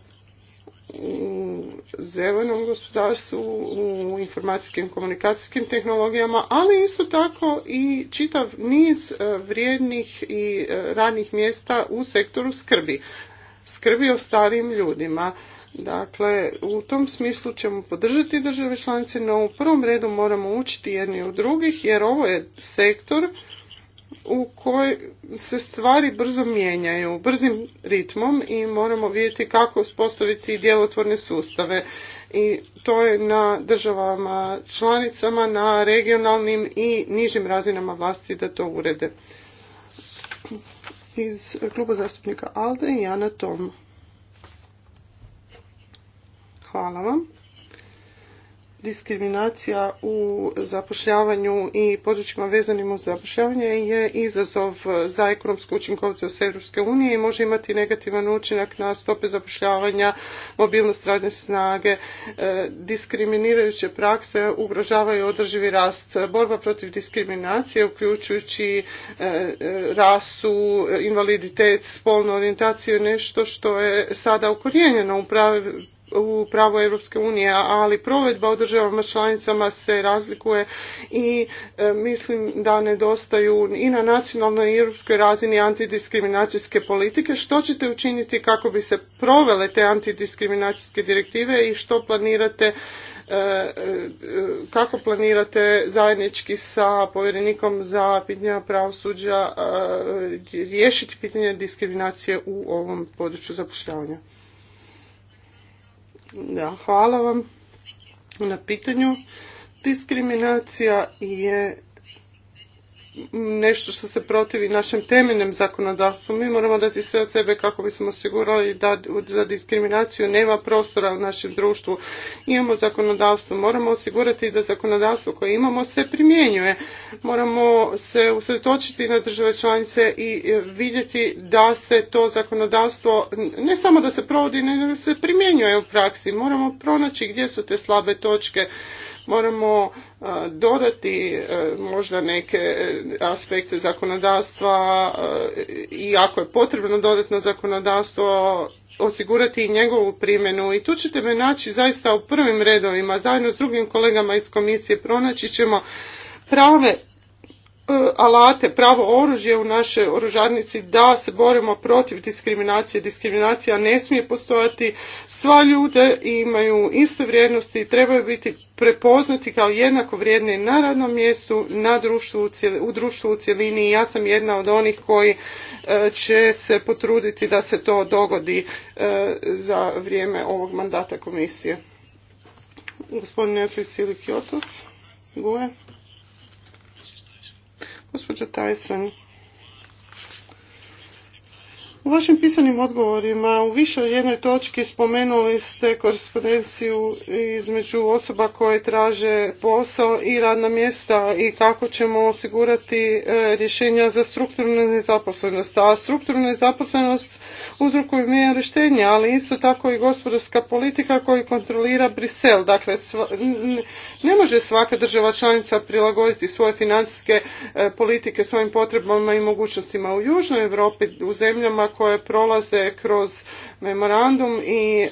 u zelenom gospodarstvu, u informacijskim komunikacijskim tehnologijama, ali isto tako i čitav niz e, vrijednih i e, radnih mjesta u sektoru skrbi. Skrbi o starijim ljudima. Dakle, u tom smislu ćemo podržati države članice, no u prvom redu moramo učiti jedni od drugih, jer ovo je sektor u kojoj se stvari brzo mijenjaju, brzim ritmom i moramo vidjeti kako uspostaviti djelotvorne sustave. I to je na državama članicama, na regionalnim i nižim razinama vlasti da to urede. Iz kluba zastupnika ALDE, Jana Tom. Hvala vam diskriminacija u zapošljavanju i područjima vezanim uz zapošljavanje je izazov za ekonomsku učinkovitost Europske unije i može imati negativan učinak na stope zapošljavanja, mobilnost radne snage, e, diskriminirajuće prakse ugrožavaju održivi rast. Borba protiv diskriminacije uključujući e, rasu, invaliditet, spolnu orijentaciju je nešto što je sada ukorijenjeno u pravi u pravo Europske unije, ali provedba u državama članicama se razlikuje i e, mislim da nedostaju i na nacionalnoj i europskoj razini antidiskriminacijske politike. Što ćete učiniti kako bi se provele te antidiskriminacijske direktive i što planirate e, e, kako planirate zajednički sa povjerenikom za pitanja pravosuđa riješiti pitanje diskriminacije u ovom području zapošljavanja? Da, hvala vam na pitanju. Diskriminacija je nešto što se protivi našem temeljnom zakonodavstvu. Mi moramo dati sve od sebe kako bismo osigurali da za diskriminaciju nema prostora u našem društvu. Imamo zakonodavstvo, moramo osigurati da zakonodavstvo koje imamo se primjenjuje. Moramo se usretočiti na države članice i vidjeti da se to zakonodavstvo ne samo da se provodi, nego se primjenjuje u praksi. Moramo pronaći gdje su te slabe točke Moramo dodati e, možda neke e, aspekte zakonodavstva i ako je potrebno dodatno zakonodavstvo osigurati i njegovu primjenu i tu ćete me naći zaista u prvim redovima zajedno s drugim kolegama iz komisije pronaći ćemo prave E, alate, pravo oružje u našoj oružarnici da se borimo protiv diskriminacije. Diskriminacija ne smije postojati. Sva ljude imaju iste vrijednosti i trebaju biti prepoznati kao jednako vrijedni na radnom mjestu, na društvu, u društvu u cjelini ja sam jedna od onih koji e, će se potruditi da se to dogodi e, za vrijeme ovog mandata komisije. Gospodin Netflix ili Kjotos? Gospođa Thyssen. U vašim pisanim odgovorima u više jednoj točki spomenuli ste korespondenciju između osoba koje traže posao i radna mjesta i kako ćemo osigurati e, rješenja za strukturnu nezaposlenost. A strukturnu nezaposlenost uzrokuje mjere štenja, ali isto tako i gospodarska politika koju kontrolira Brisel. Dakle, ne može svaka država članica prilagoditi svoje financijske e, politike svojim potrebama i mogućnostima. U Južnoj Europi, u zemljama koje prolaze kroz memorandum i e,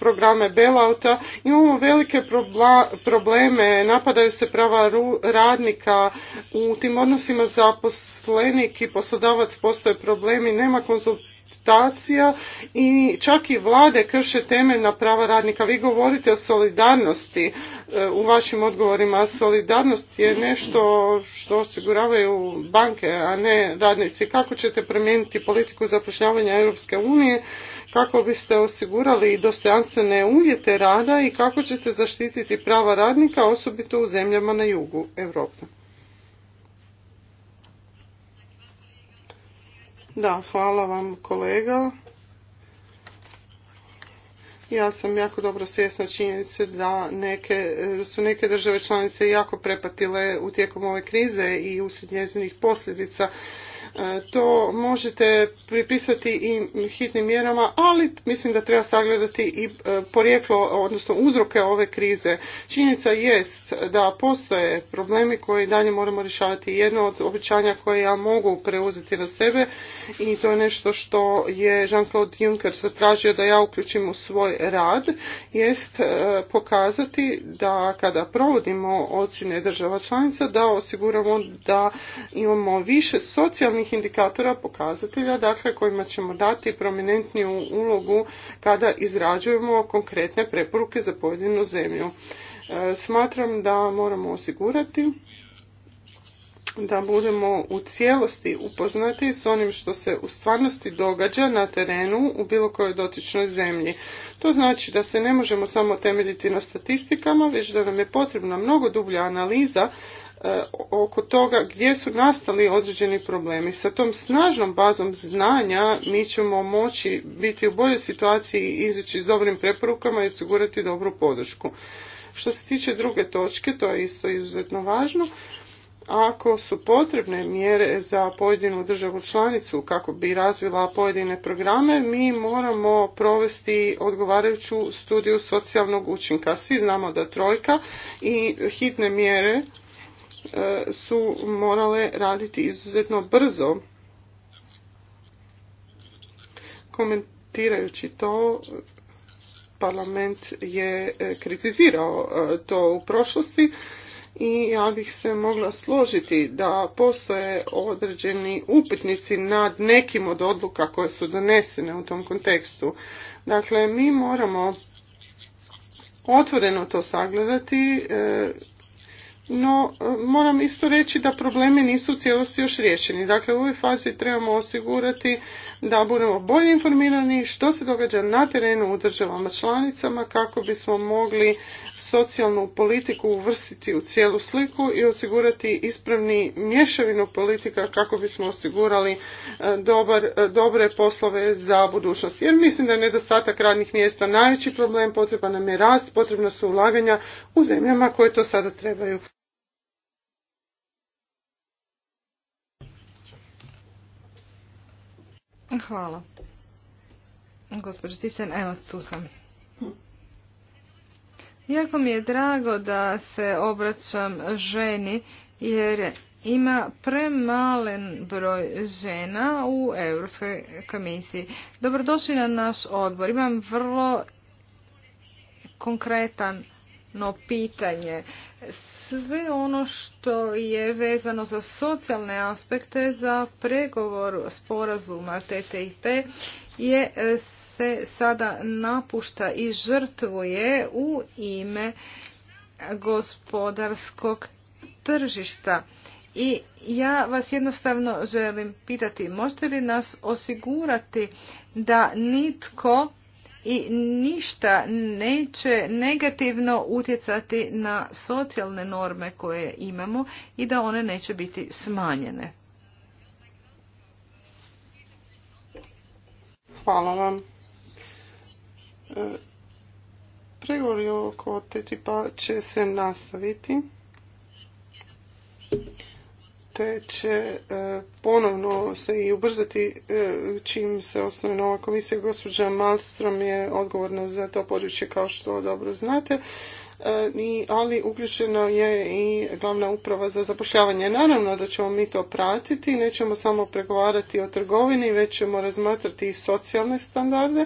programe bailouta imamo velike probleme, napadaju se prava radnika, u tim odnosima zaposlenik i poslodavac postoje problemi, nema konzultacije eksploatacija i čak i vlade krše temeljna prava radnika. Vi govorite o solidarnosti e, u vašim odgovorima. Solidarnost je nešto što osiguravaju banke, a ne radnici. Kako ćete promijeniti politiku zapošljavanja Europske unije? Kako biste osigurali dostojanstvene uvjete rada i kako ćete zaštititi prava radnika, osobito u zemljama na jugu Europe? Da, hvala vam kolega. Ja sam jako dobro svjesna činjenice da neke, su neke države članice jako prepatile u tijekom ove krize i usred njezinih posljedica E, to možete pripisati i hitnim mjerama, ali mislim da treba sagledati i e, porijeklo, odnosno uzroke ove krize. Činjenica jest da postoje problemi koje dalje moramo rješavati. Jedno od obećanja koje ja mogu preuzeti na sebe i to je nešto što je Jean-Claude Juncker zatražio da ja uključim u svoj rad, jest e, pokazati da kada provodimo ocjene država članica, da osiguramo da imamo više socijalnih indikatora, pokazatelja, dakle kojima ćemo dati prominentniju ulogu kada izrađujemo konkretne preporuke za pojedinu zemlju. E, smatram da moramo osigurati da budemo u cijelosti upoznati s onim što se u stvarnosti događa na terenu u bilo kojoj dotičnoj zemlji. To znači da se ne možemo samo temeljiti na statistikama, već da nam je potrebna mnogo dublja analiza E, oko toga gdje su nastali određeni problemi. Sa tom snažnom bazom znanja mi ćemo moći biti u boljoj situaciji i s dobrim preporukama i osigurati dobru podršku. Što se tiče druge točke, to je isto izuzetno važno, ako su potrebne mjere za pojedinu državu članicu kako bi razvila pojedine programe, mi moramo provesti odgovarajuću studiju socijalnog učinka. Svi znamo da trojka i hitne mjere E, su morale raditi izuzetno brzo. Komentirajući to, parlament je e, kritizirao e, to u prošlosti i ja bih se mogla složiti da postoje određeni upitnici nad nekim od odluka koje su donesene u tom kontekstu. Dakle, mi moramo otvoreno to sagledati, no moram isto reći da problemi nisu u cijelosti još riješeni. Dakle, u ovoj fazi trebamo osigurati da budemo bolje informirani što se događa na terenu u državama članicama kako bismo mogli socijalnu politiku uvrstiti u cijelu sliku i osigurati ispravni mješavinu politika kako bismo osigurali e, dobar, e, dobre poslove za budućnost. Jer mislim da je nedostatak radnih mjesta najveći problem, potreban nam je rast, potrebna su ulaganja u zemljama koje to sada trebaju. Hvala. Gospođo Tisen, evo tu sam. Jako mi je drago da se obraćam ženi jer ima premalen broj žena u Europskoj komisiji. Dobrodošli na naš odbor. Imam vrlo konkretan no pitanje. Sve ono što je vezano za socijalne aspekte za pregovor sporazuma TTIP je se sada napušta i žrtvuje u ime gospodarskog tržišta. I ja vas jednostavno želim pitati, možete li nas osigurati da nitko i ništa neće negativno utjecati na socijalne norme koje imamo i da one neće biti smanjene. Hvala vam. E, pregovori oko TTIP-a će se nastaviti će e, ponovno se i ubrzati e, čim se osnuje nova komisija. Gospođa Malstrom je odgovorna za to područje kao što dobro znate. E, ali uključena je i glavna uprava za zapošljavanje. Naravno da ćemo mi to pratiti, nećemo samo pregovarati o trgovini, već ćemo razmatrati i socijalne standarde.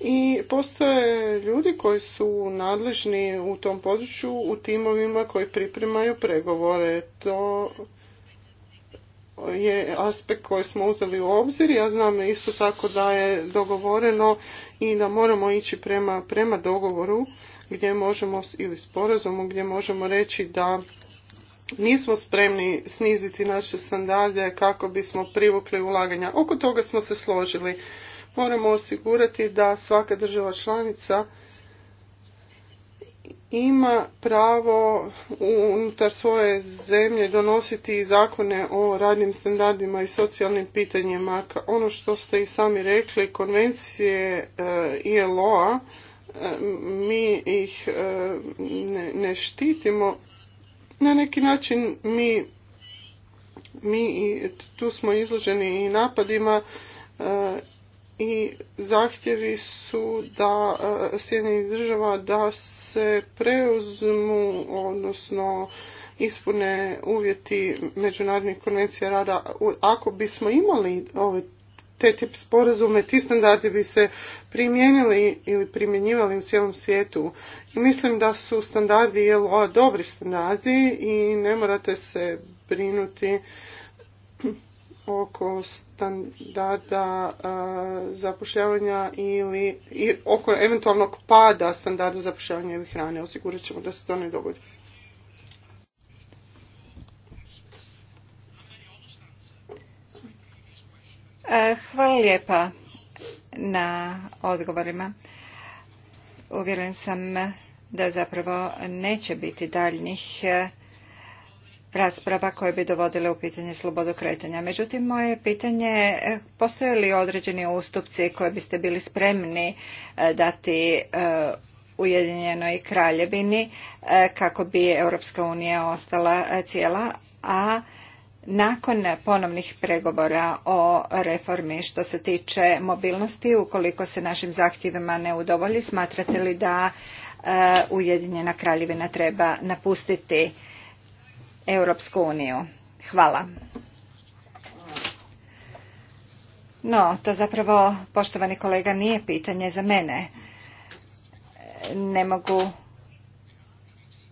I postoje ljudi koji su nadležni u tom području u timovima koji pripremaju pregovore. To je aspekt koji smo uzeli u obzir. Ja znam isto tako da je dogovoreno i da moramo ići prema, prema dogovoru gdje možemo ili sporazumu gdje možemo reći da nismo spremni sniziti naše standarde kako bismo privukli ulaganja. Oko toga smo se složili. Moramo osigurati da svaka država članica ima pravo unutar svoje zemlje donositi zakone o radnim standardima i socijalnim pitanjima. Ono što ste i sami rekli, konvencije e, ILO-a, e, mi ih e, ne, štitimo. Na neki način mi, mi tu smo izloženi i napadima i zahtjevi su da e, Sjedinjenih država da se preuzmu, odnosno ispune uvjeti međunarodnih konvencija rada. Ako bismo imali ove te tip sporazume, ti standardi bi se primijenili ili primjenjivali u cijelom svijetu. I mislim da su standardi o dobri standardi i ne morate se brinuti oko standarda zapošljavanja ili oko eventualnog pada standarda zapošljavanja ili hrane. Osigurat ćemo da se to ne dogodi. E, hvala lijepa na odgovorima. Uvjeren sam da zapravo neće biti daljnjih rasprava koje bi dovodile u pitanje slobodu kretanja. Međutim, moje pitanje eh, postoje li određeni ustupci koje biste bili spremni eh, dati eh, Ujedinjenoj kraljevini kako bi Europska unija ostala cijela, a nakon ponovnih pregovora o reformi što se tiče mobilnosti, ukoliko se našim zahtjevima ne udovolji, smatrate li da Ujedinjena kraljevina treba napustiti Europsku uniju. Hvala. No, to zapravo, poštovani kolega, nije pitanje za mene. Ne mogu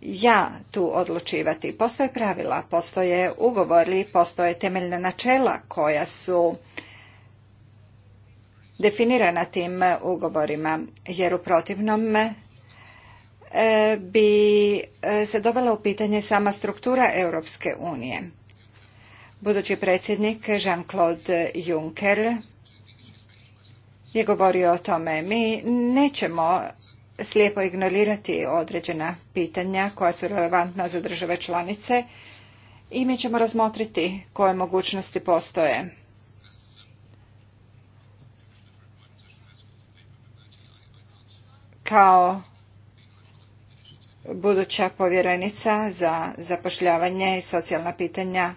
ja tu odlučivati. Postoje pravila, postoje ugovori, postoje temeljna načela koja su definirana tim ugovorima, jer u protivnom E, bi e, se dovela u pitanje sama struktura Europske unije. Budući predsjednik Jean-Claude Juncker je govorio o tome. Mi nećemo slijepo ignorirati određena pitanja koja su relevantna za države članice i mi ćemo razmotriti koje mogućnosti postoje. Kao buduća povjerenica za zapošljavanje i socijalna pitanja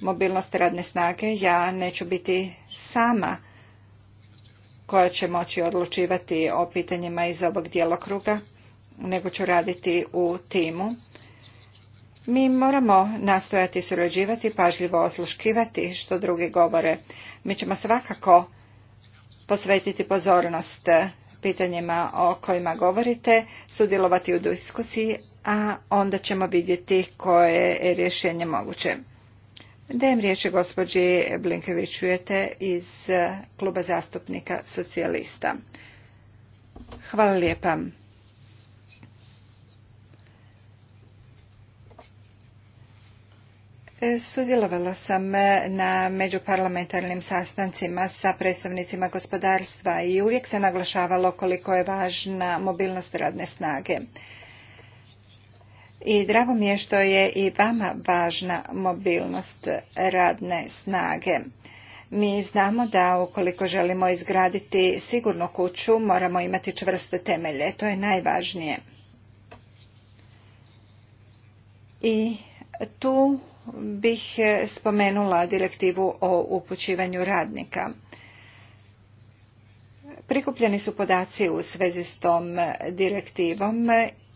mobilnost radne snage ja neću biti sama koja će moći odlučivati o pitanjima iz ovog djelokruga nego ću raditi u timu mi moramo nastojati surađivati pažljivo osluškivati što drugi govore mi ćemo svakako posvetiti pozornost pitanjima o kojima govorite, sudjelovati u diskusiji, a onda ćemo vidjeti koje je rješenje moguće. Dajem riječ gospođi Blinkevićujete iz Kluba zastupnika socijalista. Hvala lijepa. E, sudjelovala sam e, na međuparlamentarnim sastancima sa predstavnicima gospodarstva i uvijek se naglašavalo koliko je važna mobilnost radne snage. I drago mi je što je i vama važna mobilnost radne snage. Mi znamo da ukoliko želimo izgraditi sigurnu kuću, moramo imati čvrste temelje. To je najvažnije. I tu bih e, spomenula direktivu o upućivanju radnika. Prikupljeni su podaci u svezi s tom e, direktivom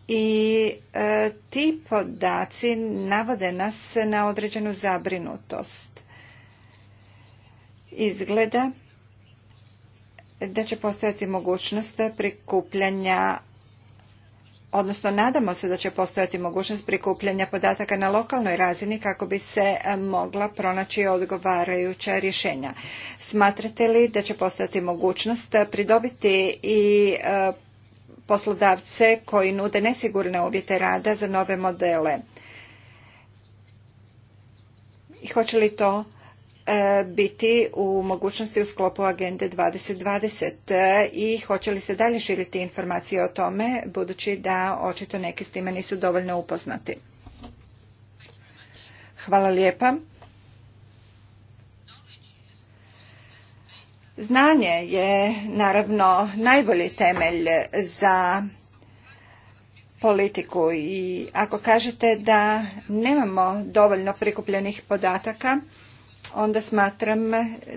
i e, ti podaci navode nas na određenu zabrinutost. Izgleda da će postojati mogućnost prikupljanja odnosno nadamo se da će postojati mogućnost prikupljanja podataka na lokalnoj razini kako bi se e, mogla pronaći odgovarajuća rješenja. Smatrate li da će postojati mogućnost pridobiti i e, poslodavce koji nude nesigurne uvjete rada za nove modele? I hoće li to E, biti u mogućnosti u sklopu Agende 2020 e, i hoće li se dalje širiti informacije o tome, budući da očito neki s time nisu dovoljno upoznati. Hvala lijepa. Znanje je naravno najbolji temelj za politiku i ako kažete da nemamo dovoljno prikupljenih podataka, onda smatram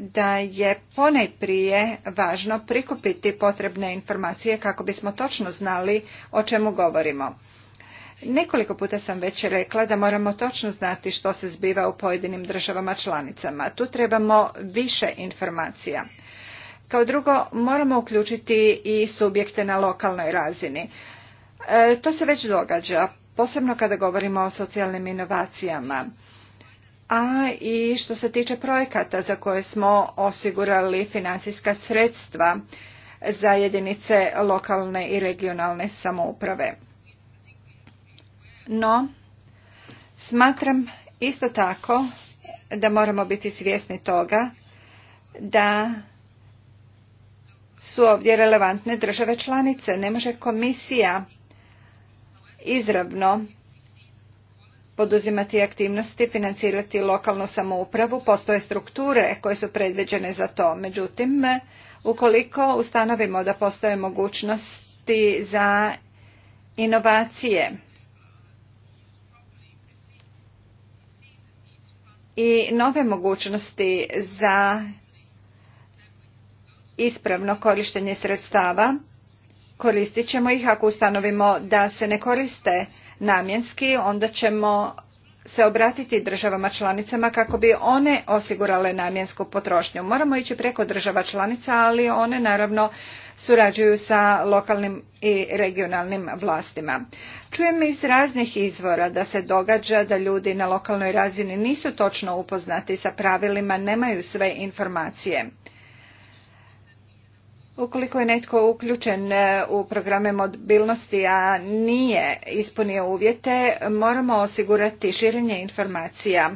da je ponajprije važno prikupiti potrebne informacije kako bismo točno znali o čemu govorimo. Nekoliko puta sam već rekla da moramo točno znati što se zbiva u pojedinim državama članicama. Tu trebamo više informacija. Kao drugo, moramo uključiti i subjekte na lokalnoj razini. E, to se već događa, posebno kada govorimo o socijalnim inovacijama a i što se tiče projekata za koje smo osigurali financijska sredstva za jedinice lokalne i regionalne samouprave. No, smatram isto tako da moramo biti svjesni toga da su ovdje relevantne države članice. Ne može komisija izravno poduzimati aktivnosti, financirati lokalnu samoupravu, postoje strukture koje su predviđene za to. Međutim, ukoliko ustanovimo da postoje mogućnosti za inovacije i nove mogućnosti za ispravno korištenje sredstava, koristit ćemo ih ako ustanovimo da se ne koriste namjenski, onda ćemo se obratiti državama članicama kako bi one osigurale namjensku potrošnju. Moramo ići preko država članica, ali one naravno surađuju sa lokalnim i regionalnim vlastima. Čujem iz raznih izvora da se događa da ljudi na lokalnoj razini nisu točno upoznati sa pravilima, nemaju sve informacije. Ukoliko je netko uključen e, u programe mobilnosti, a nije ispunio uvjete, moramo osigurati širenje informacija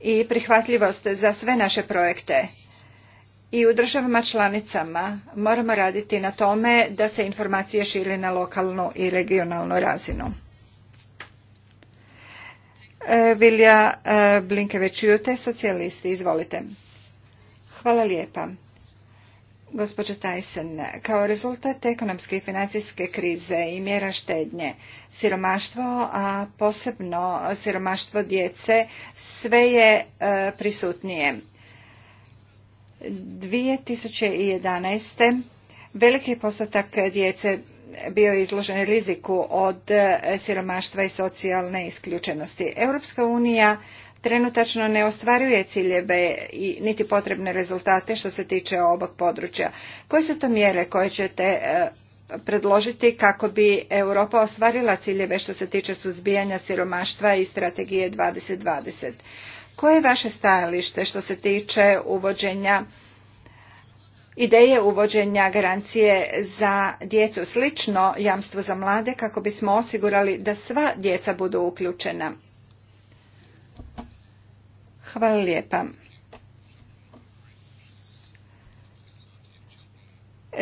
i prihvatljivost za sve naše projekte. I u državama članicama moramo raditi na tome da se informacije šire na lokalnu i regionalnu razinu. E, Vilja e, Blinkeveć, jute socijalisti, izvolite. Hvala lijepa. Gospođo Tyson, kao rezultat ekonomske i financijske krize i mjera štednje, siromaštvo, a posebno siromaštvo djece, sve je e, prisutnije. 2011. veliki postotak djece bio izložen riziku od e, siromaštva i socijalne isključenosti. Europska unija trenutačno ne ostvaruje ciljeve i niti potrebne rezultate što se tiče ovog područja. Koje su to mjere koje ćete e, predložiti kako bi Europa ostvarila ciljeve što se tiče suzbijanja siromaštva i strategije 2020? Koje je vaše stajalište što se tiče uvođenja ideje uvođenja garancije za djecu slično jamstvo za mlade kako bismo osigurali da sva djeca budu uključena? Hvala lijepa.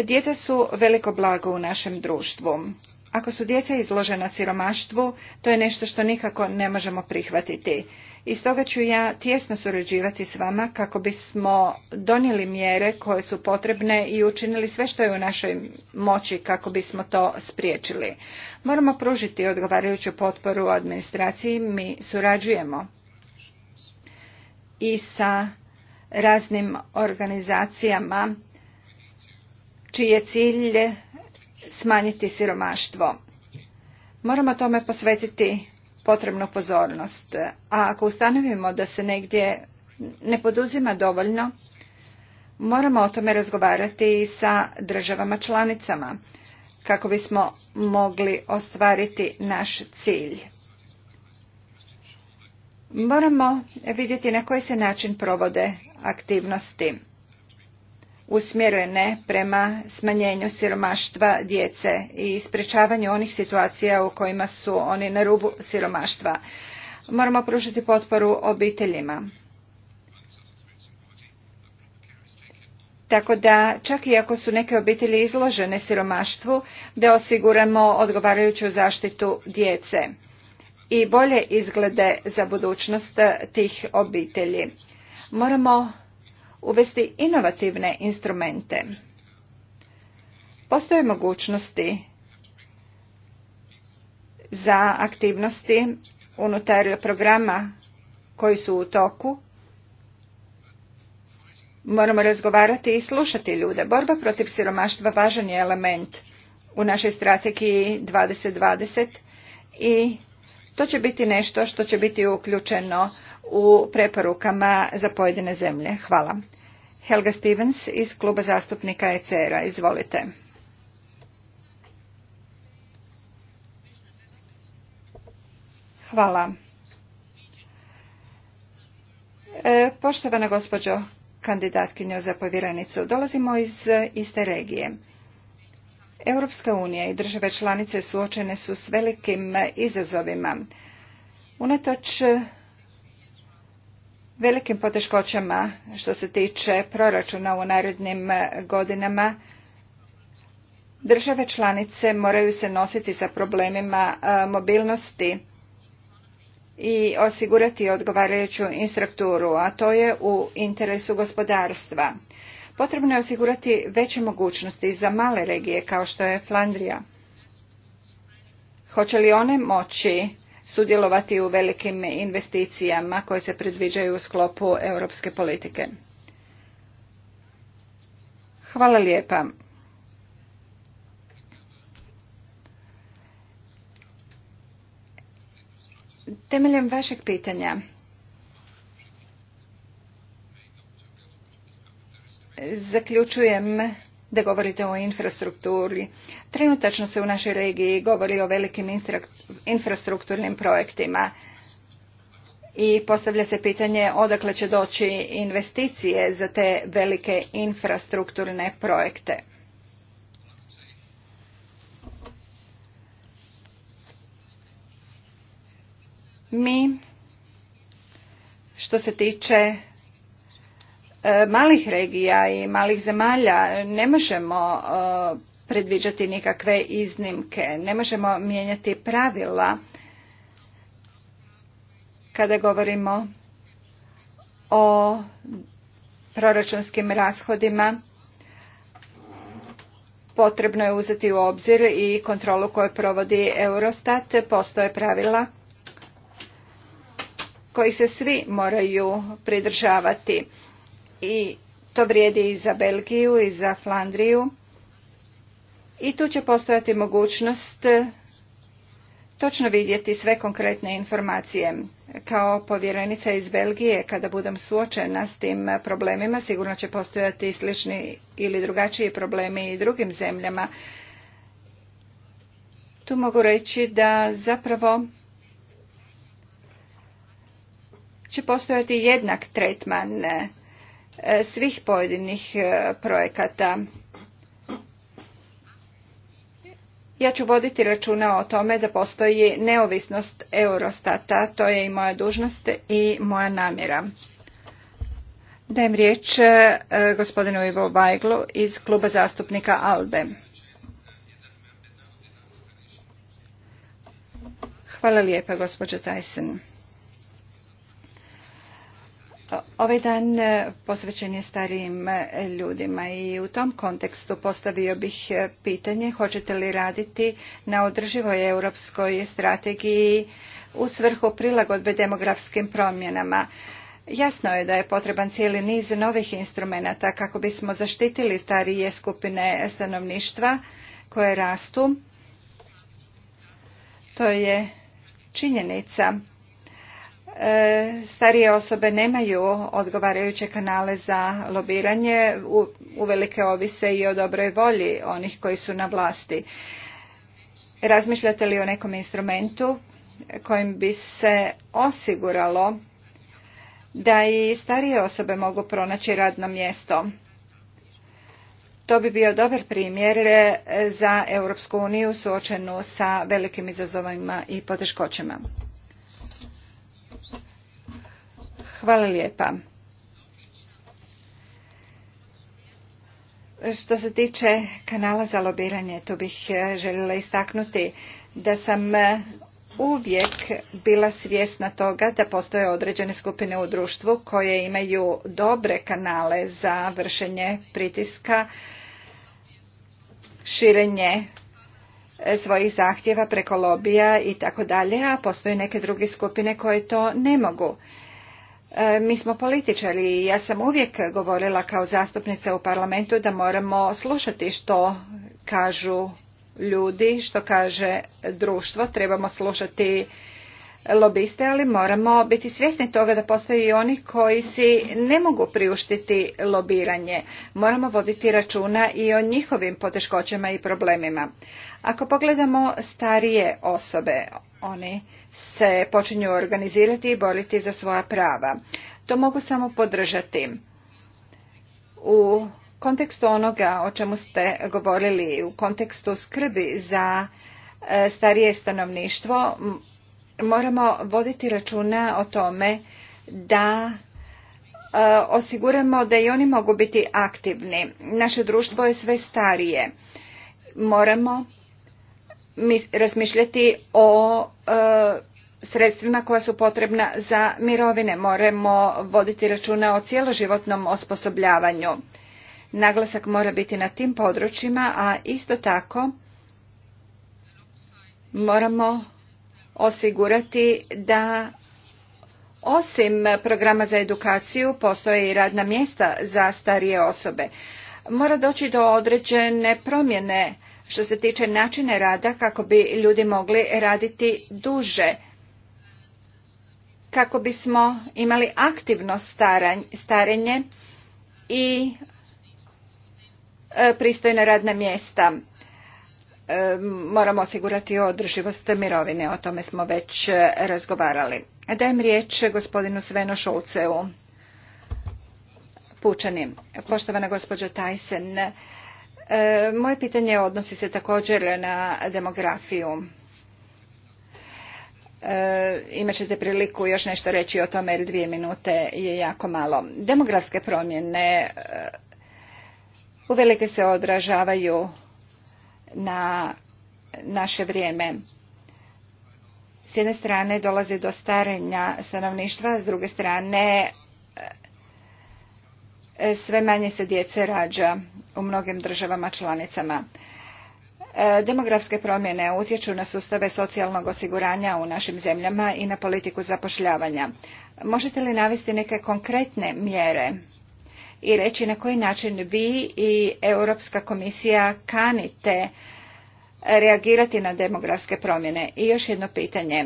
Djeca su veliko blago u našem društvu. Ako su djeca izložena siromaštvu, to je nešto što nikako ne možemo prihvatiti. I stoga ću ja tjesno surađivati s vama kako bismo donijeli mjere koje su potrebne i učinili sve što je u našoj moći kako bismo to spriječili. Moramo pružiti odgovarajuću potporu administraciji, mi surađujemo i sa raznim organizacijama čiji je cilj smanjiti siromaštvo. Moramo tome posvetiti potrebnu pozornost, a ako ustanovimo da se negdje ne poduzima dovoljno, moramo o tome razgovarati i sa državama članicama kako bismo mogli ostvariti naš cilj. Moramo vidjeti na koji se način provode aktivnosti usmjerene prema smanjenju siromaštva djece i sprečavanju onih situacija u kojima su oni na rubu siromaštva. Moramo pružiti potporu obiteljima. Tako da čak i ako su neke obitelji izložene siromaštvu, da osiguramo odgovarajuću zaštitu djece i bolje izglede za budućnost tih obitelji. Moramo uvesti inovativne instrumente. Postoje mogućnosti za aktivnosti unutar programa koji su u toku. Moramo razgovarati i slušati ljude. Borba protiv siromaštva važan je element u našoj strategiji 2020 i to će biti nešto što će biti uključeno u preporukama za pojedine zemlje. Hvala. Helga Stevens iz kluba zastupnika ECR-a. Izvolite. Hvala. E, poštovana gospođo kandidatkinjo za povjerenicu, dolazimo iz iste regije. Europska unija i države članice suočene su s velikim izazovima. Unatoč velikim poteškoćama što se tiče proračuna u narednim godinama, države članice moraju se nositi sa problemima e, mobilnosti i osigurati odgovarajuću instrukturu, a to je u interesu gospodarstva. Potrebno je osigurati veće mogućnosti za male regije kao što je Flandrija. Hoće li one moći sudjelovati u velikim investicijama koje se predviđaju u sklopu europske politike? Hvala lijepa. Temeljem vašeg pitanja, Zaključujem da govorite o infrastrukturi. Trenutačno se u našoj regiji govori o velikim infrastrukturnim projektima i postavlja se pitanje odakle će doći investicije za te velike infrastrukturne projekte. Mi, što se tiče E, malih regija i malih zemalja ne možemo e, predviđati nikakve iznimke, ne možemo mijenjati pravila kada govorimo o proračunskim rashodima potrebno je uzeti u obzir i kontrolu koju provodi Eurostat. Postoje pravila koji se svi moraju pridržavati i to vrijedi i za Belgiju i za Flandriju. I tu će postojati mogućnost e, točno vidjeti sve konkretne informacije. Kao povjerenica iz Belgije, kada budem suočena s tim problemima, sigurno će postojati slični ili drugačiji problemi i drugim zemljama. Tu mogu reći da zapravo će postojati jednak tretman E, svih pojedinih e, projekata. Ja ću voditi računa o tome da postoji neovisnost Eurostata, to je i moja dužnost i moja namjera. Dajem riječ e, gospodinu Ivo Bajglu iz kluba zastupnika ALDE. Hvala lijepa gospođo Tyson. Ovaj dan e, posvećen je starijim e, ljudima i u tom kontekstu postavio bih e, pitanje hoćete li raditi na održivoj europskoj strategiji u svrhu prilagodbe demografskim promjenama. Jasno je da je potreban cijeli niz novih instrumenata kako bismo zaštitili starije skupine stanovništva koje rastu. To je činjenica E, starije osobe nemaju odgovarajuće kanale za lobiranje, uvelike ovise i o dobroj volji onih koji su na vlasti. Razmišljate li o nekom instrumentu kojim bi se osiguralo da i starije osobe mogu pronaći radno mjesto? To bi bio dobar primjer za Europsku uniju suočenu sa velikim izazovima i poteškoćama. Hvala lijepa. Što se tiče kanala za lobiranje, tu bih e, željela istaknuti da sam e, uvijek bila svjesna toga da postoje određene skupine u društvu koje imaju dobre kanale za vršenje pritiska, širenje e, svojih zahtjeva preko lobija i tako dalje, a postoje neke druge skupine koje to ne mogu. E, mi smo političari i ja sam uvijek govorila kao zastupnica u parlamentu da moramo slušati što kažu ljudi, što kaže društvo, trebamo slušati lobiste, ali moramo biti svjesni toga da postoje i oni koji si ne mogu priuštiti lobiranje. Moramo voditi računa i o njihovim poteškoćama i problemima. Ako pogledamo starije osobe, oni se počinju organizirati i boriti za svoja prava. To mogu samo podržati. U kontekstu onoga o čemu ste govorili, u kontekstu skrbi za e, starije stanovništvo, moramo voditi računa o tome da e, osiguramo da i oni mogu biti aktivni. Naše društvo je sve starije. Moramo razmišljati o e, sredstvima koja su potrebna za mirovine. Moramo voditi računa o cijeloživotnom osposobljavanju. Naglasak mora biti na tim područjima, a isto tako moramo osigurati da osim programa za edukaciju postoje i radna mjesta za starije osobe. Mora doći do određene promjene što se tiče načina rada kako bi ljudi mogli raditi duže kako bismo imali aktivno starenje i e, pristojna radna mjesta e, moramo osigurati održivost mirovine o tome smo već e, razgovarali dajem riječ gospodinu Svenu Šulceu pučanim poštovana gospođo Tajsen E, moje pitanje odnosi se također na demografiju. E, imat ćete priliku još nešto reći o tome jer dvije minute je jako malo. Demografske promjene e, uvelike se odražavaju na naše vrijeme. S jedne strane dolazi do starenja stanovništva, s druge strane E, sve manje se djece rađa u mnogim državama članicama. E, demografske promjene utječu na sustave socijalnog osiguranja u našim zemljama i na politiku zapošljavanja. Možete li navesti neke konkretne mjere i reći na koji način vi i Europska komisija kanite reagirati na demografske promjene? I još jedno pitanje.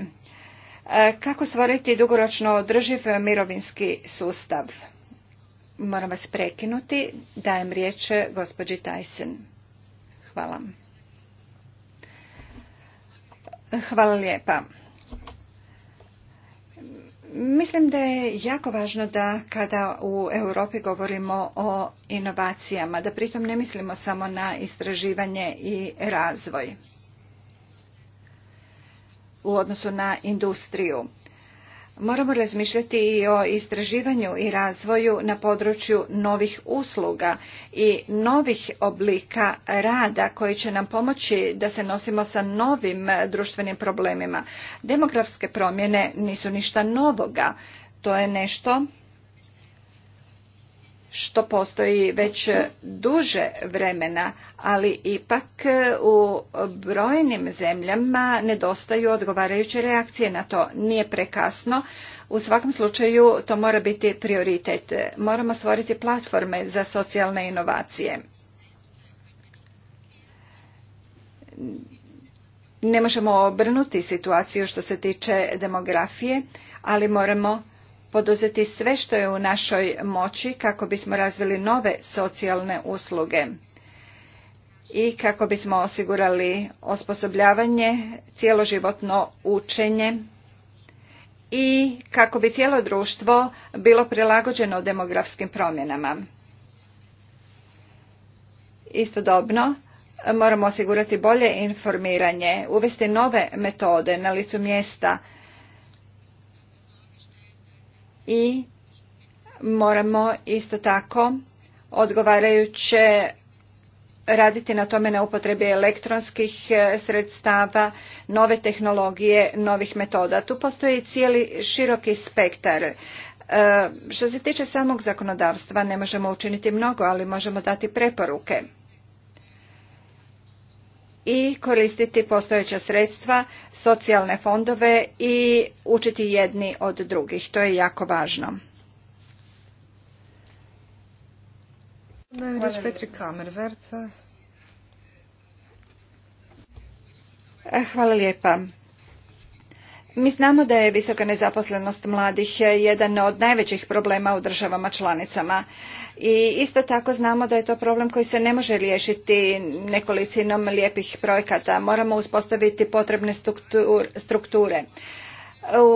E, kako stvoriti dugoročno održiv mirovinski sustav? Moram vas prekinuti. Dajem riječ gospođi Tyson. Hvala. Hvala lijepa. Mislim da je jako važno da kada u Europi govorimo o inovacijama, da pritom ne mislimo samo na istraživanje i razvoj u odnosu na industriju. Moramo razmišljati i o istraživanju i razvoju na području novih usluga i novih oblika rada koji će nam pomoći da se nosimo sa novim društvenim problemima. Demografske promjene nisu ništa novoga. To je nešto što postoji već duže vremena, ali ipak u brojnim zemljama nedostaju odgovarajuće reakcije na to. Nije prekasno, u svakom slučaju to mora biti prioritet. Moramo stvoriti platforme za socijalne inovacije. Ne možemo obrnuti situaciju što se tiče demografije, ali moramo poduzeti sve što je u našoj moći kako bismo razvili nove socijalne usluge i kako bismo osigurali osposobljavanje, cjeloživotno učenje i kako bi cijelo društvo bilo prilagođeno demografskim promjenama. Istodobno, moramo osigurati bolje informiranje, uvesti nove metode na licu mjesta – i moramo isto tako odgovarajuće raditi na tome na upotrebi elektronskih e, sredstava, nove tehnologije, novih metoda. Tu postoji cijeli široki spektar. E, što se tiče samog zakonodavstva ne možemo učiniti mnogo, ali možemo dati preporuke i koristiti postojeća sredstva, socijalne fondove i učiti jedni od drugih. To je jako važno. Hvala lijepa. Mi znamo da je visoka nezaposlenost mladih jedan od najvećih problema u državama članicama i isto tako znamo da je to problem koji se ne može riješiti nekolicinom lijepih projekata. Moramo uspostaviti potrebne strukture.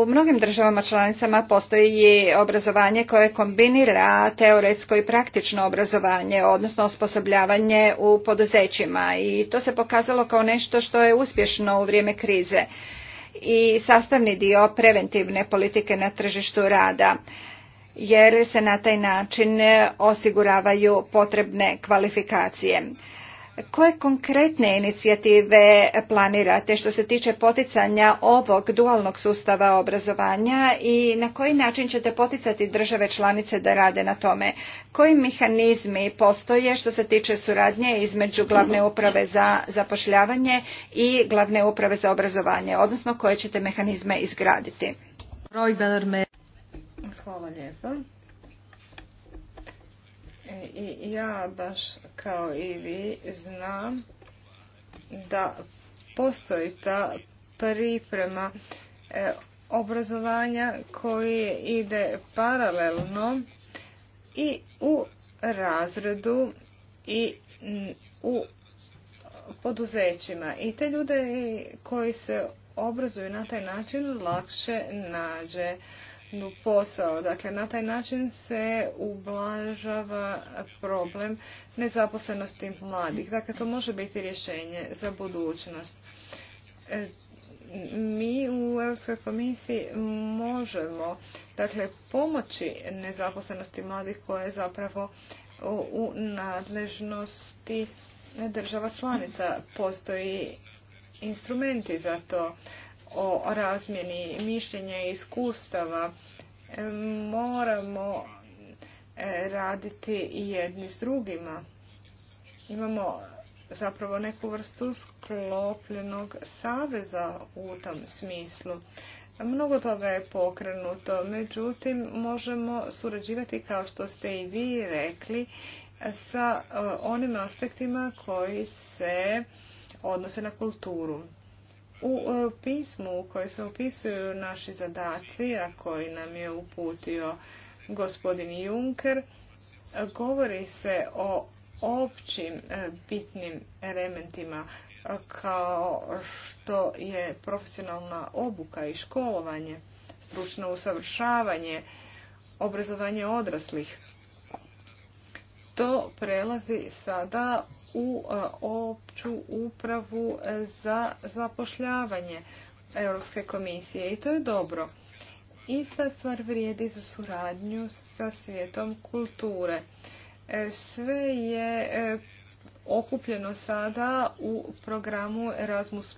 U mnogim državama članicama postoji i obrazovanje koje kombinira teoretsko i praktično obrazovanje, odnosno osposobljavanje u poduzećima i to se pokazalo kao nešto što je uspješno u vrijeme krize i sastavni dio preventivne politike na tržištu rada jer se na taj način osiguravaju potrebne kvalifikacije koje konkretne inicijative planirate što se tiče poticanja ovog dualnog sustava obrazovanja i na koji način ćete poticati države članice da rade na tome? Koji mehanizmi postoje što se tiče suradnje između glavne uprave za zapošljavanje i glavne uprave za obrazovanje, odnosno koje ćete mehanizme izgraditi? Hvala lijepa i ja baš kao i vi znam da postoji ta priprema e, obrazovanja koje ide paralelno i u razredu i u poduzećima. I te ljude koji se obrazuju na taj način lakše nađe posao. Dakle, na taj način se ublažava problem nezaposlenosti mladih. Dakle, to može biti rješenje za budućnost. E, mi u Europskoj komisiji možemo dakle, pomoći nezaposlenosti mladih koja je zapravo u nadležnosti država članica. Postoji instrumenti za to o razmjeni mišljenja i iskustava. E, moramo e, raditi i jedni s drugima. Imamo zapravo neku vrstu sklopljenog saveza u tom smislu. Mnogo toga je pokrenuto, međutim možemo surađivati kao što ste i vi rekli sa e, onim aspektima koji se odnose na kulturu. U e, pismu u koje se opisuju naši zadaci, a koji nam je uputio gospodin Juncker, govori se o općim e, bitnim elementima e, kao što je profesionalna obuka i školovanje, stručno usavršavanje, obrazovanje odraslih. To prelazi sada u e, opću upravu e, za zapošljavanje Europske komisije i to je dobro. Ista stvar vrijedi za suradnju sa svijetom kulture. E, sve je okupljeno sada u programu Erasmus+,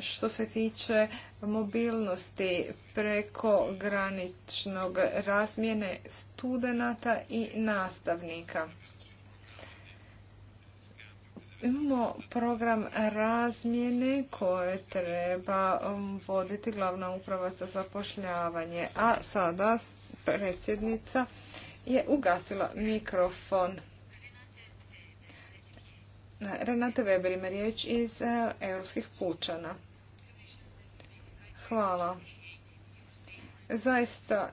što se tiče mobilnosti preko graničnog razmjene studenata i nastavnika. Imamo program razmjene koje treba um, voditi glavna uprava za zapošljavanje, a sada predsjednica je ugasila mikrofon. Renate Weber ima riječ iz e, Europskih pučana. Hvala. Zaista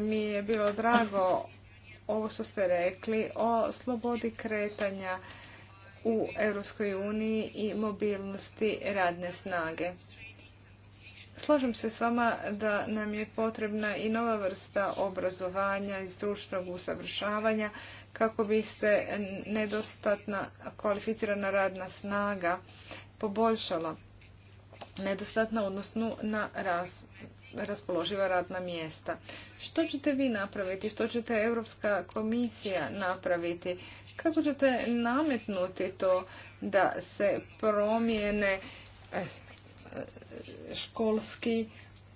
mi je bilo drago ovo što ste rekli o slobodi kretanja u Europskoj uniji i mobilnosti radne snage. Slažem se s vama da nam je potrebna i nova vrsta obrazovanja i stručnog usavršavanja kako bi se nedostatna kvalificirana radna snaga poboljšala nedostatna odnosno na raspoloživa radna mjesta. Što ćete vi napraviti? Što ćete Europska komisija napraviti? Kako ćete nametnuti to da se promijene e, školski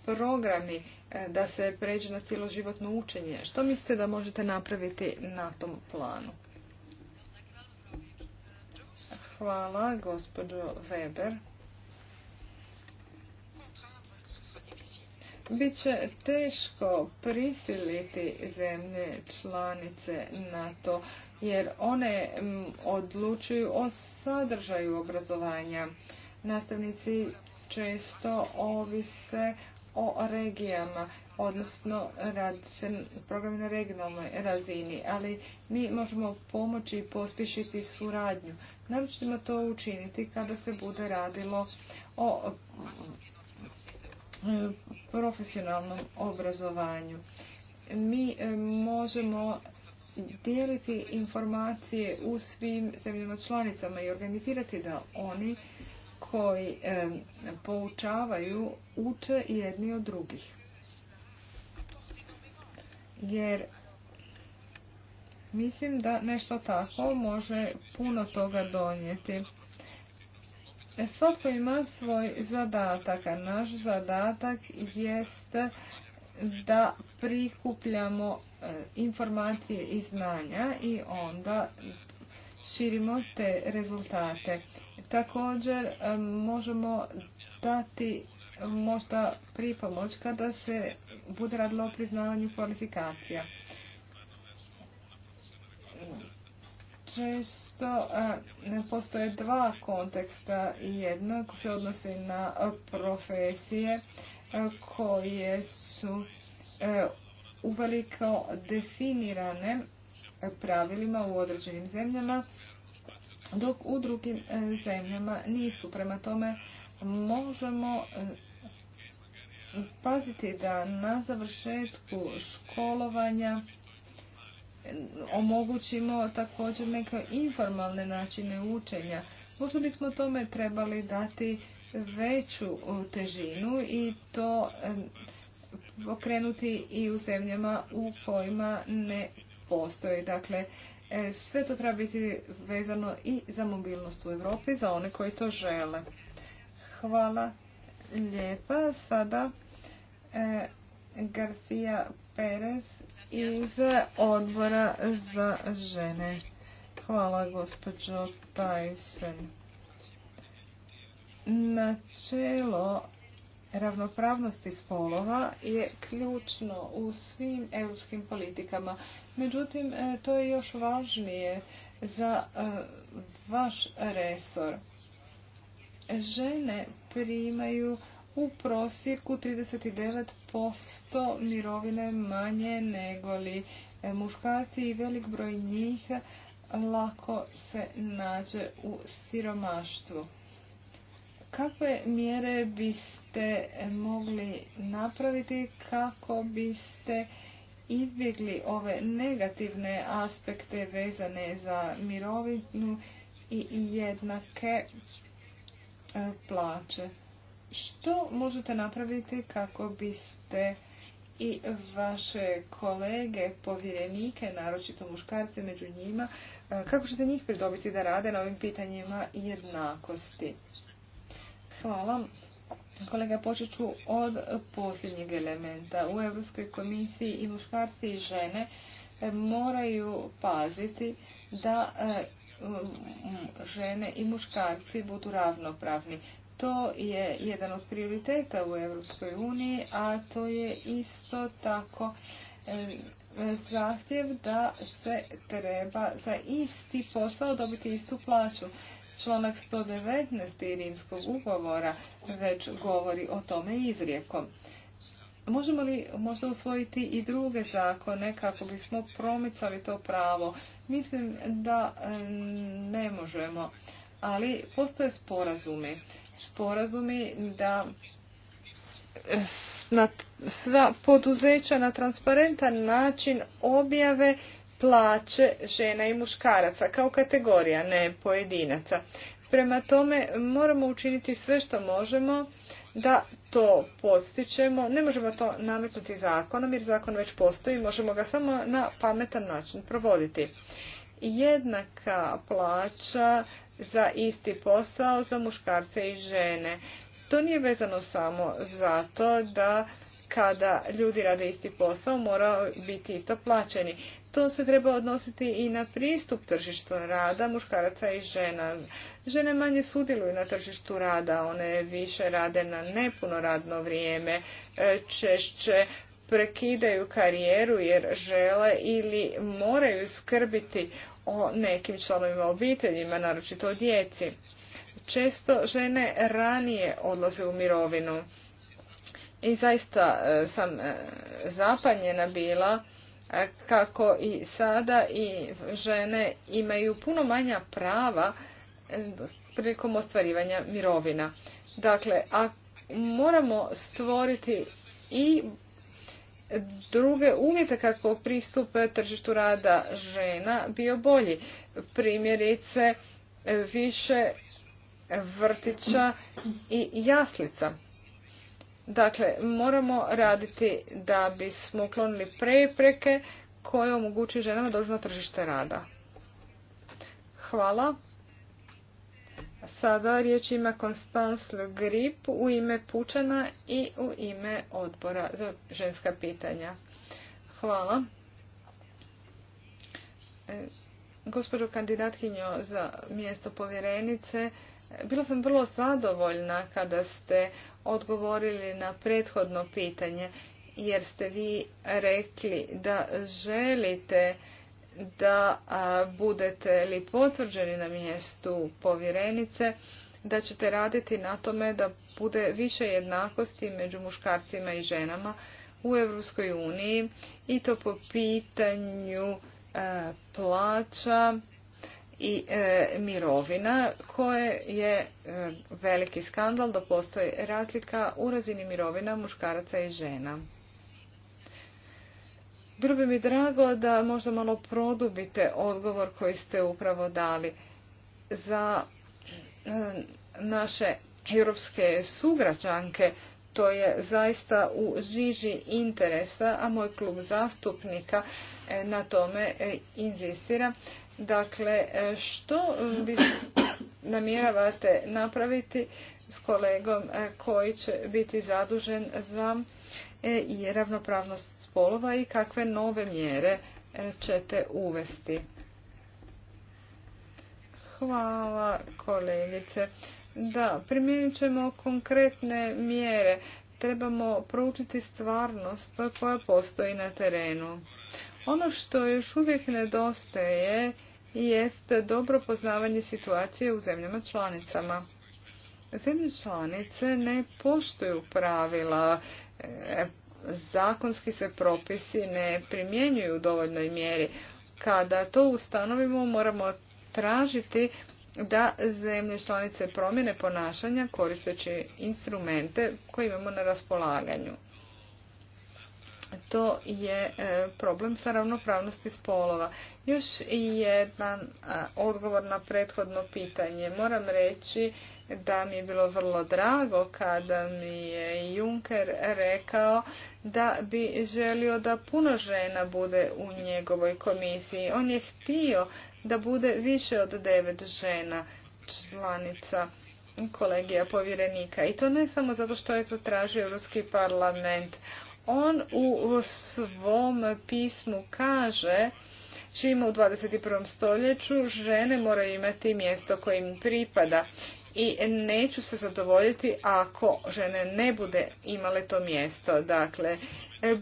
programi, e, da se pređe na životno učenje? Što mislite da možete napraviti na tom planu? Hvala, gospođo Weber. Biće teško prisiliti zemlje članice na to jer one mm, odlučuju o sadržaju obrazovanja. Nastavnici često ovise o regijama, odnosno radi se na regionalnoj razini, ali mi možemo pomoći i pospješiti suradnju. Naravno ćemo to učiniti kada se bude radilo o mm, profesionalnom obrazovanju. Mi mm, možemo dijeliti informacije u svim zemljama članicama i organizirati da oni koji poučavaju uče jedni od drugih. Jer mislim da nešto tako može puno toga donijeti. Svatko ima svoj zadatak, a naš zadatak jest da prikupljamo e, informacije i znanja i onda širimo te rezultate. Također e, možemo dati možda pripomoć da se bude radilo o priznavanju kvalifikacija. Često e, postoje dva konteksta. Jednog se odnose na profesije koje su e, uveliko definirane pravilima u određenim zemljama, dok u drugim e, zemljama nisu. Prema tome možemo e, paziti da na završetku školovanja omogućimo također neke informalne načine učenja. Možda bismo tome trebali dati veću težinu i to pokrenuti i u zemljama u kojima ne postoji. Dakle, e, sve to treba biti vezano i za mobilnost u Europi za one koji to žele. Hvala lijepa. Sada e, Garcia Perez iz odbora za žene. Hvala gospođo Tyson. Načelo ravnopravnosti spolova je ključno u svim europskim politikama. Međutim, e, to je još važnije za e, vaš resor. Žene primaju u prosjeku 39% mirovine manje nego li e, muškarci i velik broj njih lako se nađe u siromaštvu. Kakve mjere biste mogli napraviti kako biste izbjegli ove negativne aspekte vezane za mirovinu i jednake e, plaće? Što možete napraviti kako biste i vaše kolege, povjerenike, naročito muškarce među njima, e, kako ćete njih pridobiti da rade na ovim pitanjima jednakosti? Hvala. Kolega, počet od posljednjeg elementa. U Europskoj komisiji i muškarci i žene e, moraju paziti da e, žene i muškarci budu ravnopravni. To je jedan od prioriteta u Europskoj uniji, a to je isto tako e, zahtjev da se treba za isti posao dobiti istu plaću. Članak 119. rimskog ugovora već govori o tome izrijekom. Možemo li možda usvojiti i druge zakone kako bismo promicali to pravo? Mislim da mm, ne možemo, ali postoje sporazumi. Sporazumi da sva poduzeća na transparentan način objave plaće žena i muškaraca kao kategorija, ne pojedinaca. Prema tome moramo učiniti sve što možemo da to postičemo. Ne možemo to nametnuti zakonom jer zakon već postoji, možemo ga samo na pametan način provoditi. Jednaka plaća za isti posao za muškarce i žene. To nije vezano samo zato da kada ljudi rade isti posao moraju biti isto plaćeni. To se treba odnositi i na pristup tržištu rada muškaraca i žena. Žene manje sudjeluju na tržištu rada, one više rade na nepuno radno vrijeme, e, češće prekidaju karijeru jer žele ili moraju skrbiti o nekim članovima obiteljima, naročito o djeci. Često žene ranije odlaze u mirovinu i zaista e, sam e, zapanjena bila e, kako i sada i žene imaju puno manja prava prilikom ostvarivanja mirovina. Dakle, a moramo stvoriti i druge uvjete kako pristup tržištu rada žena bio bolji. Primjerice više vrtića i jaslica. Dakle, moramo raditi da bismo uklonili prepreke koje omogućuju ženama dođu na tržište rada. Hvala. Sada riječ ima Konstans Le Grip u ime Pučana i u ime odbora za ženska pitanja. Hvala. E, gospođo kandidatkinjo za mjesto povjerenice, bila sam vrlo zadovoljna kada ste odgovorili na prethodno pitanje, jer ste vi rekli da želite da budete li potvrđeni na mjestu povjerenice, da ćete raditi na tome da bude više jednakosti među muškarcima i ženama u Europskoj uniji i to po pitanju plaća i e, mirovina koje je e, veliki skandal da postoji razlika u razini mirovina muškaraca i žena. Bilo bi mi drago da možda malo produbite odgovor koji ste upravo dali za e, naše europske sugrađanke. To je zaista u žiži interesa, a moj klub zastupnika na tome inzistira Dakle, e, što mm, namjeravate napraviti s kolegom e, koji će biti zadužen za e, i ravnopravnost spolova i kakve nove mjere ćete uvesti? Hvala kolegice. Da, primjenit ćemo konkretne mjere. Trebamo proučiti stvarnost koja postoji na terenu. Ono što još uvijek nedostaje jest dobro poznavanje situacije u zemljama članicama. Zemlje članice ne poštuju pravila, e, zakonski se propisi ne primjenjuju u dovoljnoj mjeri. Kada to ustanovimo moramo tražiti da zemlje članice promjene ponašanja koristeći instrumente koje imamo na raspolaganju to je e, problem sa ravnopravnosti spolova. Još jedan e, odgovor na prethodno pitanje. Moram reći da mi je bilo vrlo drago kada mi je Juncker rekao da bi želio da puno žena bude u njegovoj komisiji. On je htio da bude više od devet žena članica kolegija povjerenika. I to ne samo zato što je to tražio Europski parlament. On u svom pismu kaže ima u 21. stoljeću žene moraju imati mjesto koje im pripada i neću se zadovoljiti ako žene ne bude imale to mjesto. Dakle,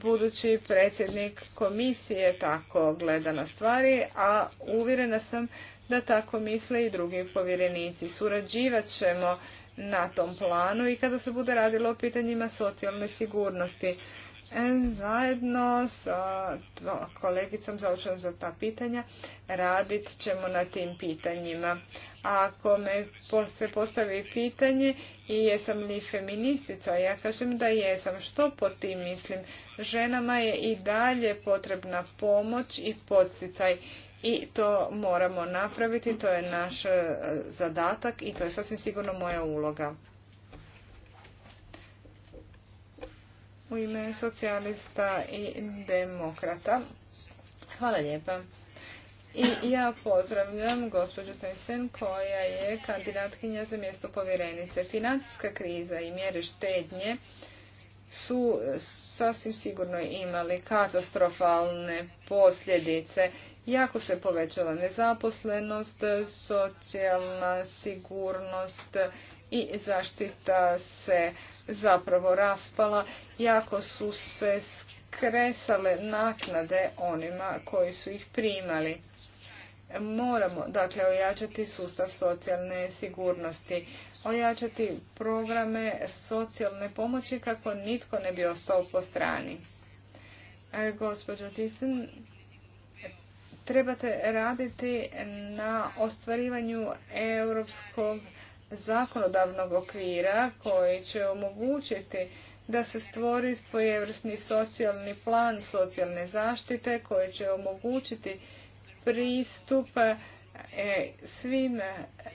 budući predsjednik komisije tako gleda na stvari, a uvjerena sam da tako misle i drugi povjerenici. Surađivat ćemo na tom planu i kada se bude radilo o pitanjima socijalne sigurnosti. Zajedno sa kolegicom zaočenom za ta pitanja radit ćemo na tim pitanjima. Ako me se postavi pitanje i jesam li feministica, ja kažem da jesam. Što po tim mislim? Ženama je i dalje potrebna pomoć i podsticaj i to moramo napraviti, to je naš e, zadatak i to je sasvim sigurno moja uloga. u ime socijalista i demokrata. Hvala lijepa. I ja pozdravljam gospođu Tyson koja je kandidatkinja za mjesto povjerenice. Financijska kriza i mjere štednje su sasvim sigurno imali katastrofalne posljedice. Jako se povećala nezaposlenost, socijalna sigurnost i zaštita se zapravo raspala, jako su se skresale naknade onima koji su ih primali. Moramo, dakle, ojačati sustav socijalne sigurnosti, ojačati programe socijalne pomoći kako nitko ne bi ostao po strani. E, gospođo Tisin, trebate raditi na ostvarivanju europskog zakonodavnog okvira koji će omogućiti da se stvori svojevrsni socijalni plan socijalne zaštite koji će omogućiti pristup e, svim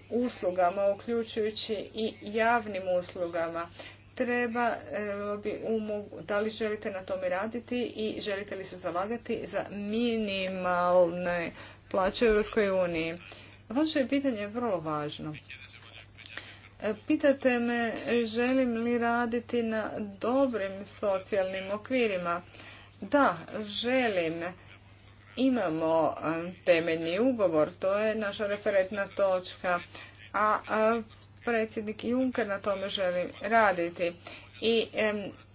uslugama, uključujući i javnim uslugama. Treba, e, da li želite na tome raditi i želite li se zalagati za minimalne plaće u Europskoj uniji? Vaše pitanje je vrlo važno. E, pitate me želim li raditi na dobrim socijalnim okvirima. Da, želim. Imamo e, temeljni ugovor, to je naša referentna točka, a predsjednik Juncker na tome želi raditi. I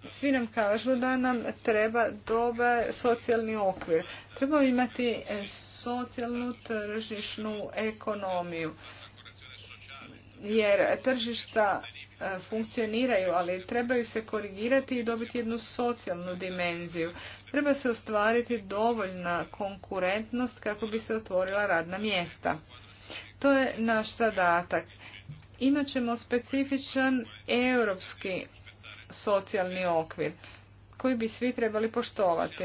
svi nam kažu da nam treba dobar socijalni okvir. Treba imati e, socijalnu tržišnu ekonomiju jer tržišta e, funkcioniraju, ali trebaju se korigirati i dobiti jednu socijalnu dimenziju. Treba se ostvariti dovoljna konkurentnost kako bi se otvorila radna mjesta. To je naš zadatak. Imaćemo specifičan europski socijalni okvir koji bi svi trebali poštovati.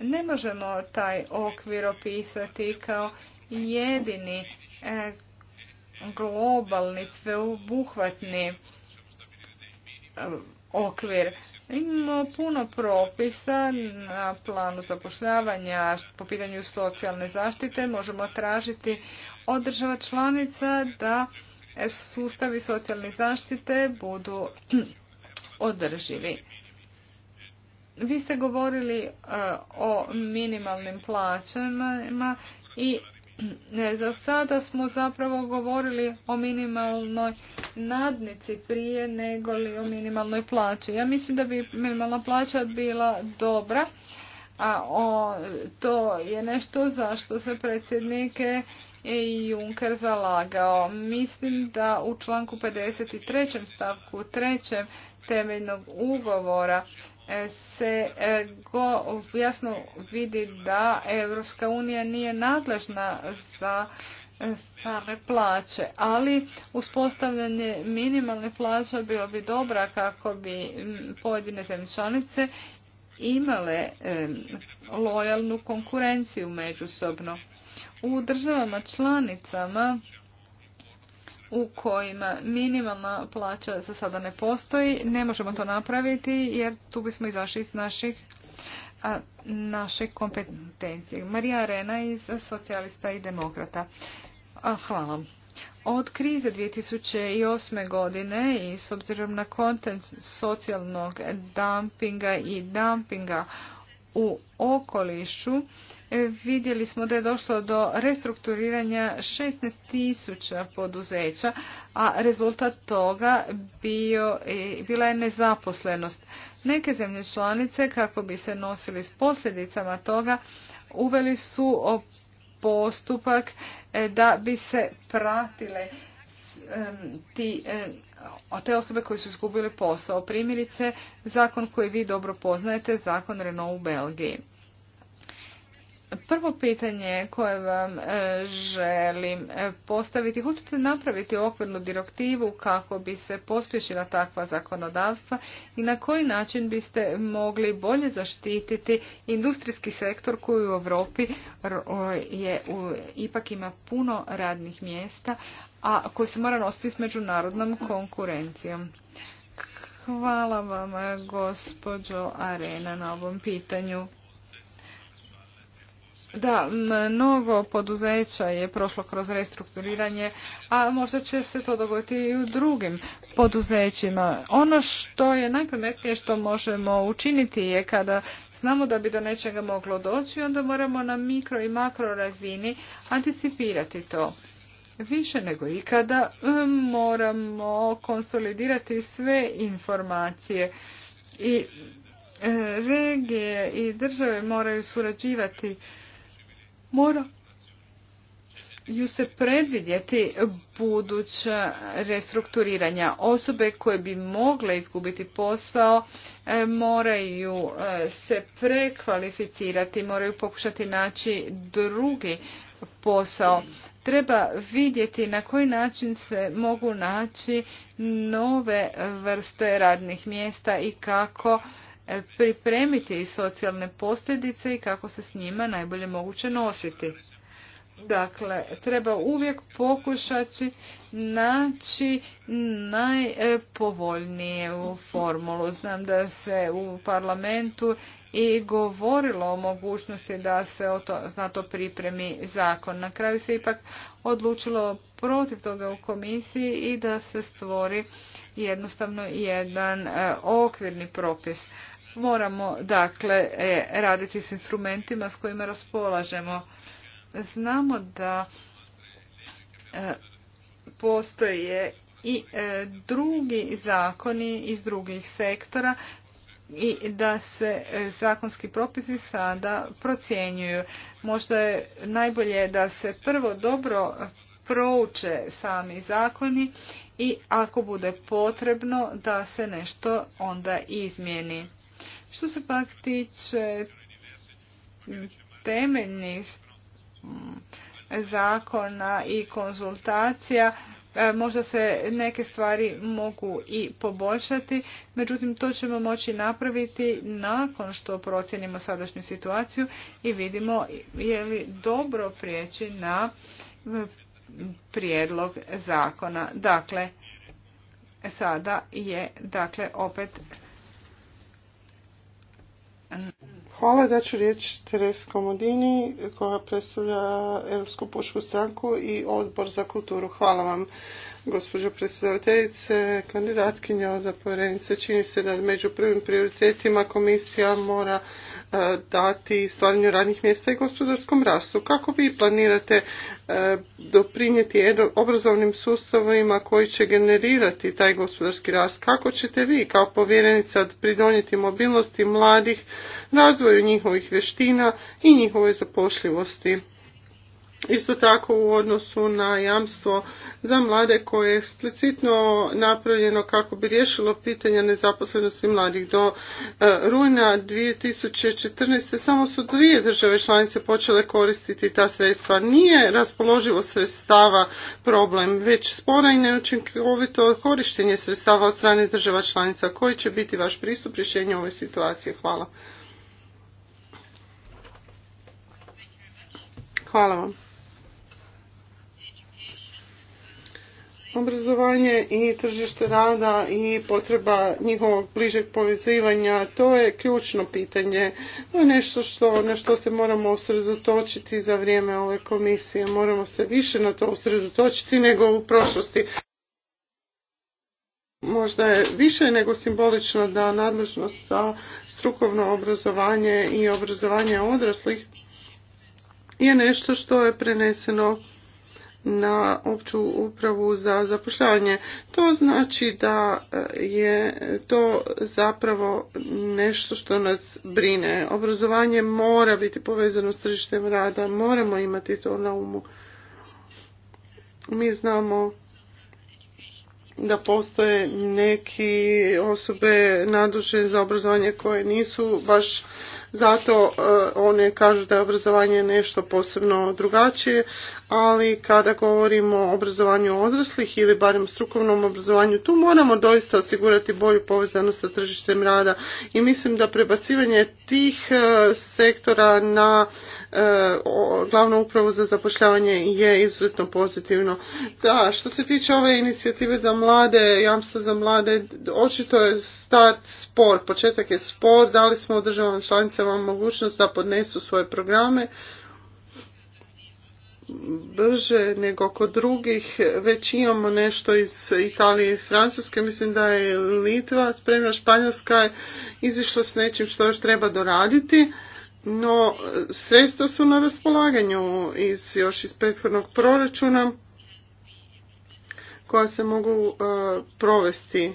Ne možemo taj okvir opisati kao jedini e, globalni, sveobuhvatni e, okvir. Imamo puno propisa na planu zapošljavanja po pitanju socijalne zaštite. Možemo tražiti od država članica da sustavi socijalne zaštite budu održivi. Vi ste govorili e, o minimalnim plaćama i za sada smo zapravo govorili o minimalnoj nadnici prije nego li o minimalnoj plaći. Ja mislim da bi minimalna plaća bila dobra, a o, to je nešto zašto se predsjednike i Juncker zalagao. Mislim da u članku 53. stavku 3. temeljnog ugovora E, se e, jasno vidi da Europska unija nije nadležna za e, same plaće, ali uspostavljanje minimalne plaće bilo bi dobra kako bi pojedine zemlje članice imale lojalnu konkurenciju međusobno. U državama članicama u kojima minimalna plaća za sada ne postoji. Ne možemo to napraviti jer tu bismo izašli iz naših naše kompetencije. Marija Arena iz socijalista i demokrata. hvala. Od krize 2008. godine i s obzirom na kontent socijalnog dumpinga i dumpinga u okolišu, vidjeli smo da je došlo do restrukturiranja 16.000 poduzeća, a rezultat toga bio, bila je nezaposlenost. Neke zemlje članice, kako bi se nosili s posljedicama toga, uveli su postupak e, da bi se pratile ti, e, te osobe koje su izgubile posao. Primjerice, zakon koji vi dobro poznajete, zakon Renault u Belgiji. Prvo pitanje koje vam e, želim e, postaviti, hoćete napraviti okvirnu direktivu kako bi se pospješila takva zakonodavstva i na koji način biste mogli bolje zaštititi industrijski sektor koji u Europi je ipak ima puno radnih mjesta, a koji se mora nositi s međunarodnom konkurencijom. Hvala vam e, gospođo Arena na ovom pitanju. Da, mnogo poduzeća je prošlo kroz restrukturiranje, a možda će se to dogoditi i u drugim poduzećima. Ono što je najpametnije što možemo učiniti je kada znamo da bi do nečega moglo doći, onda moramo na mikro i makro razini anticipirati to. Više nego ikada moramo konsolidirati sve informacije i e, regije i države moraju surađivati Moraju se predvidjeti buduća restrukturiranja. Osobe koje bi mogle izgubiti posao e, moraju e, se prekvalificirati, moraju pokušati naći drugi posao. Treba vidjeti na koji način se mogu naći nove vrste radnih mjesta i kako E, pripremiti socijalne posljedice i kako se s njima najbolje moguće nositi. Dakle, treba uvijek pokušati naći najpovoljniju formulu. Znam da se u parlamentu i govorilo o mogućnosti da se o to, na to pripremi zakon. Na kraju se ipak odlučilo protiv toga u komisiji i da se stvori jednostavno jedan e, okvirni propis. Moramo dakle e, raditi s instrumentima s kojima raspolažemo. Znamo da e, postoje i e, drugi zakoni iz drugih sektora i da se zakonski propisi sada procjenjuju. Možda je najbolje da se prvo dobro prouče sami zakoni i ako bude potrebno da se nešto onda izmijeni. Što se pak tiče temeljnih mm, zakona i konzultacija, e, možda se neke stvari mogu i poboljšati, međutim to ćemo moći napraviti nakon što procijenimo sadašnju situaciju i vidimo je li dobro prijeći na prijedlog zakona. Dakle, sada je dakle opet Hvala, da ću riječ Teres Komodini koja predstavlja Europsku pušku stranku i odbor za kulturu. Hvala vam, gospođo predsjedateljice, kandidatkinja za povjerenice. Čini se da među prvim prioritetima komisija mora E, dati stvaranju radnih mjesta i gospodarskom rastu. Kako vi planirate e, doprinijeti obrazovnim sustavima koji će generirati taj gospodarski rast? Kako ćete vi kao povjerenica pridonijeti mobilnosti mladih, razvoju njihovih vještina i njihove zapošljivosti? Isto tako u odnosu na jamstvo za mlade koje je eksplicitno napravljeno kako bi riješilo pitanje nezaposlenosti mladih. Do e, rujna 2014. samo su dvije države članice počele koristiti ta sredstva. Nije raspoloživo sredstava problem, već spora i neučinkovito korištenje sredstava od strane država članica. Koji će biti vaš pristup rješenju ove situacije? Hvala. Hvala vam. obrazovanje i tržište rada i potreba njihovog bližeg povezivanja, to je ključno pitanje. To je nešto što, na što se moramo usredotočiti za vrijeme ove komisije. Moramo se više na to usredotočiti nego u prošlosti. Možda je više nego simbolično da nadležnost za strukovno obrazovanje i obrazovanje odraslih je nešto što je preneseno na opću upravu za zapošljavanje. To znači da e, je to zapravo nešto što nas brine. Obrazovanje mora biti povezano s tržištem rada, moramo imati to na umu. Mi znamo da postoje neki osobe nadužene za obrazovanje koje nisu baš zato e, one kažu da je obrazovanje nešto posebno drugačije, ali kada govorimo o obrazovanju odraslih ili barem strukovnom obrazovanju, tu moramo doista osigurati bolju povezanost sa tržištem rada i mislim da prebacivanje tih e, sektora na e, glavnu upravu za zapošljavanje je izuzetno pozitivno. Da, što se tiče ove inicijative za mlade, jamstva za mlade, očito je start spor, početak je spor, dali smo državama članicama mogućnost da podnesu svoje programe, brže nego kod drugih. Već imamo nešto iz Italije i Francuske. Mislim da je Litva spremna. Španjolska je izišla s nečim što još treba doraditi. No, sredstva su na raspolaganju iz, još iz prethodnog proračuna koja se mogu e, provesti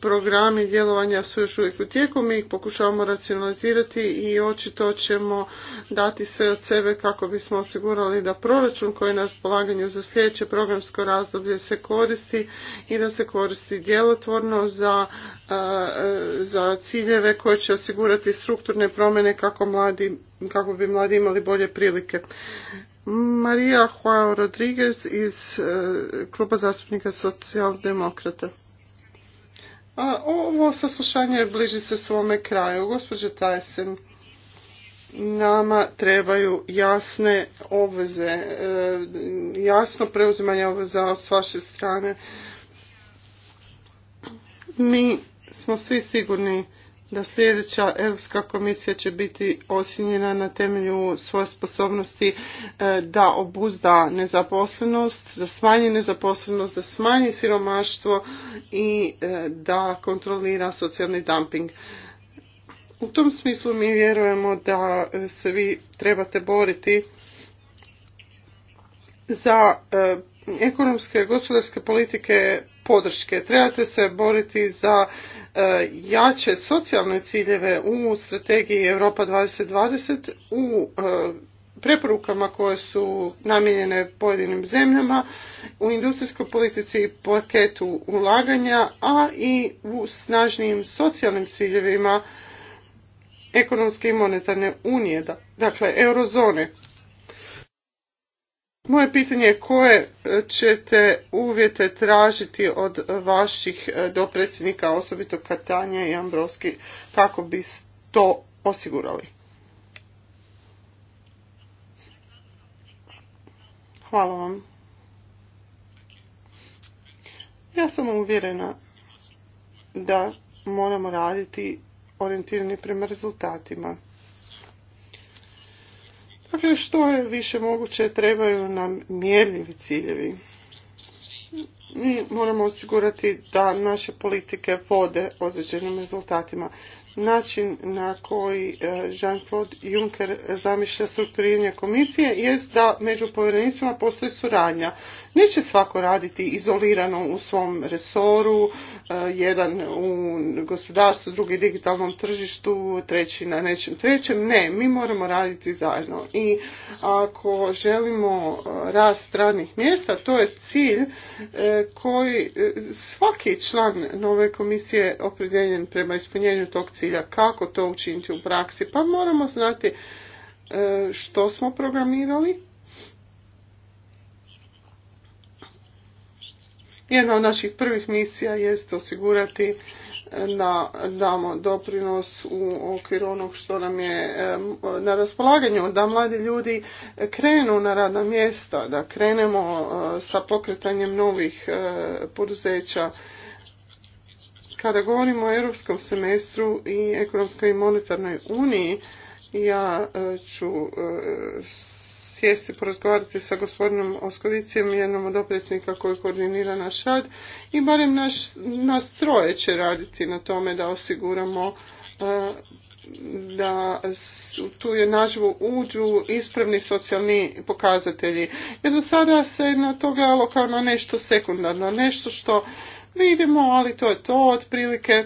programi djelovanja su još uvijek u tijeku, mi ih pokušavamo racionalizirati i očito ćemo dati sve od sebe kako bismo osigurali da proračun koji je na raspolaganju za sljedeće programsko razdoblje se koristi i da se koristi djelotvorno za, za ciljeve koje će osigurati strukturne promjene kako, mladi, kako bi mladi imali bolje prilike. maria Juan Rodriguez iz Kluba zastupnika socijaldemokrata. A ovo saslušanje bliži se svome kraju. Gospođe Tajsen, nama trebaju jasne obveze, e, jasno preuzimanje obveza s vaše strane. Mi smo svi sigurni da sljedeća Europska komisija će biti osinjena na temelju svoje sposobnosti e, da obuzda nezaposlenost, da smanji nezaposlenost, da smanji siromaštvo i e, da kontrolira socijalni dumping. U tom smislu mi vjerujemo da e, se vi trebate boriti za ekonomske i gospodarske politike podrške. Trebate se boriti za e, jače socijalne ciljeve u strategiji Europa 2020 u e, preporukama koje su namijenjene pojedinim zemljama, u industrijskoj politici i paketu ulaganja, a i u snažnijim socijalnim ciljevima ekonomske i monetarne unije, dakle eurozone. Moje pitanje je koje e, ćete uvjete tražiti od vaših e, dopredsjednika, osobito Katanja i Ambroski, kako bi to osigurali? Hvala vam. Ja sam uvjerena da moramo raditi orijentirani prema rezultatima. Dakle, što je više moguće, trebaju nam mjerljivi ciljevi. Mi moramo osigurati da naše politike vode određenim rezultatima način na koji e, Jean-Claude Juncker zamišlja strukturiranje komisije jest da među povjerenicima postoji suradnja. Neće svako raditi izolirano u svom resoru, e, jedan u gospodarstvu, drugi digitalnom tržištu, treći na nečem trećem. Ne, mi moramo raditi zajedno. I ako želimo rast stranih mjesta, to je cilj e, koji svaki član nove komisije opredeljen prema ispunjenju tog cilja cilja, kako to učiniti u praksi, pa moramo znati e, što smo programirali. Jedna od naših prvih misija jest osigurati e, da damo doprinos u okviru onog što nam je e, na raspolaganju, da mladi ljudi krenu na radna mjesta, da krenemo sa pokretanjem novih poduzeća kada govorimo o europskom semestru i ekonomskoj i monetarnoj uniji, ja e, ću e, sjesti porazgovarati sa gospodinom Oskovicijem, jednom od opredsnika koji koordinira naš rad i barem naš, nas troje će raditi na tome da osiguramo e, da tu je naživu uđu ispravni socijalni pokazatelji. Jer do sada se na to toga na nešto sekundarno, nešto što vidimo, ali to je to otprilike.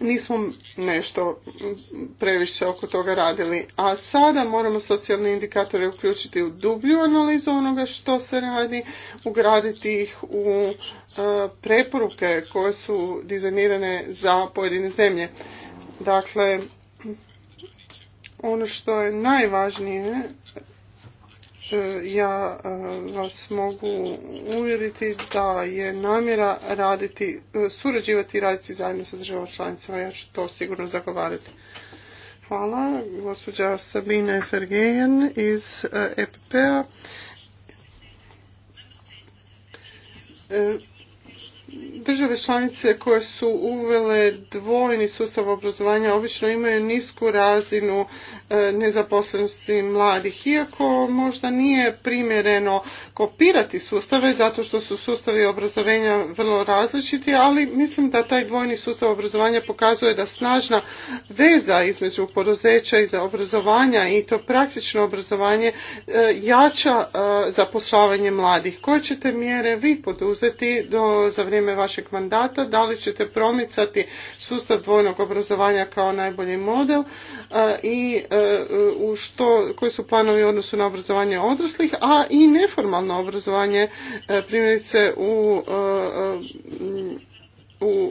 Nismo nešto previše oko toga radili. A sada moramo socijalne indikatore uključiti u dublju analizu onoga što se radi, ugraditi ih u e, preporuke koje su dizajnirane za pojedine zemlje. Dakle, ono što je najvažnije E, ja e, vas mogu uvjeriti da je namjera raditi, e, surađivati i raditi zajedno sa državom članicama. Ja ću to sigurno zagovarati. Hvala, gospođa Sabine Fergejen iz EPP-a. Države članice koje su uvele dvojni sustav obrazovanja obično imaju nisku razinu e, nezaposlenosti mladih, iako možda nije primjereno kopirati sustave zato što su sustavi obrazovanja vrlo različiti, ali mislim da taj dvojni sustav obrazovanja pokazuje da snažna veza između poduzeća i za obrazovanja i to praktično obrazovanje e, jača e, zapošljavanje mladih. Koje ćete mjere vi poduzeti do za vrijeme vašeg mandata, da li ćete promicati sustav dvojnog obrazovanja kao najbolji model e, i e, u što, koji su planovi u odnosu na obrazovanje odraslih, a i neformalno obrazovanje e, primjerice u u,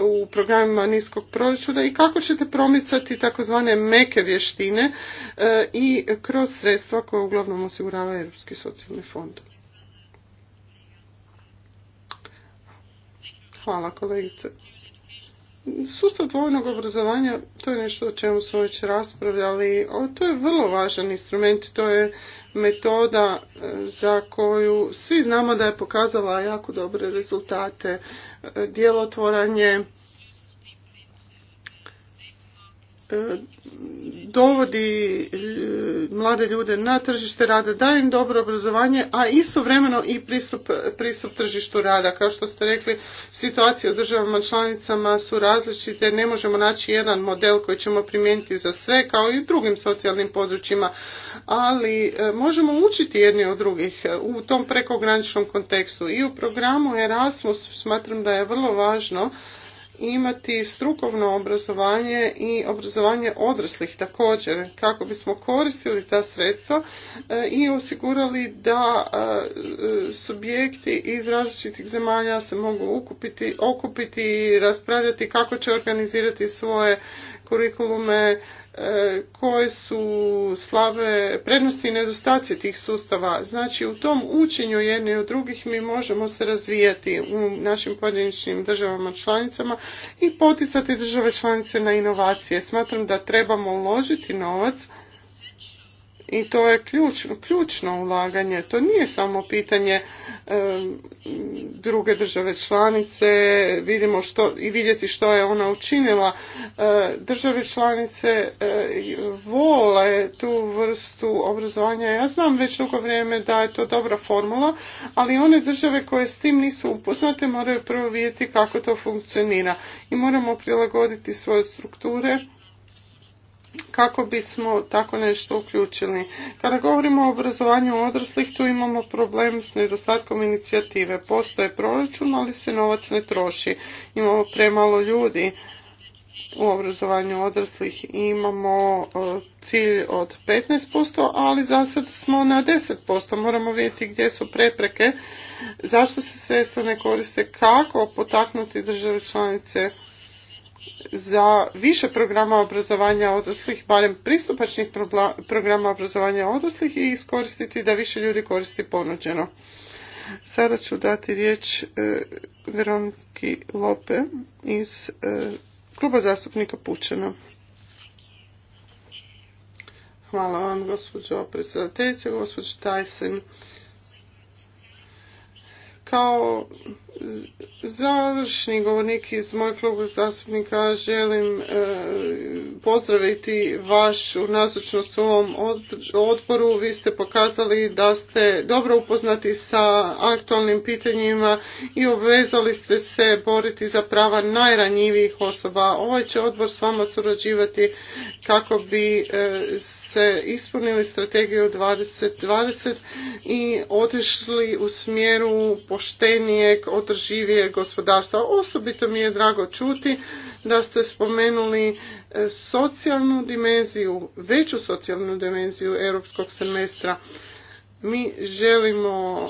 u programima niskog proračuna i kako ćete promicati takozvane meke vještine i kroz sredstva koje uglavnom osigurava Europski socijalni fond. Hvala kolegice. Sustav dvojnog obrazovanja, to je nešto o čemu smo već raspravljali, to je vrlo važan instrument, to je metoda e, za koju svi znamo da je pokazala jako dobre rezultate, e, djelotvoranje, dovodi e, mlade ljude na tržište rada, daje im dobro obrazovanje, a istovremeno i pristup, pristup tržištu rada. Kao što ste rekli, situacije u državama članicama su različite, ne možemo naći jedan model koji ćemo primijeniti za sve, kao i u drugim socijalnim područjima, ali e, možemo učiti jedni od drugih e, u tom prekograničnom kontekstu. I u programu Erasmus smatram da je vrlo važno imati strukovno obrazovanje i obrazovanje odraslih također kako bismo koristili ta sredstva e, i osigurali da e, subjekti iz različitih zemalja se mogu ukupiti, okupiti i raspravljati kako će organizirati svoje kurikulume E, koje su slabe prednosti i nedostaci tih sustava. Znači u tom učenju jedni od drugih mi možemo se razvijati u našim pojedinačnim državama članicama i poticati države članice na inovacije. Smatram da trebamo uložiti novac i to je ključno ulaganje. To nije samo pitanje druge države članice, vidimo što i vidjeti što je ona učinila. E, države članice e, vole tu vrstu obrazovanja. Ja znam već dugo vrijeme da je to dobra formula, ali one države koje s tim nisu upoznate moraju prvo vidjeti kako to funkcionira i moramo prilagoditi svoje strukture kako bismo tako nešto uključili. Kada govorimo o obrazovanju odraslih, tu imamo problem s nedostatkom inicijative. Postoje proračun, ali se novac ne troši. Imamo premalo ljudi u obrazovanju odraslih imamo e, cilj od 15%, ali za sad smo na 10%. Moramo vidjeti gdje su prepreke, zašto se sredstva ne koriste, kako potaknuti države članice za više programa obrazovanja odraslih, barem pristupačnih programa obrazovanja odraslih i iskoristiti da više ljudi koristi ponuđeno. Sada ću dati riječ e, Veroniki Lope iz e, kluba zastupnika Pučena. Hvala vam, gospođo predsjedateljice, gospođo Tajsen. Kao završni govornik iz mojeg klubu zastupnika želim e, pozdraviti vašu nazočnost u ovom odboru. Vi ste pokazali da ste dobro upoznati sa aktualnim pitanjima i obvezali ste se boriti za prava najranjivijih osoba. Ovaj će odbor s vama surađivati kako bi e, se ispunili strategiju 2020 i otišli u smjeru poštovanja poštenijeg, održivijeg gospodarstva. Osobito mi je drago čuti da ste spomenuli e, socijalnu dimenziju, veću socijalnu dimenziju europskog semestra. Mi želimo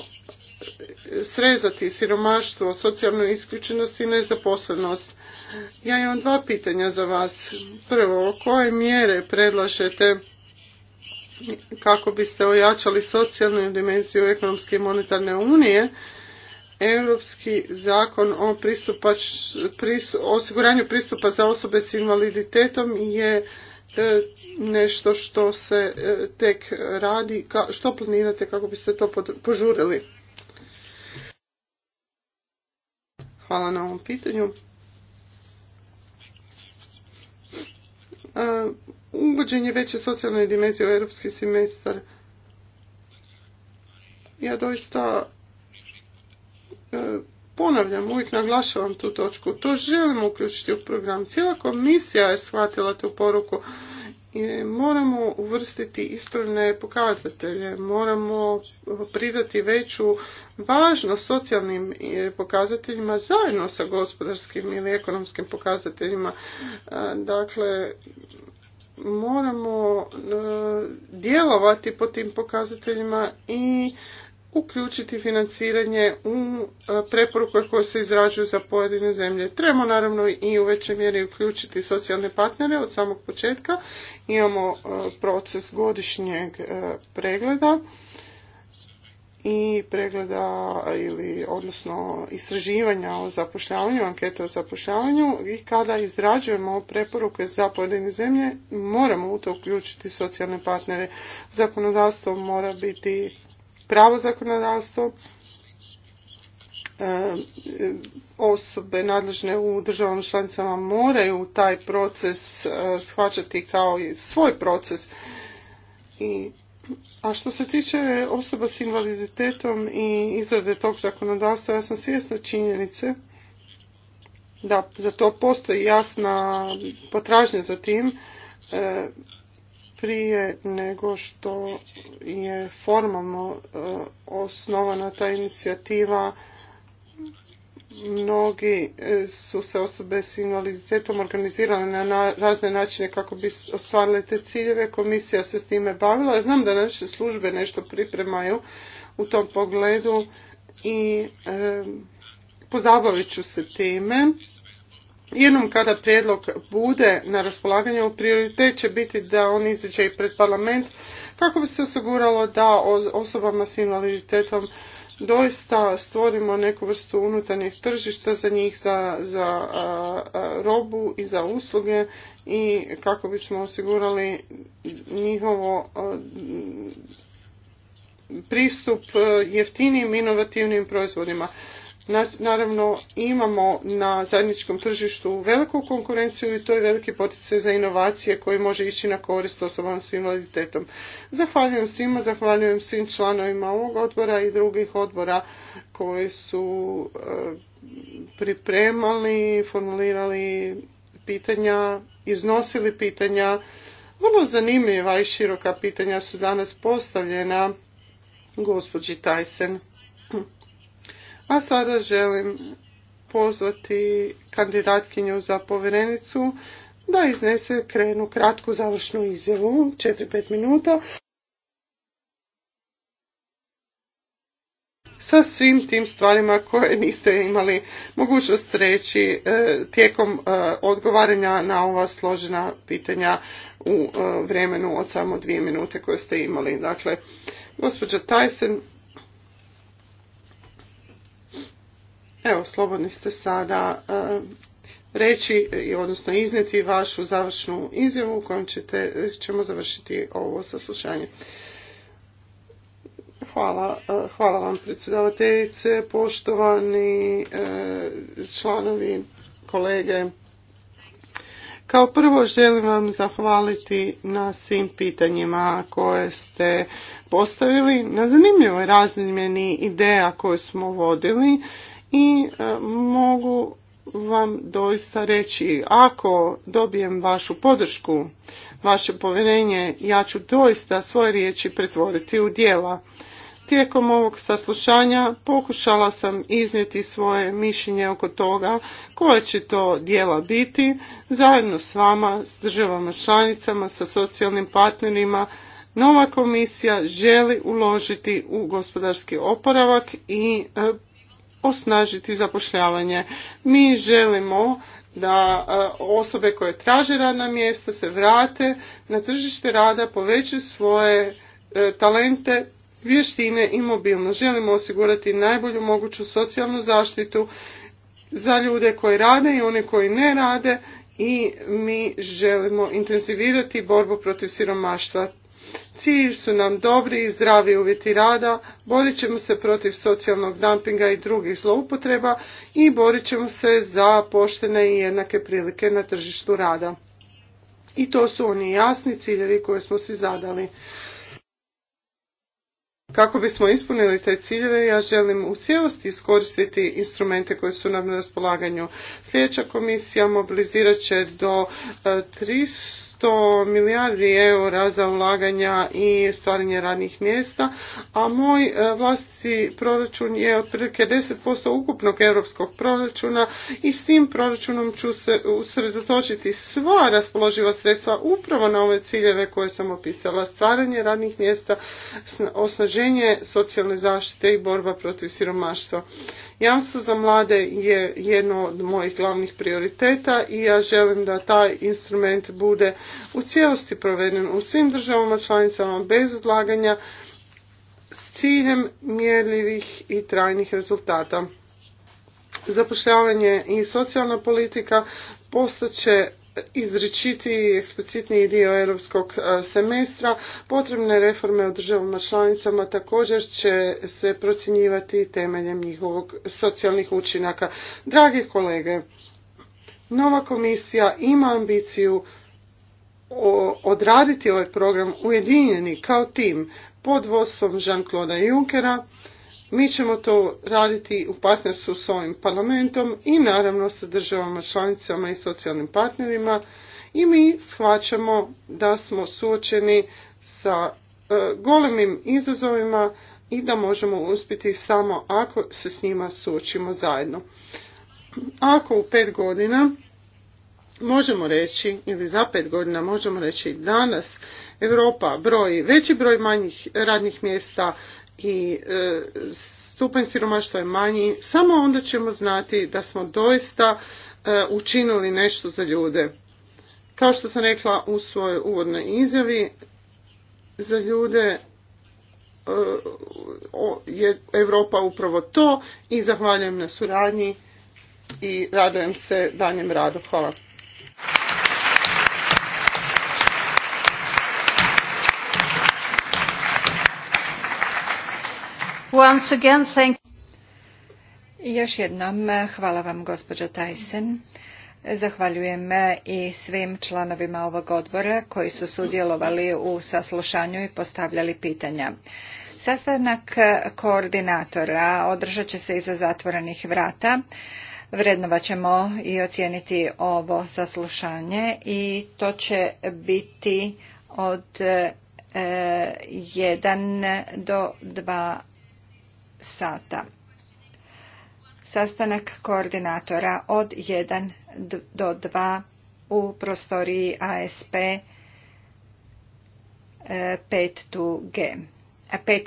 e, srezati siromaštvo, socijalnu isključenost i nezaposlenost. Ja imam dva pitanja za vas. Prvo, koje mjere predlažete kako biste ojačali socijalnu dimenziju ekonomske i monetarne unije Europski zakon o osiguranju pristupa za osobe s invaliditetom je e, nešto što se e, tek radi. Što planirate kako biste to požurili? Hvala na ovom pitanju. E, uvođenje veće socijalne dimenzije u europski semestar. Ja doista E, ponavljam, uvijek naglašavam tu točku, to želimo uključiti u program. Cijela komisija je shvatila tu poruku i moramo uvrstiti ispravne pokazatelje, moramo pridati veću važnost socijalnim e, pokazateljima zajedno sa gospodarskim ili ekonomskim pokazateljima. E, dakle, moramo djelovati po tim pokazateljima i uključiti financiranje u e, preporuke koje se izrađuju za pojedine zemlje. Trebamo naravno i u većoj mjeri uključiti socijalne partnere od samog početka. Imamo e, proces godišnjeg e, pregleda i pregleda ili odnosno istraživanja o zapošljavanju, ankete o zapošljavanju i kada izrađujemo preporuke za pojedine zemlje moramo u to uključiti socijalne partnere. Zakonodavstvo mora biti pravo zakonodavstvo, e, osobe nadležne u državama članicama moraju taj proces e, shvaćati kao i svoj proces. I, a što se tiče osoba s invaliditetom i izrade tog zakonodavstva, ja sam svjesna činjenice da za to postoji jasna potražnja za tim e, prije nego što je formalno e, osnovana ta inicijativa mnogi e, su se osobe s invaliditetom organizirale na razne načine kako bi ostvarile te ciljeve. Komisija se s time bavila. znam da naše službe nešto pripremaju u tom pogledu i e, pozabavit ću se time Jednom kada prijedlog bude na raspolaganju, prioritet će biti da on izađe i pred parlament kako bi se osiguralo da osobama s invaliditetom doista stvorimo neku vrstu unutarnjih tržišta za njih, za, za robu i za usluge i kako bismo osigurali njihovo a, pristup jeftinijim inovativnim proizvodima. Naravno, imamo na zajedničkom tržištu veliku konkurenciju i to je veliki poticaj za inovacije koji može ići na korist osobama s invaliditetom. Zahvaljujem svima, zahvaljujem svim članovima ovog odbora i drugih odbora koji su eh, pripremali, formulirali pitanja, iznosili pitanja. Vrlo zanimljiva i široka pitanja su danas postavljena gospođi Tyson. A sada želim pozvati kandidatkinju za povjerenicu da iznese krenu kratku završnu izjavu, 4-5 minuta. sa svim tim stvarima koje niste imali mogućnost reći e, tijekom e, odgovaranja na ova složena pitanja u e, vremenu od samo dvije minute koje ste imali. Dakle, gospođa Tyson, Evo, slobodni ste sada e, reći, e, odnosno iznijeti vašu završnu izjavu u kojom ćemo završiti ovo saslušanje. Hvala, e, hvala vam predsjedavateljice, poštovani članovi, kolege. Kao prvo želim vam zahvaliti na svim pitanjima koje ste postavili, na zanimljivoj razmjeni ideja koju smo vodili i e, mogu vam doista reći ako dobijem vašu podršku, vaše povjerenje, ja ću doista svoje riječi pretvoriti u djela. Tijekom ovog saslušanja pokušala sam iznijeti svoje mišljenje oko toga koje će to dijela biti zajedno s vama, s državama članicama, sa socijalnim partnerima. Nova komisija želi uložiti u gospodarski oporavak i e, osnažiti zapošljavanje. Mi želimo da e, osobe koje traže radna mjesta se vrate na tržište rada, povećaju svoje e, talente, vještine i mobilnost. Želimo osigurati najbolju moguću socijalnu zaštitu za ljude koji rade i one koji ne rade i mi želimo intenzivirati borbu protiv siromaštva. Cilj su nam dobri i zdravi uvjeti rada, borit ćemo se protiv socijalnog dumpinga i drugih zloupotreba i borit ćemo se za poštene i jednake prilike na tržištu rada. I to su oni jasni ciljevi koje smo si zadali. Kako bismo ispunili te ciljeve, ja želim u cijelosti iskoristiti instrumente koji su nam na raspolaganju. Sljedeća komisija mobilizirat će do 300 e, to milijardi eura za ulaganja i stvaranje radnih mjesta, a moj e, vlastiti proračun je otprilike 10% ukupnog europskog proračuna i s tim proračunom ću se usredotočiti sva raspoloživa sredstva upravo na ove ciljeve koje sam opisala, stvaranje radnih mjesta, osnaženje socijalne zaštite i borba protiv siromaštva. Jamstvo za mlade je jedno od mojih glavnih prioriteta i ja želim da taj instrument bude u cijelosti proveden u svim državama članicama bez odlaganja s ciljem mjerljivih i trajnih rezultata. Zapošljavanje i socijalna politika postaće će i eksplicitniji dio europskog e, semestra. Potrebne reforme u državama članicama također će se procjenjivati temeljem njihovog socijalnih učinaka. Dragi kolege, nova komisija ima ambiciju odraditi ovaj program ujedinjeni kao tim pod vodstvom Jean-Claude Junckera. Mi ćemo to raditi u partnerstvu s ovim parlamentom i naravno sa državama članicama i socijalnim partnerima i mi shvaćamo da smo suočeni sa e, golemim izazovima i da možemo uspjeti samo ako se s njima suočimo zajedno. Ako u pet godina možemo reći, ili za pet godina možemo reći danas, Europa broji veći broj manjih radnih mjesta i e, stupanj siromaštva je manji, samo onda ćemo znati da smo doista e, učinili nešto za ljude. Kao što sam rekla u svojoj uvodnoj izjavi, za ljude e, je Europa upravo to i zahvaljujem na suradnji i radujem se danjem radu. Hvala. Once again, još jednom eh, hvala vam gospođo Tyson. Zahvaljujem eh, i svim članovima ovog odbora koji su sudjelovali u saslušanju i postavljali pitanja. Sastanak eh, koordinatora održat će se iza zatvorenih vrata. Vrednovat ćemo i ocijeniti ovo saslušanje i to će biti od 1 eh, do 2 sata. Sastanak koordinatora od 1 do 2 u prostoriji ASP 5G. Eh,